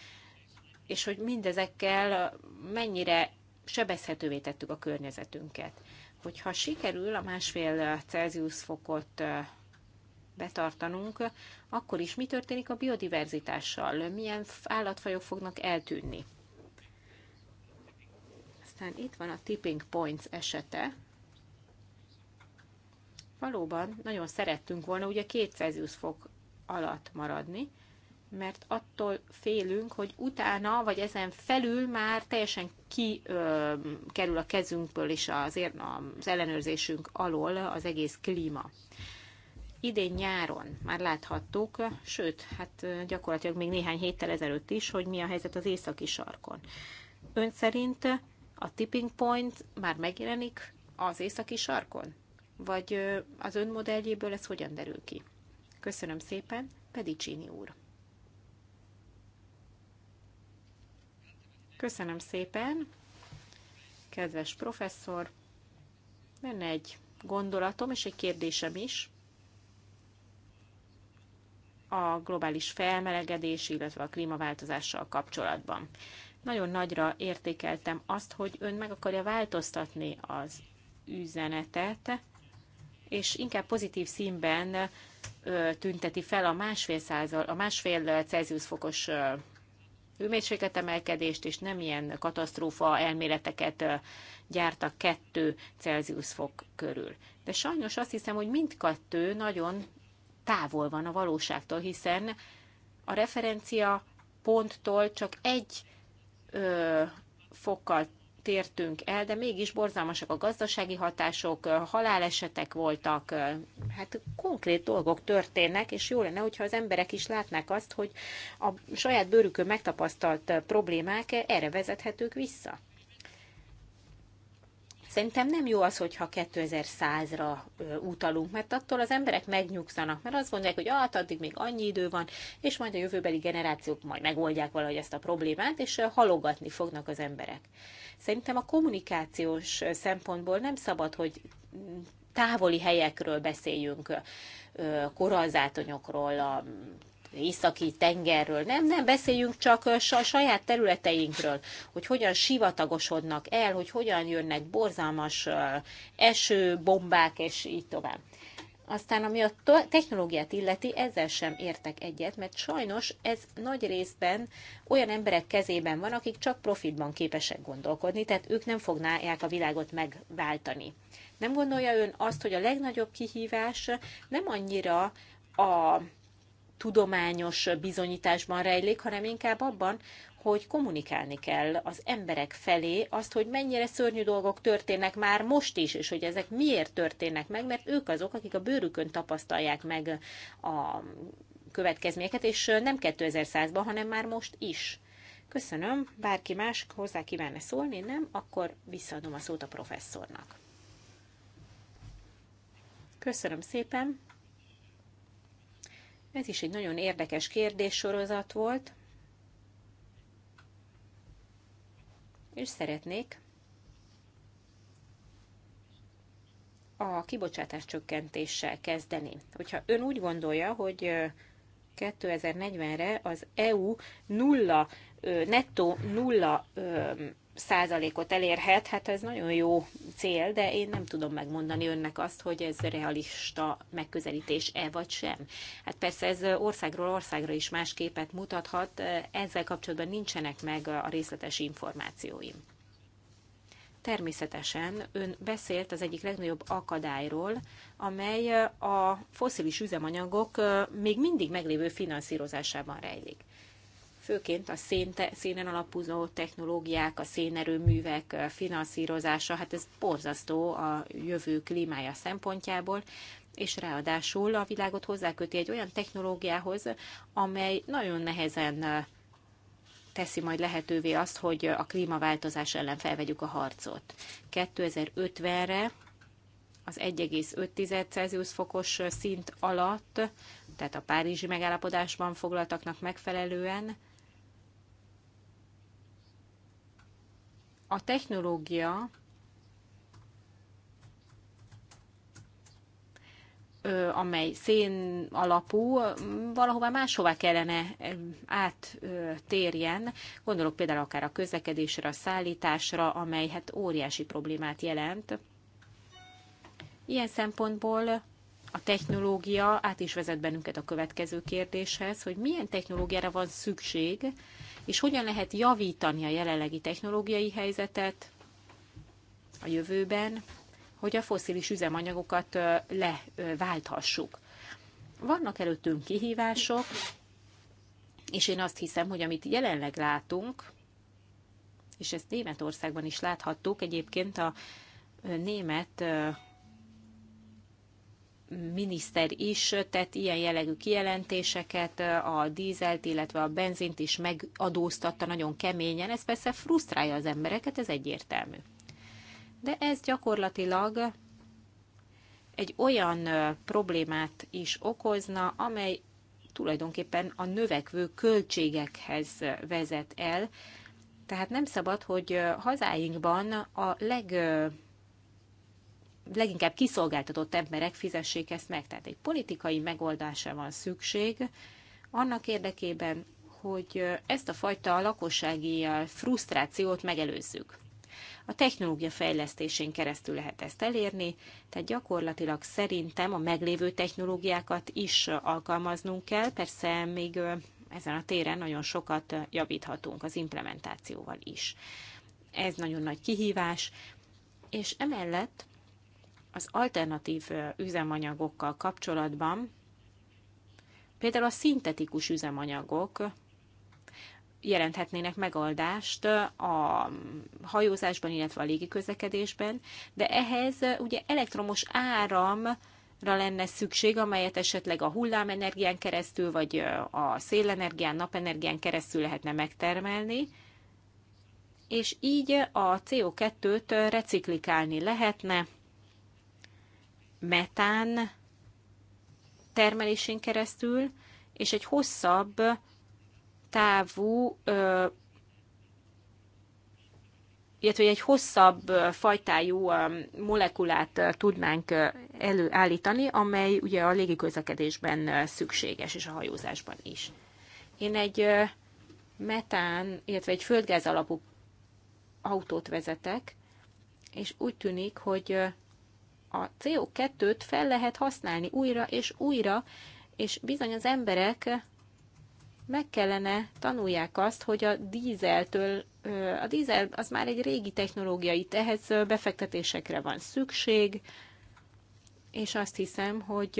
és hogy mindezekkel mennyire sebezhetővé tettük a környezetünket. Hogyha sikerül a másfél Celsius fokot betartanunk, akkor is mi történik a biodiverzitással? Milyen állatfajok fognak eltűnni? Aztán itt van a tipping points esete. Valóban nagyon szerettünk volna ugye 200 fok alatt maradni, mert attól félünk, hogy utána, vagy ezen felül már teljesen kikerül a kezünkből és az, az ellenőrzésünk alól az egész klíma. Idén nyáron már láthattuk, sőt, hát gyakorlatilag még néhány héttel ezelőtt is, hogy mi a helyzet az északi sarkon. Ön szerint a tipping point már megjelenik az északi sarkon? Vagy az ön modelljéből ez hogyan derül ki? Köszönöm szépen, Pedicini úr. Köszönöm szépen, kedves professzor. Lenne egy gondolatom és egy kérdésem is a globális felmelegedés, illetve a klímaváltozással kapcsolatban. Nagyon nagyra értékeltem azt, hogy ön meg akarja változtatni az üzenetet, és inkább pozitív színben ö, tünteti fel a másfél, százal, a másfél Celsius fokos ö, emelkedést, és nem ilyen katasztrófa elméleteket gyártak 2 Celsius fok körül. De sajnos azt hiszem, hogy mindkettő nagyon távol van a valóságtól, hiszen a referencia ponttól csak egy ö, fokkal tértünk el, de mégis borzalmasak a gazdasági hatások, halálesetek voltak, hát konkrét dolgok történnek, és jó lenne, hogyha az emberek is látnák azt, hogy a saját bőrükön megtapasztalt problémák erre vezethetők vissza. Szerintem nem jó az, hogyha 2100-ra utalunk, mert attól az emberek megnyugszanak, mert azt mondják, hogy hát addig még annyi idő van, és majd a jövőbeli generációk majd megoldják valahogy ezt a problémát, és halogatni fognak az emberek. Szerintem a kommunikációs szempontból nem szabad, hogy távoli helyekről beszéljünk, korallzátonyokról, a északi tengerről. Nem, nem, beszéljünk csak a saját területeinkről, hogy hogyan sivatagosodnak el, hogy hogyan jönnek borzalmas esőbombák, és így tovább. Aztán ami a technológiát illeti, ezzel sem értek egyet, mert sajnos ez nagy részben olyan emberek kezében van, akik csak profitban képesek gondolkodni, tehát ők nem fognáják a világot megváltani. Nem gondolja ön azt, hogy a legnagyobb kihívás nem annyira a tudományos bizonyításban rejlik, hanem inkább abban, hogy kommunikálni kell az emberek felé azt, hogy mennyire szörnyű dolgok történnek már most is, és hogy ezek miért történnek meg, mert ők azok, akik a bőrükön tapasztalják meg a következményeket, és nem 2100-ban, hanem már most is. Köszönöm. Bárki más hozzá kívánne szólni, nem? Akkor visszaadom a szót a professzornak. Köszönöm szépen. Ez is egy nagyon érdekes kérdéssorozat volt. és szeretnék a kibocsátás csökkentéssel kezdeni. Hogyha ön úgy gondolja, hogy 2040-re az EU nulla, nettó nulla százalékot elérhet, hát ez nagyon jó cél, de én nem tudom megmondani önnek azt, hogy ez realista megközelítés-e vagy sem. Hát persze ez országról országra is más képet mutathat, ezzel kapcsolatban nincsenek meg a részletes információim. Természetesen ön beszélt az egyik legnagyobb akadályról, amely a foszilis üzemanyagok még mindig meglévő finanszírozásában rejlik főként a szén, szénen alapuló technológiák, a szénerőművek finanszírozása, hát ez borzasztó a jövő klímája szempontjából, és ráadásul a világot hozzáköti egy olyan technológiához, amely nagyon nehezen teszi majd lehetővé azt, hogy a klímaváltozás ellen felvegyük a harcot. 2050-re az 1,5 Celsius fokos szint alatt, tehát a Párizsi megállapodásban foglaltaknak megfelelően a technológia amely szén alapú, valahová máshová kellene áttérjen. Gondolok például akár a közlekedésre, a szállításra, amely hát óriási problémát jelent. Ilyen szempontból a technológia át is vezet bennünket a következő kérdéshez, hogy milyen technológiára van szükség, és hogyan lehet javítani a jelenlegi technológiai helyzetet a jövőben, hogy a foszilis üzemanyagokat leválthassuk. Vannak előttünk kihívások, és én azt hiszem, hogy amit jelenleg látunk, és ezt Németországban is láthattuk, egyébként a német miniszter is tett ilyen jellegű kijelentéseket, a dízelt, illetve a benzint is megadóztatta nagyon keményen. Ez persze frusztrálja az embereket, ez egyértelmű. De ez gyakorlatilag egy olyan problémát is okozna, amely tulajdonképpen a növekvő költségekhez vezet el. Tehát nem szabad, hogy hazáinkban a leg leginkább kiszolgáltatott emberek fizessék ezt meg. Tehát egy politikai megoldásra van szükség annak érdekében, hogy ezt a fajta lakossági frusztrációt megelőzzük. A technológia fejlesztésén keresztül lehet ezt elérni, tehát gyakorlatilag szerintem a meglévő technológiákat is alkalmaznunk kell, persze még ezen a téren nagyon sokat javíthatunk az implementációval is. Ez nagyon nagy kihívás, és emellett az alternatív üzemanyagokkal kapcsolatban, például a szintetikus üzemanyagok jelenthetnének megoldást a hajózásban, illetve a légiközlekedésben, de ehhez ugye elektromos áramra lenne szükség, amelyet esetleg a hullámenergián keresztül, vagy a szélenergián, napenergián keresztül lehetne megtermelni, és így a CO2-t reciklikálni lehetne, metán termelésén keresztül, és egy hosszabb távú, illetve egy hosszabb fajtájú molekulát tudnánk előállítani, amely ugye a légiközlekedésben szükséges, és a hajózásban is. Én egy metán, illetve egy földgáz alapú autót vezetek, és úgy tűnik, hogy a CO2-t fel lehet használni újra és újra, és bizony az emberek meg kellene tanulják azt, hogy a dízeltől, a dízel az már egy régi technológia, itt ehhez befektetésekre van szükség, és azt hiszem, hogy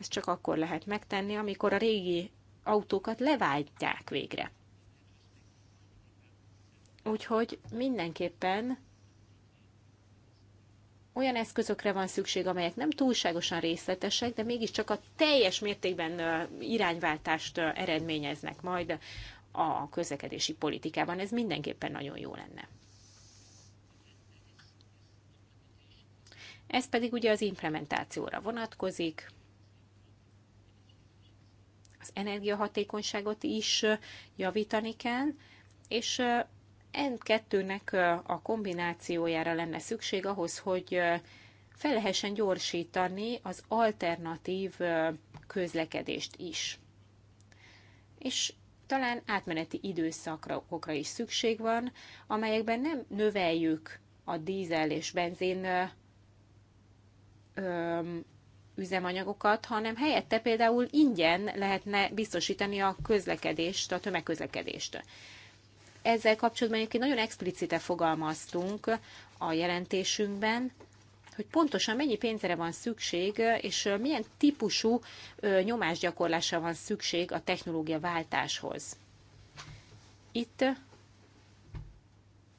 ezt csak akkor lehet megtenni, amikor a régi autókat leváltják végre. Úgyhogy mindenképpen olyan eszközökre van szükség, amelyek nem túlságosan részletesek, de mégiscsak a teljes mértékben irányváltást eredményeznek majd a közlekedési politikában. Ez mindenképpen nagyon jó lenne. Ez pedig ugye az implementációra vonatkozik, az energiahatékonyságot is javítani kell, és N2-nek a kombinációjára lenne szükség ahhoz, hogy fel lehessen gyorsítani az alternatív közlekedést is. És talán átmeneti időszakokra is szükség van, amelyekben nem növeljük a dízel és benzin üzemanyagokat, hanem helyette például ingyen lehetne biztosítani a közlekedést, a tömegközlekedést ezzel kapcsolatban egyébként nagyon explicite fogalmaztunk a jelentésünkben, hogy pontosan mennyi pénzre van szükség, és milyen típusú nyomásgyakorlásra van szükség a technológia váltáshoz. Itt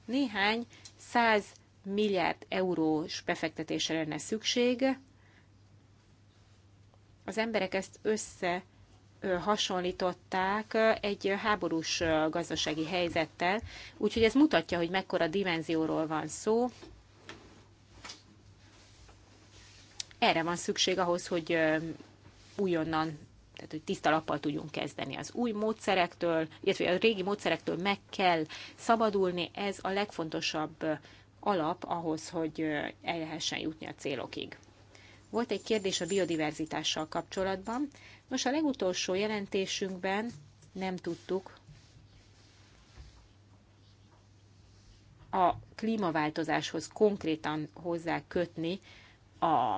néhány száz milliárd eurós befektetésre lenne szükség. Az emberek ezt össze hasonlították egy háborús gazdasági helyzettel, úgyhogy ez mutatja, hogy mekkora dimenzióról van szó. Erre van szükség ahhoz, hogy újonnan, tehát hogy tiszta lappal tudjunk kezdeni az új módszerektől, illetve a régi módszerektől meg kell szabadulni, ez a legfontosabb alap ahhoz, hogy el lehessen jutni a célokig. Volt egy kérdés a biodiverzitással kapcsolatban. Nos, a legutolsó jelentésünkben nem tudtuk a klímaváltozáshoz konkrétan hozzá kötni a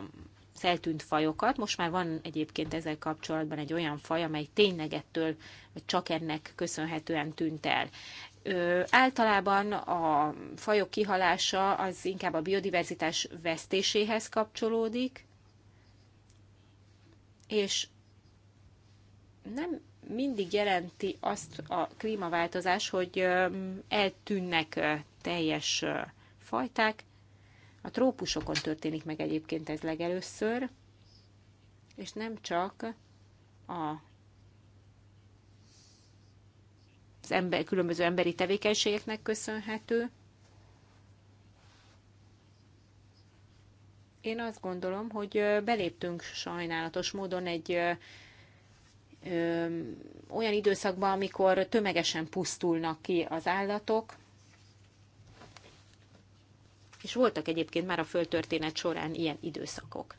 feltűnt fajokat. Most már van egyébként ezzel kapcsolatban egy olyan faj, amely tényleg ettől, vagy csak ennek köszönhetően tűnt el. Ö, általában a fajok kihalása az inkább a biodiverzitás vesztéséhez kapcsolódik, és nem mindig jelenti azt a klímaváltozás, hogy eltűnnek teljes fajták. A trópusokon történik meg egyébként ez legelőször, és nem csak a az ember, különböző emberi tevékenységeknek köszönhető. Én azt gondolom, hogy beléptünk sajnálatos módon egy olyan időszakban, amikor tömegesen pusztulnak ki az állatok, és voltak egyébként már a földtörténet során ilyen időszakok.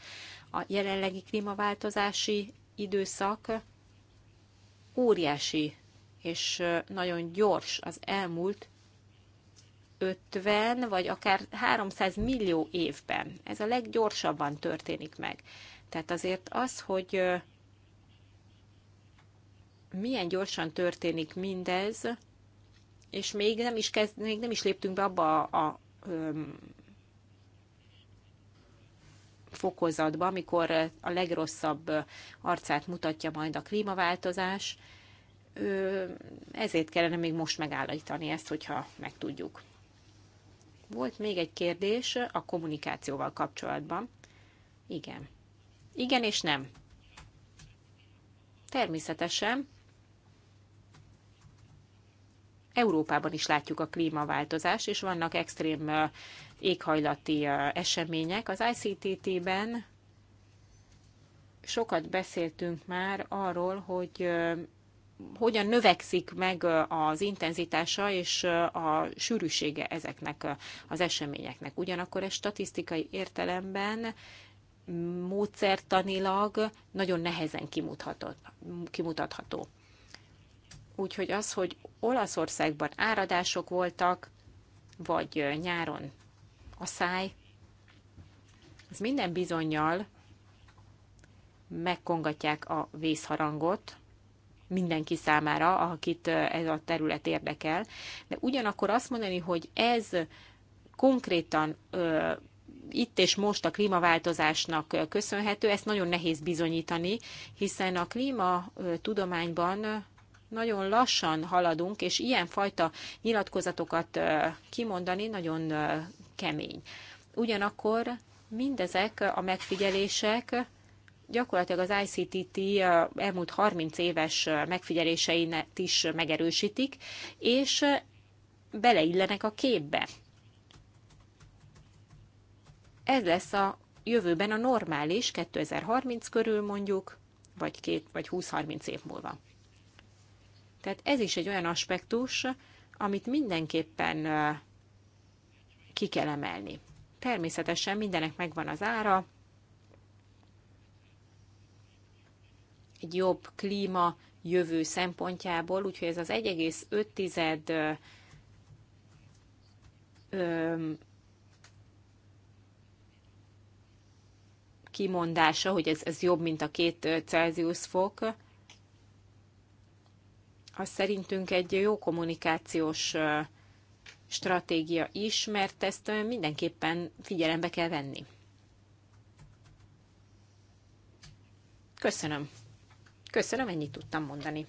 A jelenlegi klímaváltozási időszak óriási és nagyon gyors az elmúlt 50 vagy akár 300 millió évben. Ez a leggyorsabban történik meg. Tehát azért az, hogy milyen gyorsan történik mindez, és még nem is, kezd, még nem is léptünk be abba a, a öm, fokozatba, amikor a legrosszabb arcát mutatja majd a klímaváltozás. Ö, ezért kellene még most megállítani ezt, hogyha megtudjuk. Volt még egy kérdés a kommunikációval kapcsolatban. Igen. Igen és nem. Természetesen Európában is látjuk a klímaváltozást, és vannak extrém éghajlati események. Az ICTT-ben sokat beszéltünk már arról, hogy hogyan növekszik meg az intenzitása és a sűrűsége ezeknek az eseményeknek. Ugyanakkor ez statisztikai értelemben módszertanilag nagyon nehezen kimutatható. Úgyhogy az, hogy Olaszországban áradások voltak, vagy nyáron a száj, az minden bizonyal megkongatják a vészharangot mindenki számára, akit ez a terület érdekel. De ugyanakkor azt mondani, hogy ez konkrétan ö, itt és most a klímaváltozásnak köszönhető, ezt nagyon nehéz bizonyítani, hiszen a klímatudományban nagyon lassan haladunk, és ilyenfajta nyilatkozatokat kimondani nagyon kemény. Ugyanakkor mindezek a megfigyelések gyakorlatilag az ICTT elmúlt 30 éves megfigyeléseinet is megerősítik, és beleillenek a képbe. Ez lesz a jövőben a normális, 2030 körül mondjuk, vagy, két, vagy 20-30 év múlva. Tehát ez is egy olyan aspektus, amit mindenképpen ki kell emelni. Természetesen mindenek megvan az ára, egy jobb klíma jövő szempontjából, úgyhogy ez az 1,5 öm, kimondása, hogy ez, ez jobb, mint a két Celsius fok, az szerintünk egy jó kommunikációs stratégia is, mert ezt mindenképpen figyelembe kell venni. Köszönöm. Köszönöm, ennyit tudtam mondani.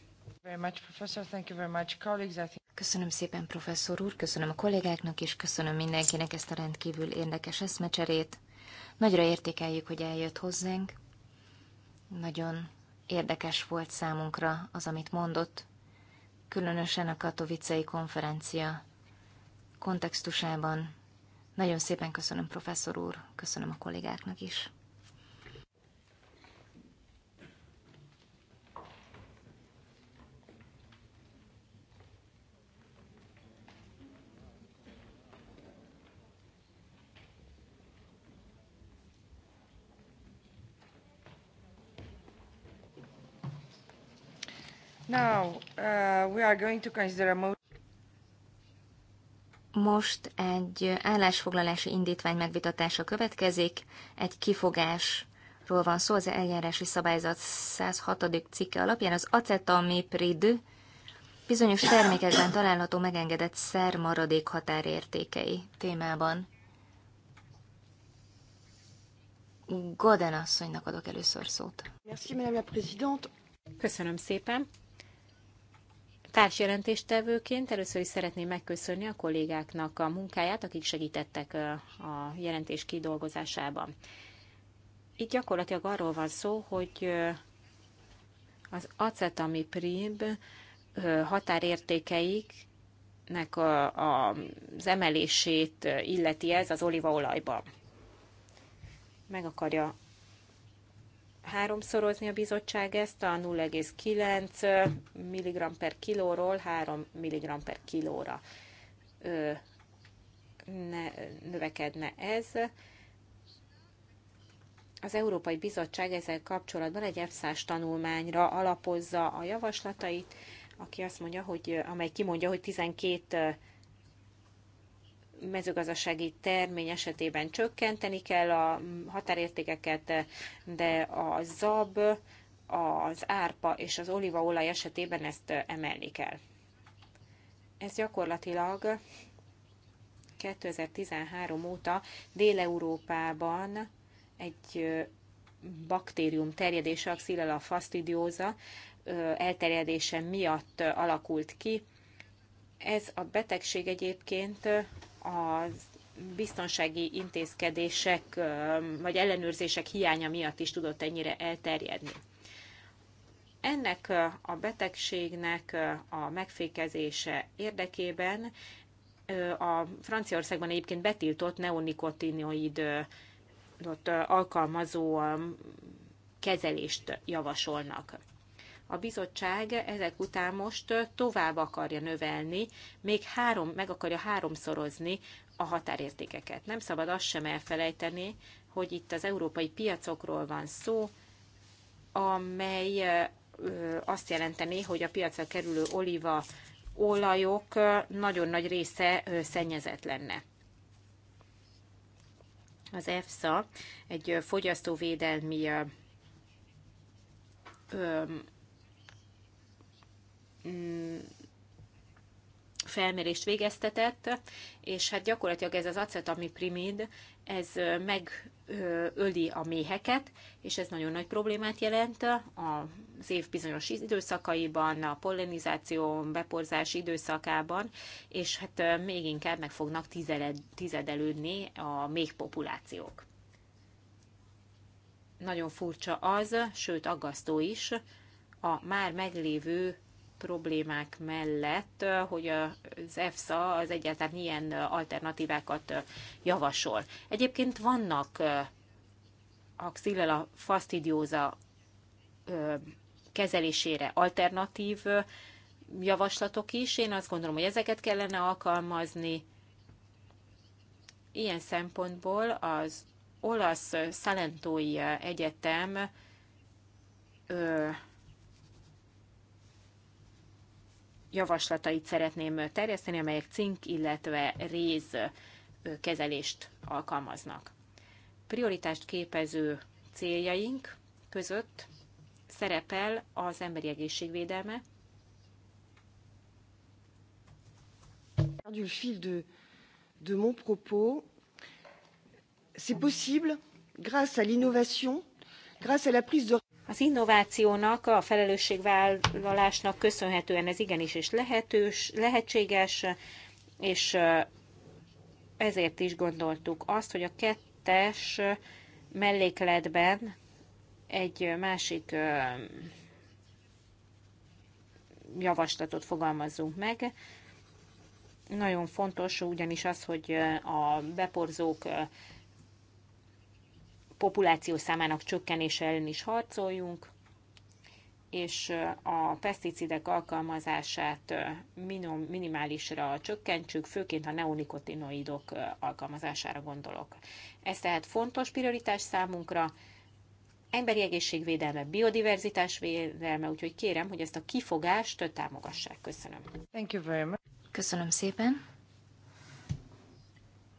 Köszönöm szépen, professzor úr, köszönöm a kollégáknak, és köszönöm mindenkinek ezt a rendkívül érdekes eszmecserét. Nagyra értékeljük, hogy eljött hozzánk. Nagyon érdekes volt számunkra az, amit mondott különösen a katovicei konferencia kontextusában. Nagyon szépen köszönöm, professzor úr, köszönöm a kollégáknak is. Now, uh, we are going to consider a motion. Most egy állásfoglalási indítvány megvitatása következik, egy kifogásról van szó, az eljárási szabályzat 106. cikke alapján az acetamiprid bizonyos termékekben található megengedett szer maradék határértékei témában. Goden asszonynak adok először szót. Köszönöm szépen. Társjelentéstevőként először is szeretném megköszönni a kollégáknak a munkáját, akik segítettek a jelentés kidolgozásában. Itt gyakorlatilag arról van szó, hogy az acetamiprib határértékeiknek az emelését illeti ez az olívaolajban. Meg akarja háromszorozni a bizottság ezt a 0,9 mg per kilóról 3 mg per kilóra ne, növekedne ez. Az Európai Bizottság ezzel kapcsolatban egy efsa tanulmányra alapozza a javaslatait, aki azt mondja, hogy, amely kimondja, hogy 12 mezőgazdasági termény esetében csökkenteni kell a határértékeket, de a zab, az árpa és az olívaolaj esetében ezt emelni kell. Ez gyakorlatilag 2013 óta Dél-Európában egy baktérium terjedése, a Xylella fastidiosa elterjedése miatt alakult ki. Ez a betegség egyébként a biztonsági intézkedések vagy ellenőrzések hiánya miatt is tudott ennyire elterjedni. Ennek a betegségnek a megfékezése érdekében a Franciaországban egyébként betiltott neonikotinoidot alkalmazó kezelést javasolnak a bizottság ezek után most tovább akarja növelni, még három, meg akarja háromszorozni a határértékeket. Nem szabad azt sem elfelejteni, hogy itt az európai piacokról van szó, amely azt jelenteni, hogy a piacra kerülő oliva olajok nagyon nagy része szennyezett lenne. Az EFSA egy fogyasztóvédelmi Mm, felmérést végeztetett, és hát gyakorlatilag ez az acetamiprimid, ez megöli a méheket, és ez nagyon nagy problémát jelent az év bizonyos időszakaiban, a pollenizáció, beporzás időszakában, és hát még inkább meg fognak tizedelődni a méhpopulációk. Nagyon furcsa az, sőt aggasztó is, a már meglévő problémák mellett, hogy az EFSA az egyáltalán ilyen alternatívákat javasol. Egyébként vannak a Xylella fastidióza kezelésére alternatív javaslatok is. Én azt gondolom, hogy ezeket kellene alkalmazni. Ilyen szempontból az olasz Szalentói Egyetem javaslatait szeretném terjeszteni, amelyek cink, illetve réz kezelést alkalmaznak. Prioritást képező céljaink között szerepel az emberi egészségvédelme. Du fil de, de mon propos, c'est possible grâce à l'innovation, grâce à la prise de az innovációnak, a felelősségvállalásnak köszönhetően ez igenis is lehetős, lehetséges, és ezért is gondoltuk azt, hogy a kettes mellékletben egy másik javaslatot fogalmazzunk meg. Nagyon fontos ugyanis az, hogy a beporzók populáció számának csökkenése ellen is harcoljunk, és a peszticidek alkalmazását minimálisra csökkentsük, főként a neonikotinoidok alkalmazására gondolok. Ez tehát fontos prioritás számunkra, emberi egészségvédelme, biodiverzitás védelme, úgyhogy kérem, hogy ezt a kifogást támogassák. Köszönöm. Thank you very much. Köszönöm szépen.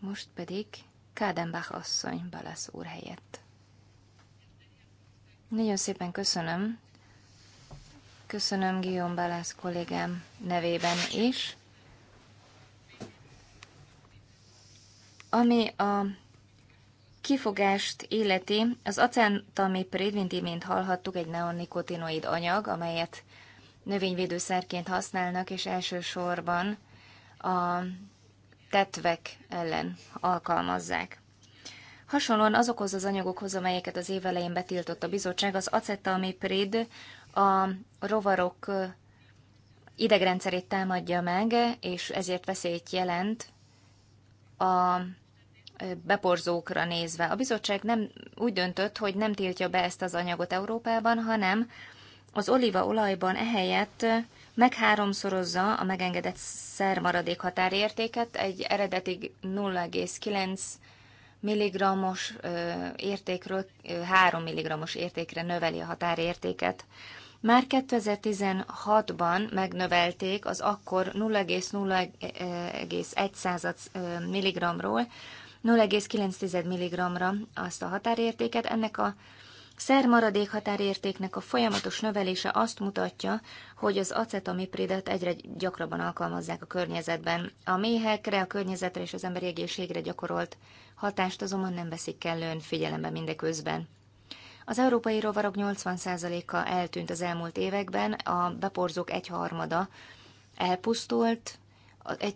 Most pedig Kádenbach asszony Balasz úr helyett. Nagyon szépen köszönöm. Köszönöm Guillaume Balasz kollégám nevében is. Ami a kifogást illeti, az acetamiprid, mint imént hallhattuk, egy neonikotinoid anyag, amelyet növényvédőszerként használnak, és elsősorban a tetvek ellen alkalmazzák. Hasonlóan azokhoz az anyagokhoz, amelyeket az év elején betiltott a bizottság, az acetamiprid a rovarok idegrendszerét támadja meg, és ezért veszélyt jelent a beporzókra nézve. A bizottság nem úgy döntött, hogy nem tiltja be ezt az anyagot Európában, hanem az olívaolajban ehelyett megháromszorozza a megengedett szermaradék határértéket, egy eredeti 0,9 milligrammos értékről 3 milligrammos értékre növeli a határértéket. Már 2016-ban megnövelték az akkor 0,01 mg-ról 0,9 milligramra azt a határértéket. Ennek a szermaradék határértéknek a folyamatos növelése azt mutatja, hogy az acetamipridet egyre gyakrabban alkalmazzák a környezetben. A méhekre, a környezetre és az emberi egészségre gyakorolt hatást azonban nem veszik kellően figyelembe mindeközben. Az európai rovarok 80%-a eltűnt az elmúlt években, a beporzók egyharmada elpusztult,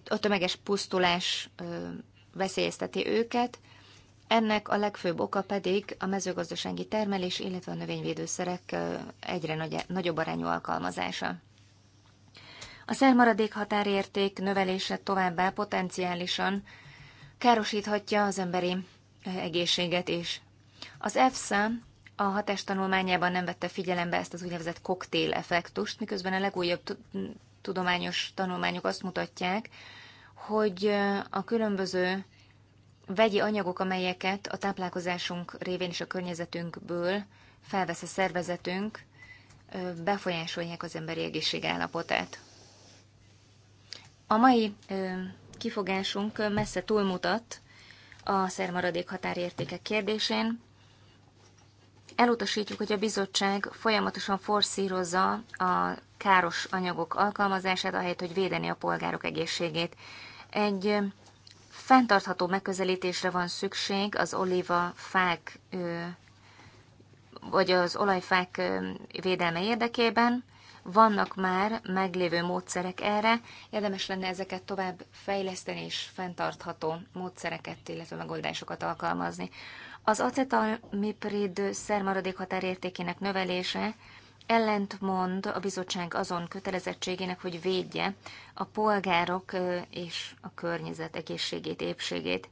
a tömeges pusztulás veszélyezteti őket, ennek a legfőbb oka pedig a mezőgazdasági termelés, illetve a növényvédőszerek egyre nagy, nagyobb arányú alkalmazása. A szermaradék határérték növelése továbbá potenciálisan károsíthatja az emberi egészséget is. Az EFSA a tanulmányában nem vette figyelembe ezt az úgynevezett koktél effektust, miközben a legújabb tudományos tanulmányok azt mutatják, hogy a különböző vegyi anyagok, amelyeket a táplálkozásunk révén és a környezetünkből felvesz a szervezetünk, befolyásolják az emberi egészség állapotát. A mai kifogásunk messze túlmutat a szermaradék határértékek kérdésén. Elutasítjuk, hogy a bizottság folyamatosan forszírozza a káros anyagok alkalmazását, ahelyett, hogy védeni a polgárok egészségét. Egy Fenntartható megközelítésre van szükség az oliva fák vagy az olajfák védelme érdekében. Vannak már meglévő módszerek erre, érdemes lenne ezeket tovább fejleszteni és fenntartható módszereket, illetve megoldásokat alkalmazni. Az acetalmiprid szermaradék határértékének növelése ellentmond a bizottság azon kötelezettségének, hogy védje a polgárok és a környezet egészségét, épségét.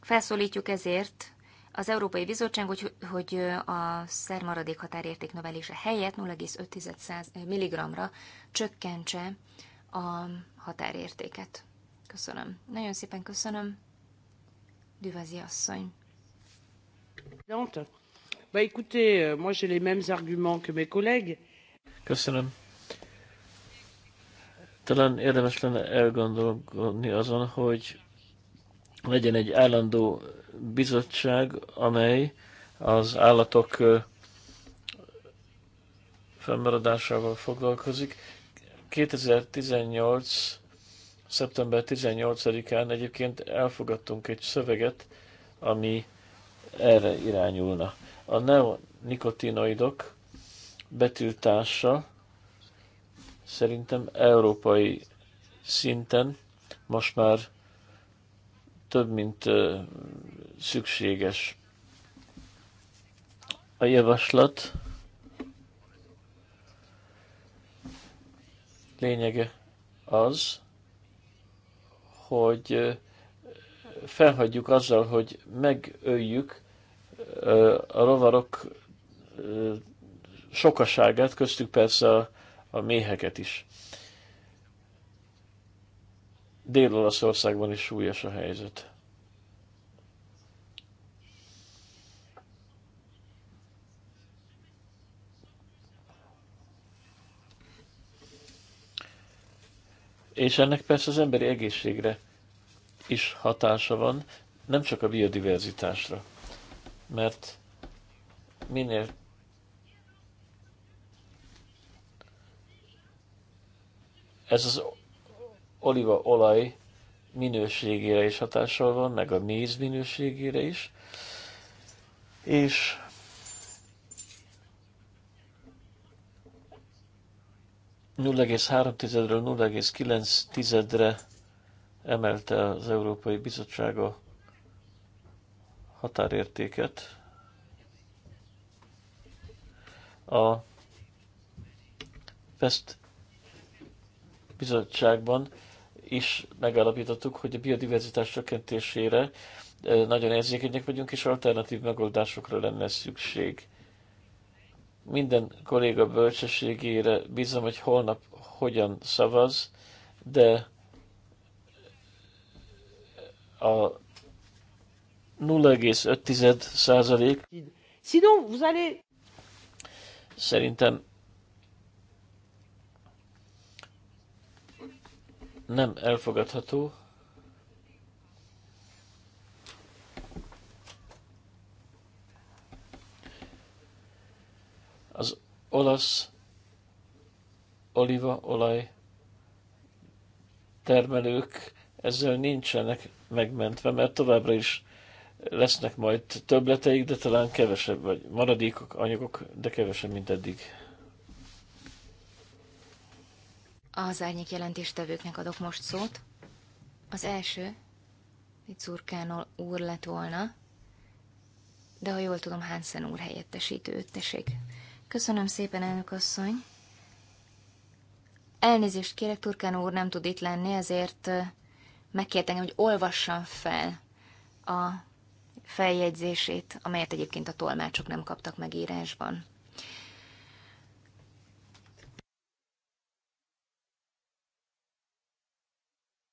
Felszólítjuk ezért az Európai Bizottság, hogy, hogy a szermaradék határérték növelése helyett 0,5 mg-ra csökkentse a határértéket. Köszönöm. Nagyon szépen köszönöm. Düvazi asszony. Döntöm. Bah écoutez, euh, moi j'ai les mêmes arguments que mes collègues. Köszönöm. Talán érdemes lenne elgondolkodni azon, hogy legyen egy állandó bizottság, amely az állatok fennmaradásával foglalkozik. 2018. szeptember 18-án egyébként elfogadtunk egy szöveget, ami erre irányulna. A neonikotinoidok betiltása szerintem európai szinten most már több, mint szükséges. A javaslat lényege az, hogy felhagyjuk azzal, hogy megöljük a rovarok sokaságát, köztük persze a, a méheket is. Dél-Olaszországban is súlyos a helyzet. És ennek persze az emberi egészségre is hatása van, nem csak a biodiverzitásra mert minél ez az olaj minőségére is hatással van, meg a méz minőségére is, és tizedről 0,9-re emelte az Európai Bizottság a határértéket. A PEST bizottságban is megállapítottuk, hogy a biodiverzitás csökkentésére nagyon érzékenyek vagyunk, és alternatív megoldásokra lenne szükség. Minden kolléga bölcsességére bízom, hogy holnap hogyan szavaz, de a 0,5 százalék. Sinon, vous allez... Szerintem nem elfogadható. Az olasz oliva olaj termelők ezzel nincsenek megmentve, mert továbbra is lesznek majd többleteik, de talán kevesebb, vagy maradékok, anyagok, de kevesebb, mint eddig. Az árnyék jelentéstevőknek adok most szót. Az első, hogy Szurkánol úr lett volna, de ha jól tudom, Hansen úr helyettesítő, ötteség. Köszönöm szépen, elnök asszony. Elnézést kérek, Turkán úr nem tud itt lenni, ezért eh, megkértem, hogy olvassam fel a feljegyzését, amelyet egyébként a tolmácsok nem kaptak meg írásban.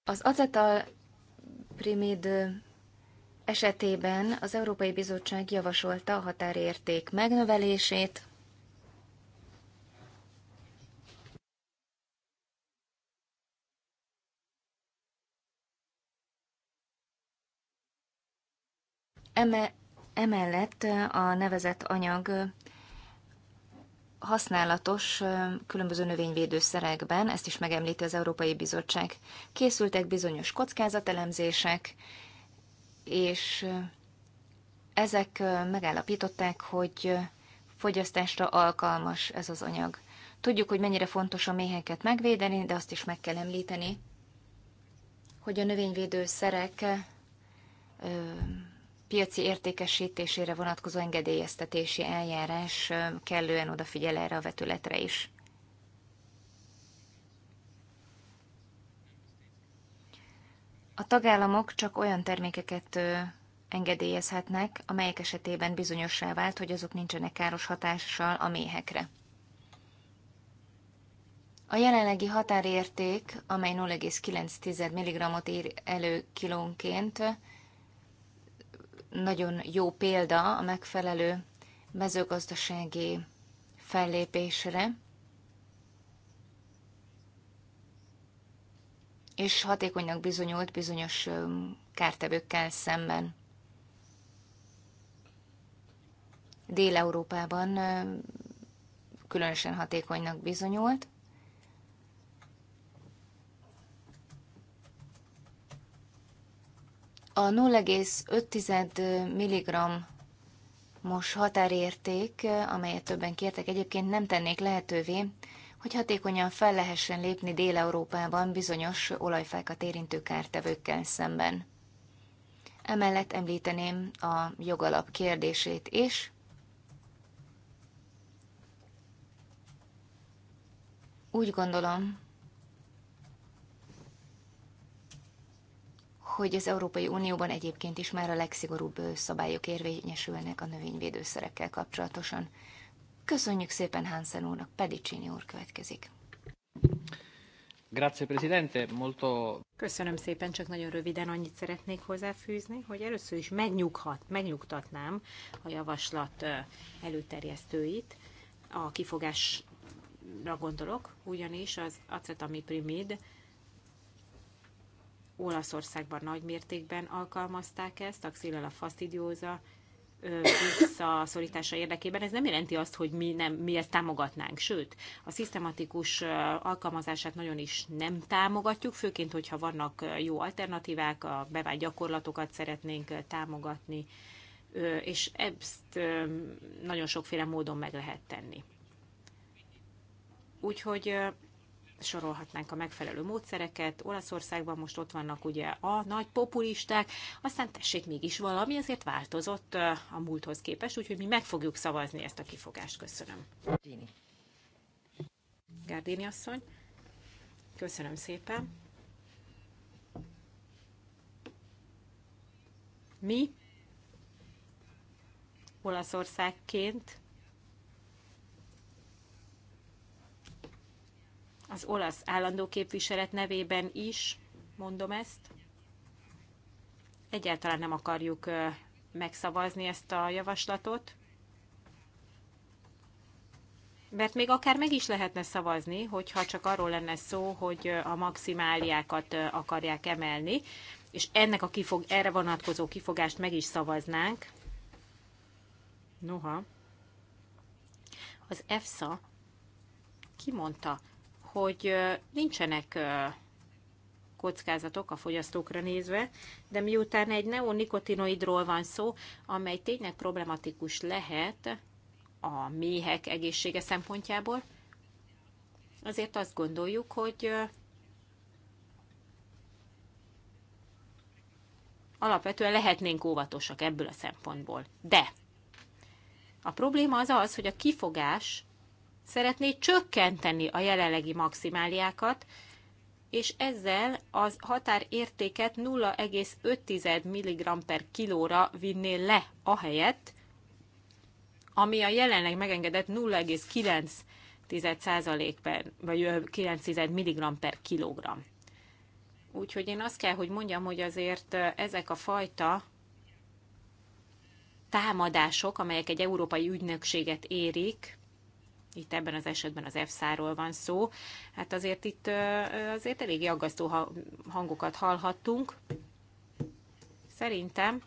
Az acetal primid esetében az Európai Bizottság javasolta a határérték megnövelését, Eme, emellett a nevezett anyag használatos különböző növényvédőszerekben, ezt is megemlíti az Európai Bizottság. Készültek bizonyos kockázatelemzések, és ezek megállapították, hogy fogyasztásra alkalmas ez az anyag. Tudjuk, hogy mennyire fontos a méheket megvédeni, de azt is meg kell említeni, hogy a növényvédőszerek piaci értékesítésére vonatkozó engedélyeztetési eljárás kellően odafigyel erre a vetületre is. A tagállamok csak olyan termékeket engedélyezhetnek, amelyek esetében bizonyossá vált, hogy azok nincsenek káros hatással a méhekre. A jelenlegi határérték, amely 0,9 mg-ot ír elő kilónként, nagyon jó példa a megfelelő mezőgazdasági fellépésre, és hatékonynak bizonyult bizonyos kártevőkkel szemben. Dél-Európában különösen hatékonynak bizonyult. A 0,5 mg most határérték, amelyet többen kértek, egyébként nem tennék lehetővé, hogy hatékonyan fel lehessen lépni Dél-Európában bizonyos olajfákat érintő kártevőkkel szemben. Emellett említeném a jogalap kérdését is. Úgy gondolom, hogy az Európai Unióban egyébként is már a legszigorúbb szabályok érvényesülnek a növényvédőszerekkel kapcsolatosan. Köszönjük szépen Hansen úrnak, Pedicini úr következik. Grazie, Presidente. Molto... Köszönöm szépen, csak nagyon röviden annyit szeretnék hozzáfűzni, hogy először is megnyughat, megnyugtatnám a javaslat előterjesztőit. A kifogásra gondolok, ugyanis az acetamiprimid. Olaszországban nagy mértékben alkalmazták ezt, a xylella fastidiosa visszaszorítása érdekében. Ez nem jelenti azt, hogy mi, nem, mi ezt támogatnánk. Sőt, a szisztematikus alkalmazását nagyon is nem támogatjuk, főként, hogyha vannak jó alternatívák, a bevált gyakorlatokat szeretnénk támogatni, és ezt nagyon sokféle módon meg lehet tenni. Úgyhogy sorolhatnánk a megfelelő módszereket. Olaszországban most ott vannak ugye a nagy populisták, aztán tessék mégis valami, ezért változott a múlthoz képest, úgyhogy mi meg fogjuk szavazni ezt a kifogást. Köszönöm. Dini. Gárdini asszony, köszönöm szépen. Mi Olaszországként az olasz állandó képviselet nevében is mondom ezt. Egyáltalán nem akarjuk megszavazni ezt a javaslatot, mert még akár meg is lehetne szavazni, hogyha csak arról lenne szó, hogy a maximáliákat akarják emelni, és ennek a kifog, erre vonatkozó kifogást meg is szavaznánk. Noha, az EFSA kimondta, hogy nincsenek kockázatok a fogyasztókra nézve, de miután egy neonikotinoidról van szó, amely tényleg problematikus lehet a méhek egészsége szempontjából, azért azt gondoljuk, hogy alapvetően lehetnénk óvatosak ebből a szempontból. De a probléma az az, hogy a kifogás szeretné csökkenteni a jelenlegi maximáliákat, és ezzel az határértéket 0,5 mg per kilóra vinné le a helyett, ami a jelenleg megengedett 0,9 per, vagy 9 mg per kilogram. Úgyhogy én azt kell, hogy mondjam, hogy azért ezek a fajta támadások, amelyek egy európai ügynökséget érik, itt ebben az esetben az EFSA-ról van szó, hát azért itt azért elég aggasztó hangokat hallhattunk. Szerintem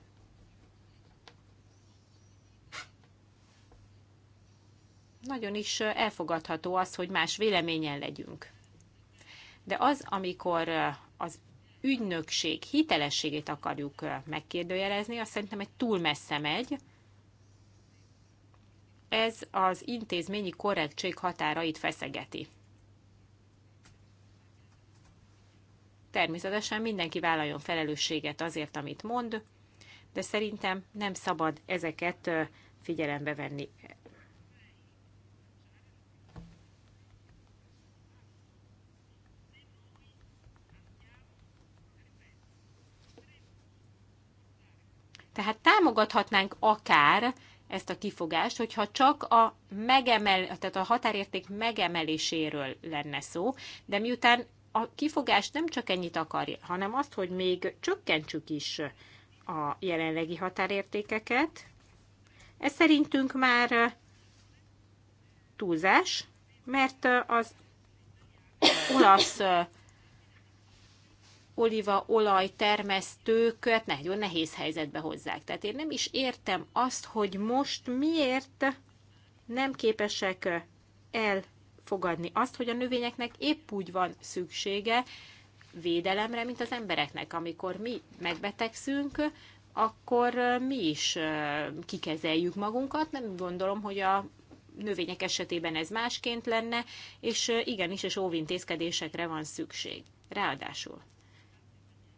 nagyon is elfogadható az, hogy más véleményen legyünk. De az, amikor az ügynökség hitelességét akarjuk megkérdőjelezni, azt szerintem egy túl messze megy, ez az intézményi korrektség határait feszegeti. Természetesen mindenki vállaljon felelősséget azért, amit mond, de szerintem nem szabad ezeket figyelembe venni. Tehát támogathatnánk akár ezt a kifogást, hogyha csak a, megemel, tehát a határérték megemeléséről lenne szó, de miután a kifogást nem csak ennyit akarja, hanem azt, hogy még csökkentsük is a jelenlegi határértékeket, ez szerintünk már túlzás, mert az olasz olívaolaj termesztőket nagyon nehéz helyzetbe hozzák. Tehát én nem is értem azt, hogy most miért nem képesek elfogadni azt, hogy a növényeknek épp úgy van szüksége védelemre, mint az embereknek. Amikor mi megbetegszünk, akkor mi is kikezeljük magunkat. Nem gondolom, hogy a növények esetében ez másként lenne, és igenis, és óvintézkedésekre van szükség. Ráadásul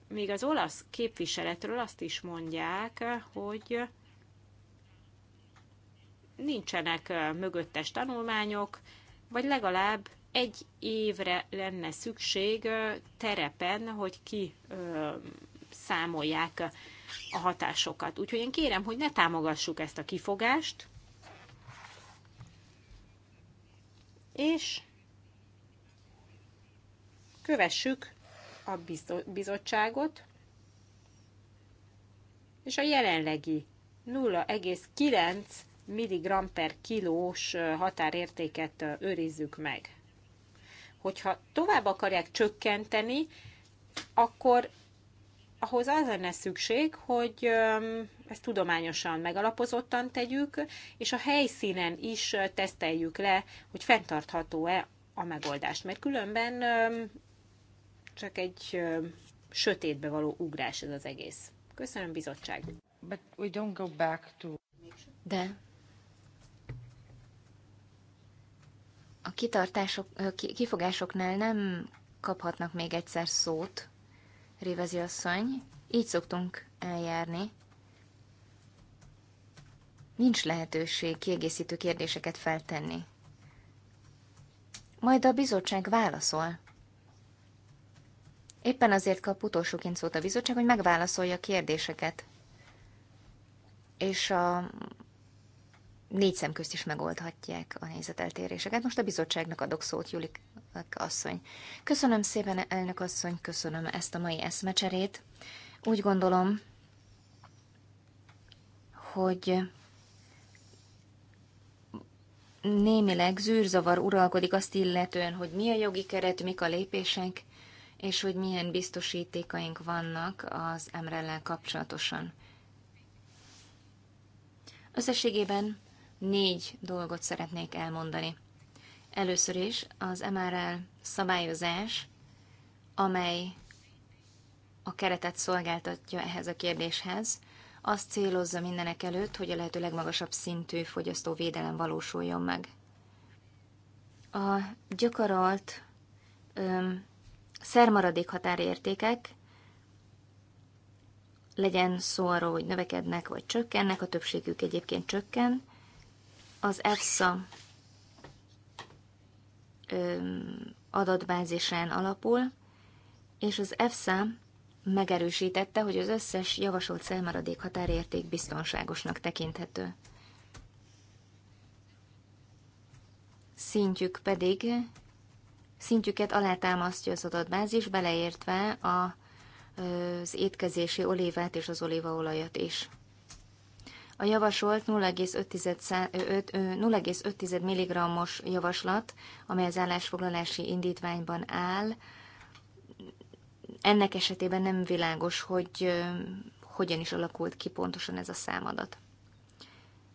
még az olasz képviseletről azt is mondják, hogy nincsenek mögöttes tanulmányok, vagy legalább egy évre lenne szükség terepen, hogy ki számolják a hatásokat. Úgyhogy én kérem, hogy ne támogassuk ezt a kifogást, és kövessük a bizottságot, és a jelenlegi 0,9 mg per kilós határértéket őrizzük meg. Hogyha tovább akarják csökkenteni, akkor ahhoz az lenne szükség, hogy ezt tudományosan megalapozottan tegyük, és a helyszínen is teszteljük le, hogy fenntartható-e a megoldást, mert különben csak egy sötétbe való ugrás ez az egész. Köszönöm, bizottság. But we don't go back to... De a kitartások, kifogásoknál nem kaphatnak még egyszer szót, Révezi asszony. Így szoktunk eljárni. Nincs lehetőség kiegészítő kérdéseket feltenni. Majd a bizottság válaszol. Éppen azért kap utolsóként szót a bizottság, hogy megválaszolja a kérdéseket. És a négy szem közt is megoldhatják a nézeteltéréseket. Most a bizottságnak adok szót, Julik asszony. Köszönöm szépen, elnök asszony, köszönöm ezt a mai eszmecserét. Úgy gondolom, hogy némileg zűrzavar uralkodik azt illetően, hogy mi a jogi keret, mik a lépések, és hogy milyen biztosítékaink vannak az emrellel kapcsolatosan. Összességében négy dolgot szeretnék elmondani. Először is az MRL szabályozás, amely a keretet szolgáltatja ehhez a kérdéshez, azt célozza mindenek előtt, hogy a lehető legmagasabb szintű fogyasztóvédelem valósuljon meg. A gyakorolt szermaradék határértékek, legyen szó arról, hogy növekednek vagy csökkennek, a többségük egyébként csökken. Az EFSA adatbázisán alapul, és az EFSA megerősítette, hogy az összes javasolt szelmaradék határérték biztonságosnak tekinthető. Szintjük pedig szintjüket alátámasztja az adott bázis, beleértve a, az étkezési olívát és az olívaolajat is. A javasolt 0,5 mg-os javaslat, amely az állásfoglalási indítványban áll, ennek esetében nem világos, hogy hogyan is alakult ki pontosan ez a számadat.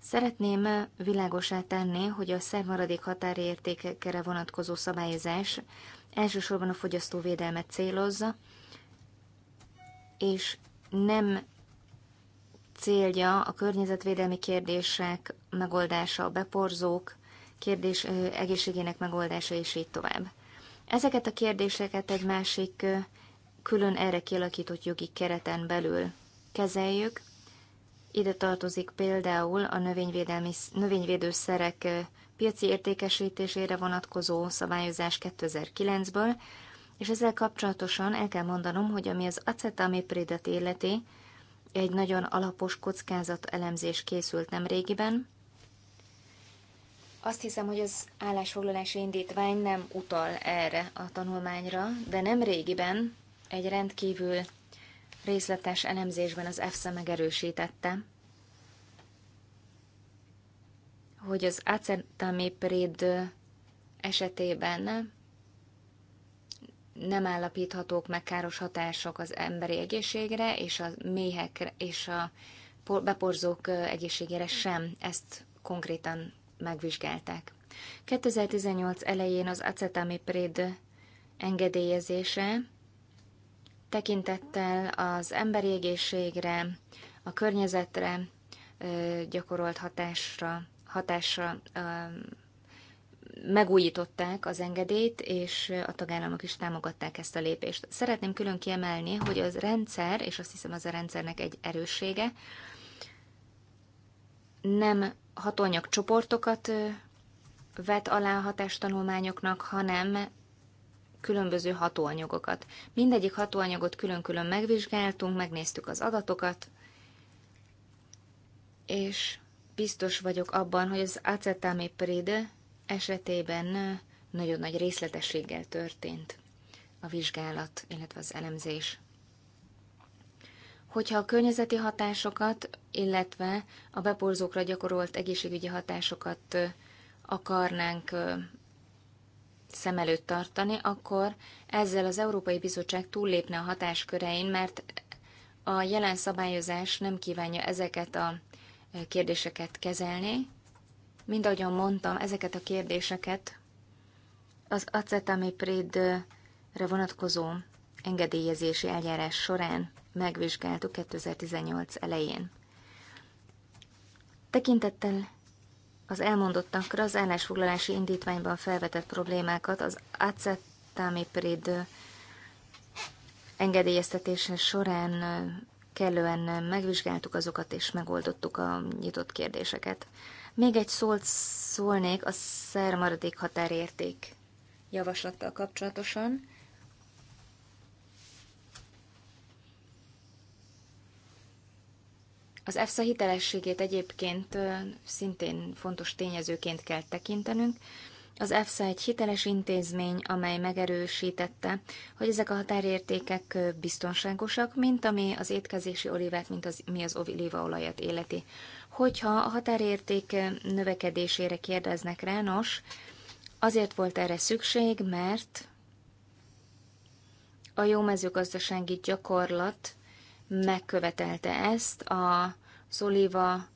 Szeretném világosá tenni, hogy a szermaradék határértékekre vonatkozó szabályozás elsősorban a fogyasztóvédelmet célozza, és nem célja a környezetvédelmi kérdések megoldása, a beporzók kérdés, egészségének megoldása, és így tovább. Ezeket a kérdéseket egy másik külön erre kialakított jogi kereten belül kezeljük, ide tartozik például a növényvédelmi, növényvédőszerek piaci értékesítésére vonatkozó szabályozás 2009-ből, és ezzel kapcsolatosan el kell mondanom, hogy ami az acetamipridet életi, egy nagyon alapos kockázat elemzés készült nem régiben. Azt hiszem, hogy az állásfoglalási indítvány nem utal erre a tanulmányra, de nem régiben egy rendkívül részletes elemzésben az EFSA megerősítette, hogy az acetamiprid esetében nem állapíthatók meg káros hatások az emberi egészségre, és a méhek és a beporzók egészségére sem. Ezt konkrétan megvizsgálták. 2018 elején az acetamiprid engedélyezése tekintettel az emberi egészségre, a környezetre gyakorolt hatásra, hatásra megújították az engedélyt, és a tagállamok is támogatták ezt a lépést. Szeretném külön kiemelni, hogy az rendszer, és azt hiszem az a rendszernek egy erőssége, nem hatóanyag csoportokat vet alá hatástanulmányoknak, hanem különböző hatóanyagokat. Mindegyik hatóanyagot külön-külön megvizsgáltunk, megnéztük az adatokat, és biztos vagyok abban, hogy az acetamiprid esetében nagyon nagy részletességgel történt a vizsgálat, illetve az elemzés. Hogyha a környezeti hatásokat, illetve a beporzókra gyakorolt egészségügyi hatásokat akarnánk szem előtt tartani, akkor ezzel az Európai Bizottság túllépne a hatáskörein, mert a jelen szabályozás nem kívánja ezeket a e, kérdéseket kezelni. Mind ahogyan mondtam, ezeket a kérdéseket az acetamipridre vonatkozó engedélyezési eljárás során megvizsgáltuk 2018 elején. Tekintettel az elmondottakra az állásfoglalási indítványban felvetett problémákat az acetamiprid engedélyeztetése során kellően megvizsgáltuk azokat és megoldottuk a nyitott kérdéseket. Még egy szólt szólnék a szermaradék határérték javaslattal kapcsolatosan. Az EFSA hitelességét egyébként szintén fontos tényezőként kell tekintenünk. Az EFSA egy hiteles intézmény, amely megerősítette, hogy ezek a határértékek biztonságosak, mint ami az étkezési olívát, mint az, mi az olívaolajat életi. Hogyha a határérték növekedésére kérdeznek rá, nos, azért volt erre szükség, mert a jó mezőgazdasági gyakorlat megkövetelte ezt a szoliva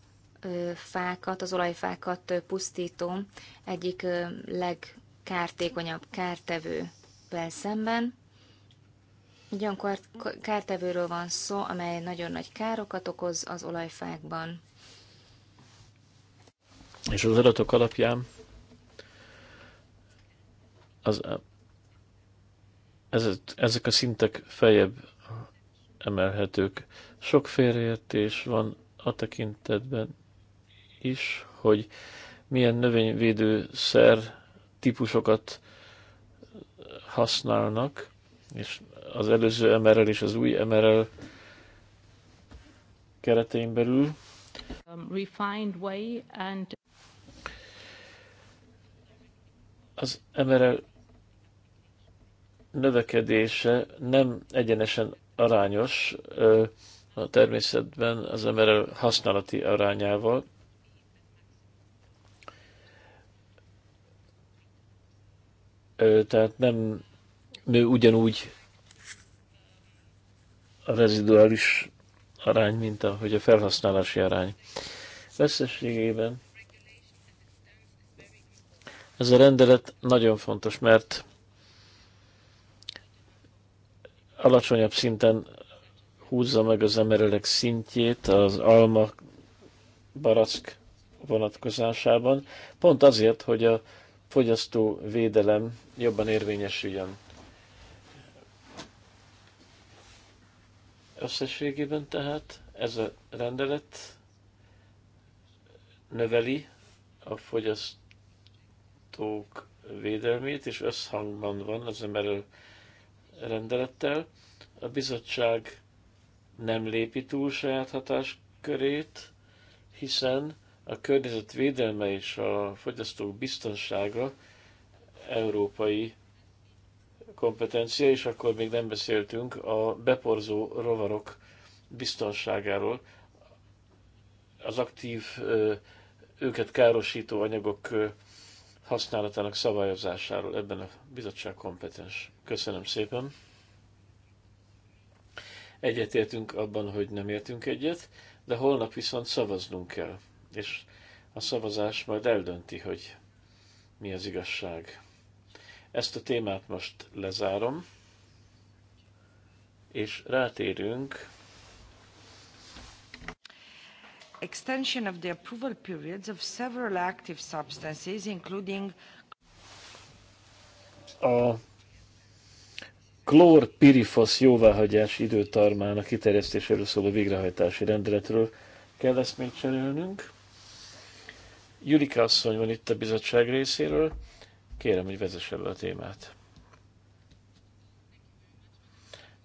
fákat, az olajfákat pusztító egyik legkártékonyabb kártevő szemben. Egy olyan kártevőről van szó, amely nagyon nagy károkat okoz az olajfákban. És az adatok alapján az, ezek, ezek a szintek feljebb emelhetők. Sok félreértés van a tekintetben is, hogy milyen növényvédőszer típusokat használnak, és az előző MRL és az új MRL keretein belül. Um, az MRL növekedése nem egyenesen arányos a természetben az ember használati arányával. Tehát nem nő ugyanúgy a reziduális arány, mint ahogy a felhasználási arány. Összességében ez a rendelet nagyon fontos, mert alacsonyabb szinten húzza meg az emerelek szintjét az alma barack vonatkozásában, pont azért, hogy a fogyasztó védelem jobban érvényesüljön. Összességében tehát ez a rendelet növeli a fogyasztók védelmét, és összhangban van az emelő rendelettel. A bizottság nem lépi túl saját hatáskörét, hiszen a környezet védelme és a fogyasztók biztonsága európai kompetencia, és akkor még nem beszéltünk a beporzó rovarok biztonságáról, az aktív őket károsító anyagok használatának szabályozásáról. Ebben a bizottság kompetens. Köszönöm szépen. Egyetértünk abban, hogy nem értünk egyet, de holnap viszont szavaznunk kell, és a szavazás majd eldönti, hogy mi az igazság. Ezt a témát most lezárom, és rátérünk extension of the approval periods of several active substances, including a klórpirifosz jóváhagyás időtarmának kiterjesztéséről szóló végrehajtási rendeletről kell ezt még cserélnünk. Julika asszony van itt a bizottság részéről. Kérem, hogy vezesse be a témát.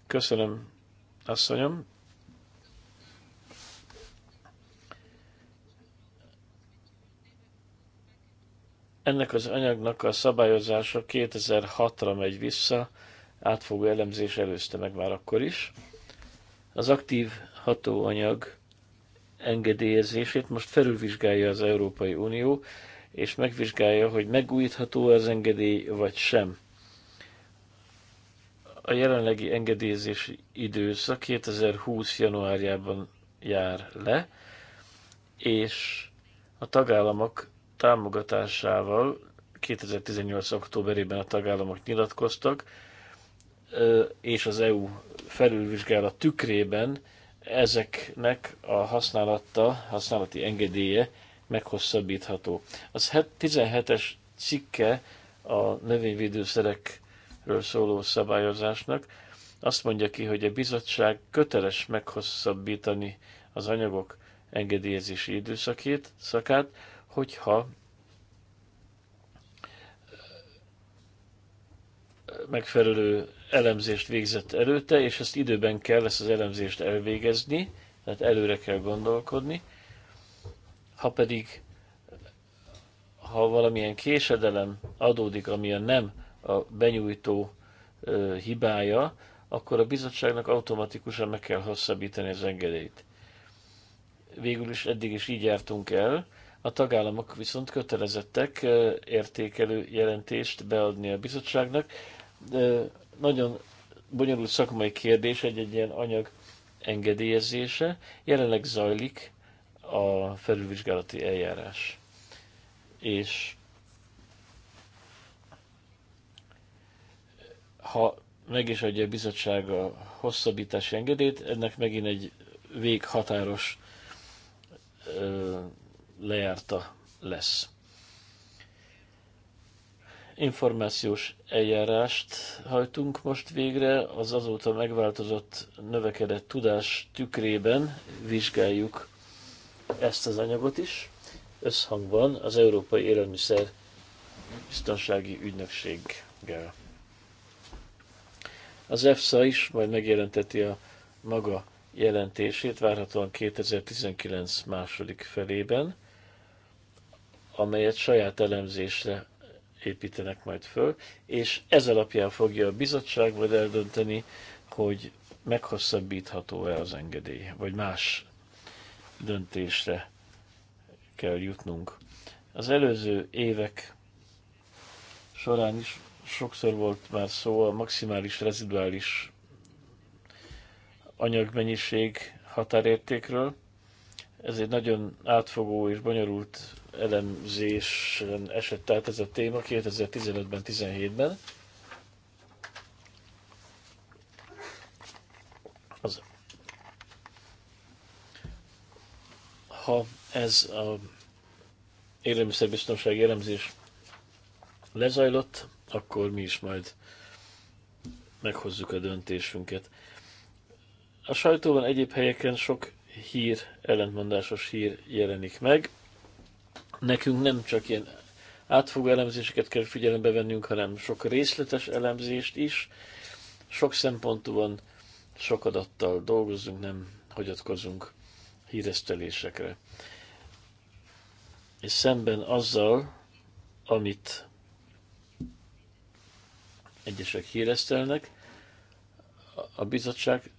Köszönöm, asszonyom. Ennek az anyagnak a szabályozása 2006-ra megy vissza, átfogó elemzés előzte meg már akkor is. Az aktív hatóanyag engedélyezését most felülvizsgálja az Európai Unió, és megvizsgálja, hogy megújítható az engedély, vagy sem. A jelenlegi engedélyezési időszak 2020. januárjában jár le, és a tagállamok támogatásával 2018. októberében a tagállamok nyilatkoztak, és az EU felülvizsgálat tükrében ezeknek a használata, használati engedélye meghosszabbítható. Az 17-es cikke a növényvédőszerekről szóló szabályozásnak azt mondja ki, hogy a bizottság köteles meghosszabbítani az anyagok engedélyezési időszakét, szakát, hogyha megfelelő elemzést végzett előtte, és ezt időben kell ezt az elemzést elvégezni, tehát előre kell gondolkodni. Ha pedig ha valamilyen késedelem adódik, ami a nem a benyújtó ö, hibája, akkor a bizottságnak automatikusan meg kell hosszabbítani az engedélyt. Végül is eddig is így jártunk el, a tagállamok viszont kötelezettek értékelő jelentést beadni a bizottságnak. De nagyon bonyolult szakmai kérdés egy-egy ilyen anyag engedélyezése. Jelenleg zajlik a felülvizsgálati eljárás. És ha meg is adja a bizottság a hosszabbítási engedélyt, ennek megint egy véghatáros ö, lejárta lesz. Információs eljárást hajtunk most végre, az azóta megváltozott, növekedett tudás tükrében vizsgáljuk ezt az anyagot is, összhangban az Európai Élelmiszer Biztonsági Ügynökséggel. Az EFSA is majd megjelenteti a maga jelentését, várhatóan 2019 második felében amelyet saját elemzésre építenek majd föl, és ez alapján fogja a bizottság majd eldönteni, hogy meghosszabbítható-e az engedély, vagy más döntésre kell jutnunk. Az előző évek során is sokszor volt már szó a maximális reziduális anyagmennyiség határértékről. Ez egy nagyon átfogó és bonyolult elemzésen esett át ez a téma 2015-ben, 17-ben. Az, ha ez a élelmiszerbiztonság elemzés lezajlott, akkor mi is majd meghozzuk a döntésünket. A sajtóban egyéb helyeken sok hír, ellentmondásos hír jelenik meg. Nekünk nem csak ilyen átfogó elemzéseket kell figyelembe vennünk, hanem sok részletes elemzést is. Sok van, sok adattal dolgozzunk, nem hagyatkozunk híresztelésekre. És szemben azzal, amit egyesek híresztelnek, a bizottság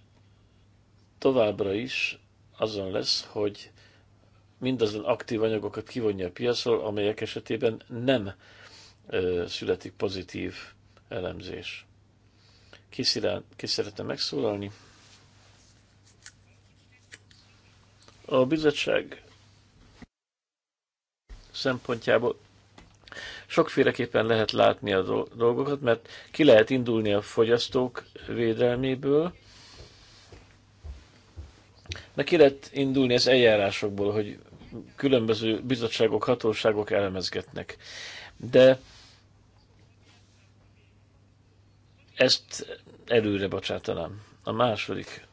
továbbra is azon lesz, hogy mindazon aktív anyagokat kivonja a piacról, amelyek esetében nem ö, születik pozitív elemzés. Ki, ki szeretne megszólalni? A bizottság szempontjából sokféleképpen lehet látni a dolgokat, mert ki lehet indulni a fogyasztók védelméből, meg ki lehet indulni az eljárásokból, hogy különböző bizottságok, hatóságok elemezgetnek. De ezt előre bocsátanám. A második.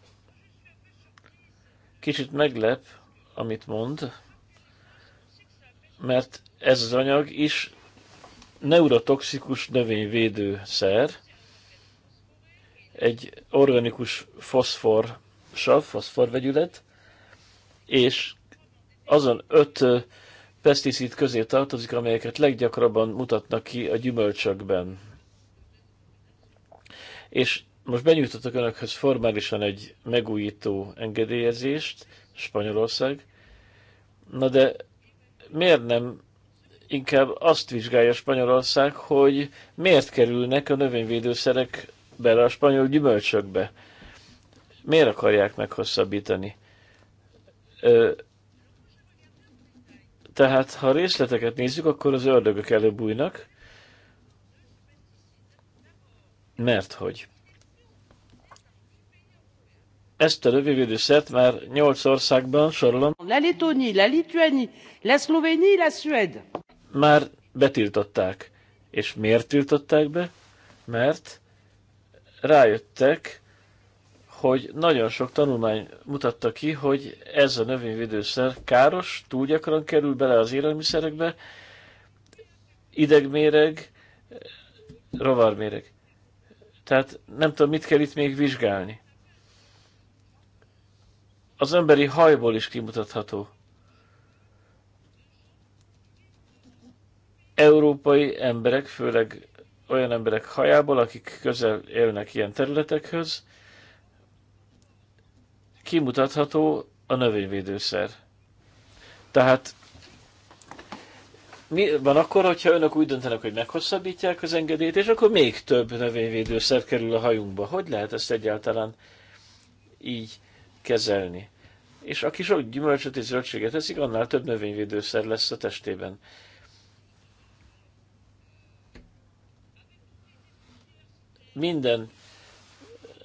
Kicsit meglep, amit mond, mert ez az anyag is neurotoxikus növényvédőszer, egy organikus foszfor sav, foszforvegyület, és azon öt peszticid közé tartozik, amelyeket leggyakrabban mutatnak ki a gyümölcsökben. És most benyújtottak önökhöz formálisan egy megújító engedélyezést, Spanyolország. Na de miért nem inkább azt vizsgálja Spanyolország, hogy miért kerülnek a növényvédőszerek bele a spanyol gyümölcsökbe? Miért akarják meghosszabbítani? Tehát, ha részleteket nézzük, akkor az ördögök előbújnak, mert hogy ezt a rövidvédőszert már nyolc országban sorolom. La Lettonie, la Lituanie, la Szlovénia, la Suède. Már betiltották. És miért tiltották be? Mert rájöttek, hogy nagyon sok tanulmány mutatta ki, hogy ez a növényvédőszer káros, túl gyakran kerül bele az élelmiszerekbe, idegméreg, rovarméreg. Tehát nem tudom, mit kell itt még vizsgálni. Az emberi hajból is kimutatható. Európai emberek, főleg olyan emberek hajából, akik közel élnek ilyen területekhöz, kimutatható a növényvédőszer. Tehát mi van akkor, hogyha önök úgy döntenek, hogy meghosszabbítják az engedélyt, és akkor még több növényvédőszer kerül a hajunkba? Hogy lehet ezt egyáltalán így kezelni? És aki sok gyümölcsöt és zöldséget eszik, annál több növényvédőszer lesz a testében. Minden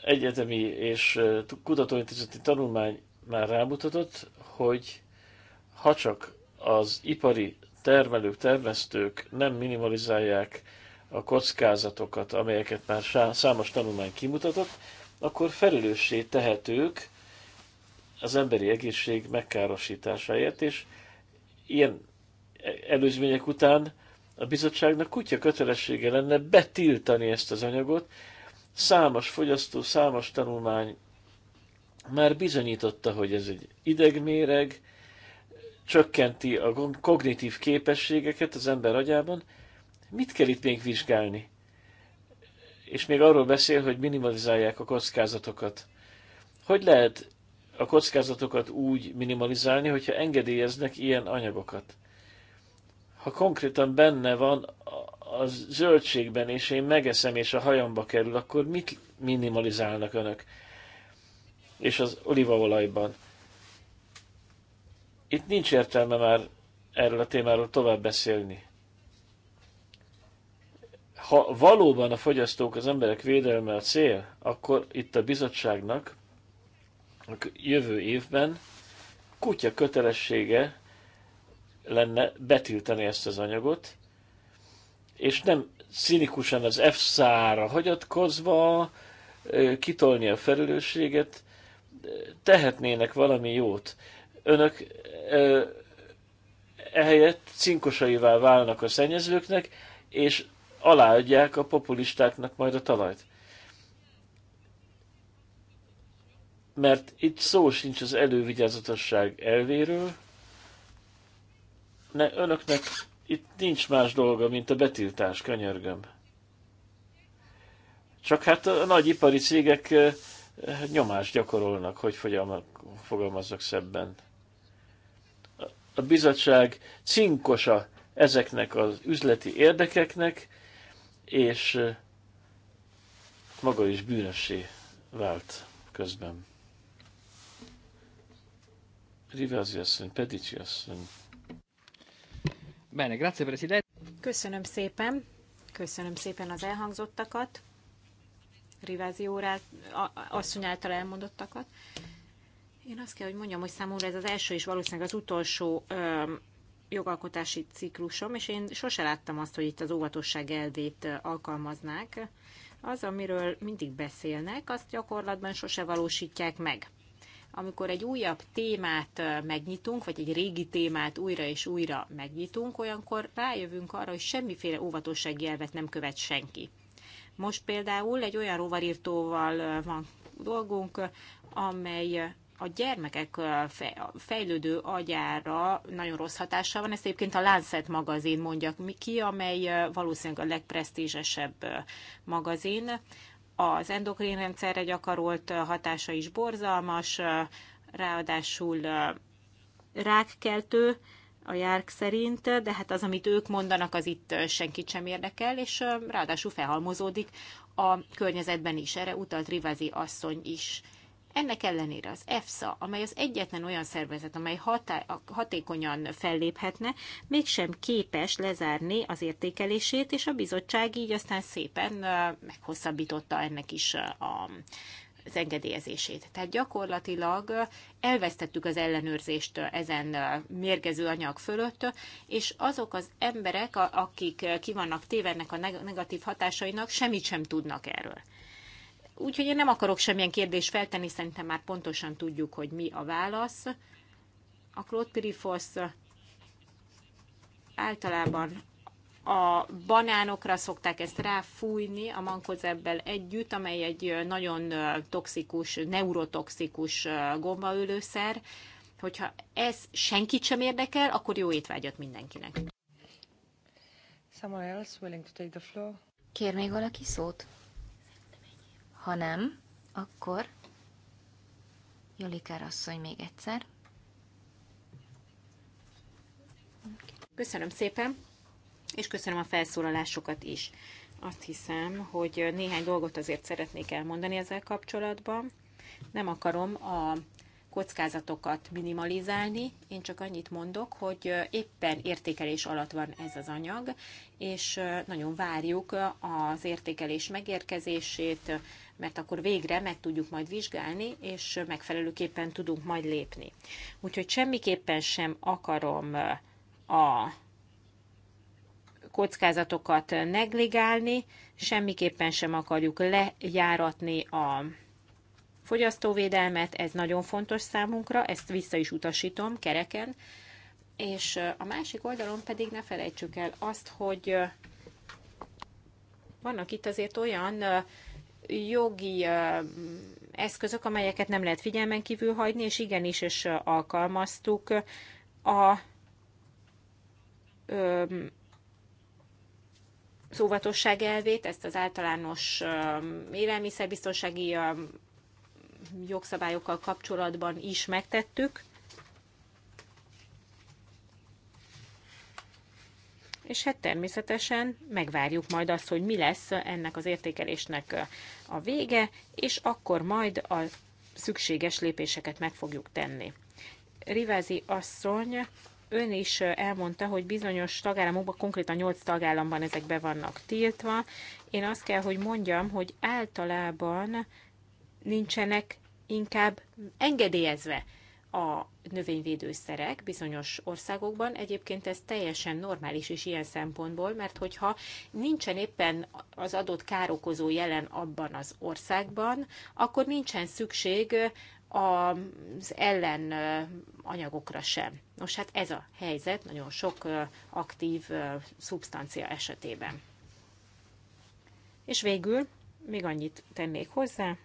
egyetemi és kutatóintézeti tanulmány már rámutatott, hogy ha csak az ipari termelők, termesztők nem minimalizálják a kockázatokat, amelyeket már számos tanulmány kimutatott, akkor felelőssé tehetők az emberi egészség megkárosításáért, és ilyen előzmények után a bizottságnak kutya kötelessége lenne betiltani ezt az anyagot, Számos fogyasztó, számos tanulmány már bizonyította, hogy ez egy idegméreg, csökkenti a kognitív képességeket az ember agyában. Mit kell itt még vizsgálni? És még arról beszél, hogy minimalizálják a kockázatokat. Hogy lehet a kockázatokat úgy minimalizálni, hogyha engedélyeznek ilyen anyagokat? Ha konkrétan benne van a zöldségben, és én megeszem, és a hajamba kerül, akkor mit minimalizálnak önök? És az olívaolajban. Itt nincs értelme már erről a témáról tovább beszélni. Ha valóban a fogyasztók, az emberek védelme a cél, akkor itt a bizottságnak a jövő évben kutya kötelessége lenne betiltani ezt az anyagot, és nem színikusan az F ra hagyatkozva kitolni a felelősséget, tehetnének valami jót. Önök ehelyett cinkosaivá válnak a szennyezőknek, és aláadják a populistáknak majd a talajt. Mert itt szó sincs az elővigyázatosság elvéről, ne, önöknek itt nincs más dolga, mint a betiltás, könyörgöm. Csak hát a nagy ipari cégek eh, nyomást gyakorolnak, hogy fogalmazzak szebben. A bizottság cinkosa ezeknek az üzleti érdekeknek, és eh, maga is bűnössé vált közben. Rivázi asszony, Pedici asszony, Bene, grazie Presidente. Köszönöm szépen. Köszönöm szépen az elhangzottakat. Rivázi órát, asszony által elmondottakat. Én azt kell, hogy mondjam, hogy számomra ez az első és valószínűleg az utolsó ö, jogalkotási ciklusom, és én sose láttam azt, hogy itt az óvatosság elvét alkalmaznák. Az, amiről mindig beszélnek, azt gyakorlatban sose valósítják meg amikor egy újabb témát megnyitunk, vagy egy régi témát újra és újra megnyitunk, olyankor rájövünk arra, hogy semmiféle óvatossági elvet nem követ senki. Most például egy olyan rovarírtóval van dolgunk, amely a gyermekek fejlődő agyára nagyon rossz hatással van. Ezt egyébként a Lancet magazin mondja ki, amely valószínűleg a legprestízesebb magazin az endokrin rendszerre gyakorolt hatása is borzalmas, ráadásul rákkeltő a járk szerint, de hát az, amit ők mondanak, az itt senkit sem érdekel, és ráadásul felhalmozódik a környezetben is. Erre utalt Rivazi asszony is. Ennek ellenére az EFSA, amely az egyetlen olyan szervezet, amely hatá- hatékonyan felléphetne, mégsem képes lezárni az értékelését, és a bizottság így aztán szépen meghosszabbította ennek is a az engedélyezését. Tehát gyakorlatilag elvesztettük az ellenőrzést ezen mérgező anyag fölött, és azok az emberek, akik kivannak tévennek a negatív hatásainak, semmit sem tudnak erről. Úgyhogy én nem akarok semmilyen kérdést feltenni, szerintem már pontosan tudjuk, hogy mi a válasz. A klótpirifosz általában a banánokra szokták ezt ráfújni a mankozebbel együtt, amely egy nagyon toxikus, neurotoxikus gombaölőszer. Hogyha ez senkit sem érdekel, akkor jó étvágyat mindenkinek. Kér még valaki szót? Ha nem, akkor Jolikár asszony még egyszer. Köszönöm szépen, és köszönöm a felszólalásokat is. Azt hiszem, hogy néhány dolgot azért szeretnék elmondani ezzel kapcsolatban. Nem akarom a kockázatokat minimalizálni. Én csak annyit mondok, hogy éppen értékelés alatt van ez az anyag, és nagyon várjuk az értékelés megérkezését, mert akkor végre meg tudjuk majd vizsgálni, és megfelelőképpen tudunk majd lépni. Úgyhogy semmiképpen sem akarom a kockázatokat negligálni, semmiképpen sem akarjuk lejáratni a fogyasztóvédelmet, ez nagyon fontos számunkra, ezt vissza is utasítom kereken, és a másik oldalon pedig ne felejtsük el azt, hogy vannak itt azért olyan jogi eszközök, amelyeket nem lehet figyelmen kívül hagyni, és igenis is alkalmaztuk a szóvatosság elvét, ezt az általános élelmiszerbiztonsági jogszabályokkal kapcsolatban is megtettük. És hát természetesen megvárjuk majd azt, hogy mi lesz ennek az értékelésnek a vége, és akkor majd a szükséges lépéseket meg fogjuk tenni. Rivázi asszony ön is elmondta, hogy bizonyos tagállamokban, konkrétan 8 tagállamban ezek be vannak tiltva. Én azt kell, hogy mondjam, hogy általában nincsenek inkább engedélyezve a növényvédőszerek bizonyos országokban. Egyébként ez teljesen normális is ilyen szempontból, mert hogyha nincsen éppen az adott károkozó jelen abban az országban, akkor nincsen szükség az ellen anyagokra sem. Nos, hát ez a helyzet nagyon sok aktív szubstancia esetében. És végül még annyit tennék hozzá,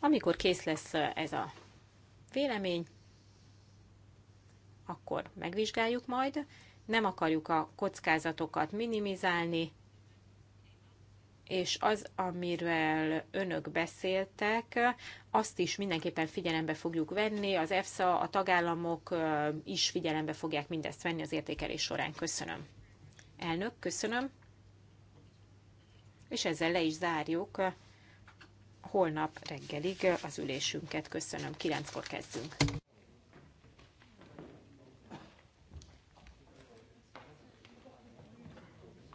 Amikor kész lesz ez a vélemény, akkor megvizsgáljuk majd. Nem akarjuk a kockázatokat minimizálni, és az, amiről önök beszéltek, azt is mindenképpen figyelembe fogjuk venni. Az EFSA, a tagállamok is figyelembe fogják mindezt venni az értékelés során. Köszönöm. Elnök, köszönöm. És ezzel le is zárjuk holnap reggelig az ülésünket. Köszönöm, kilenckor kezdünk.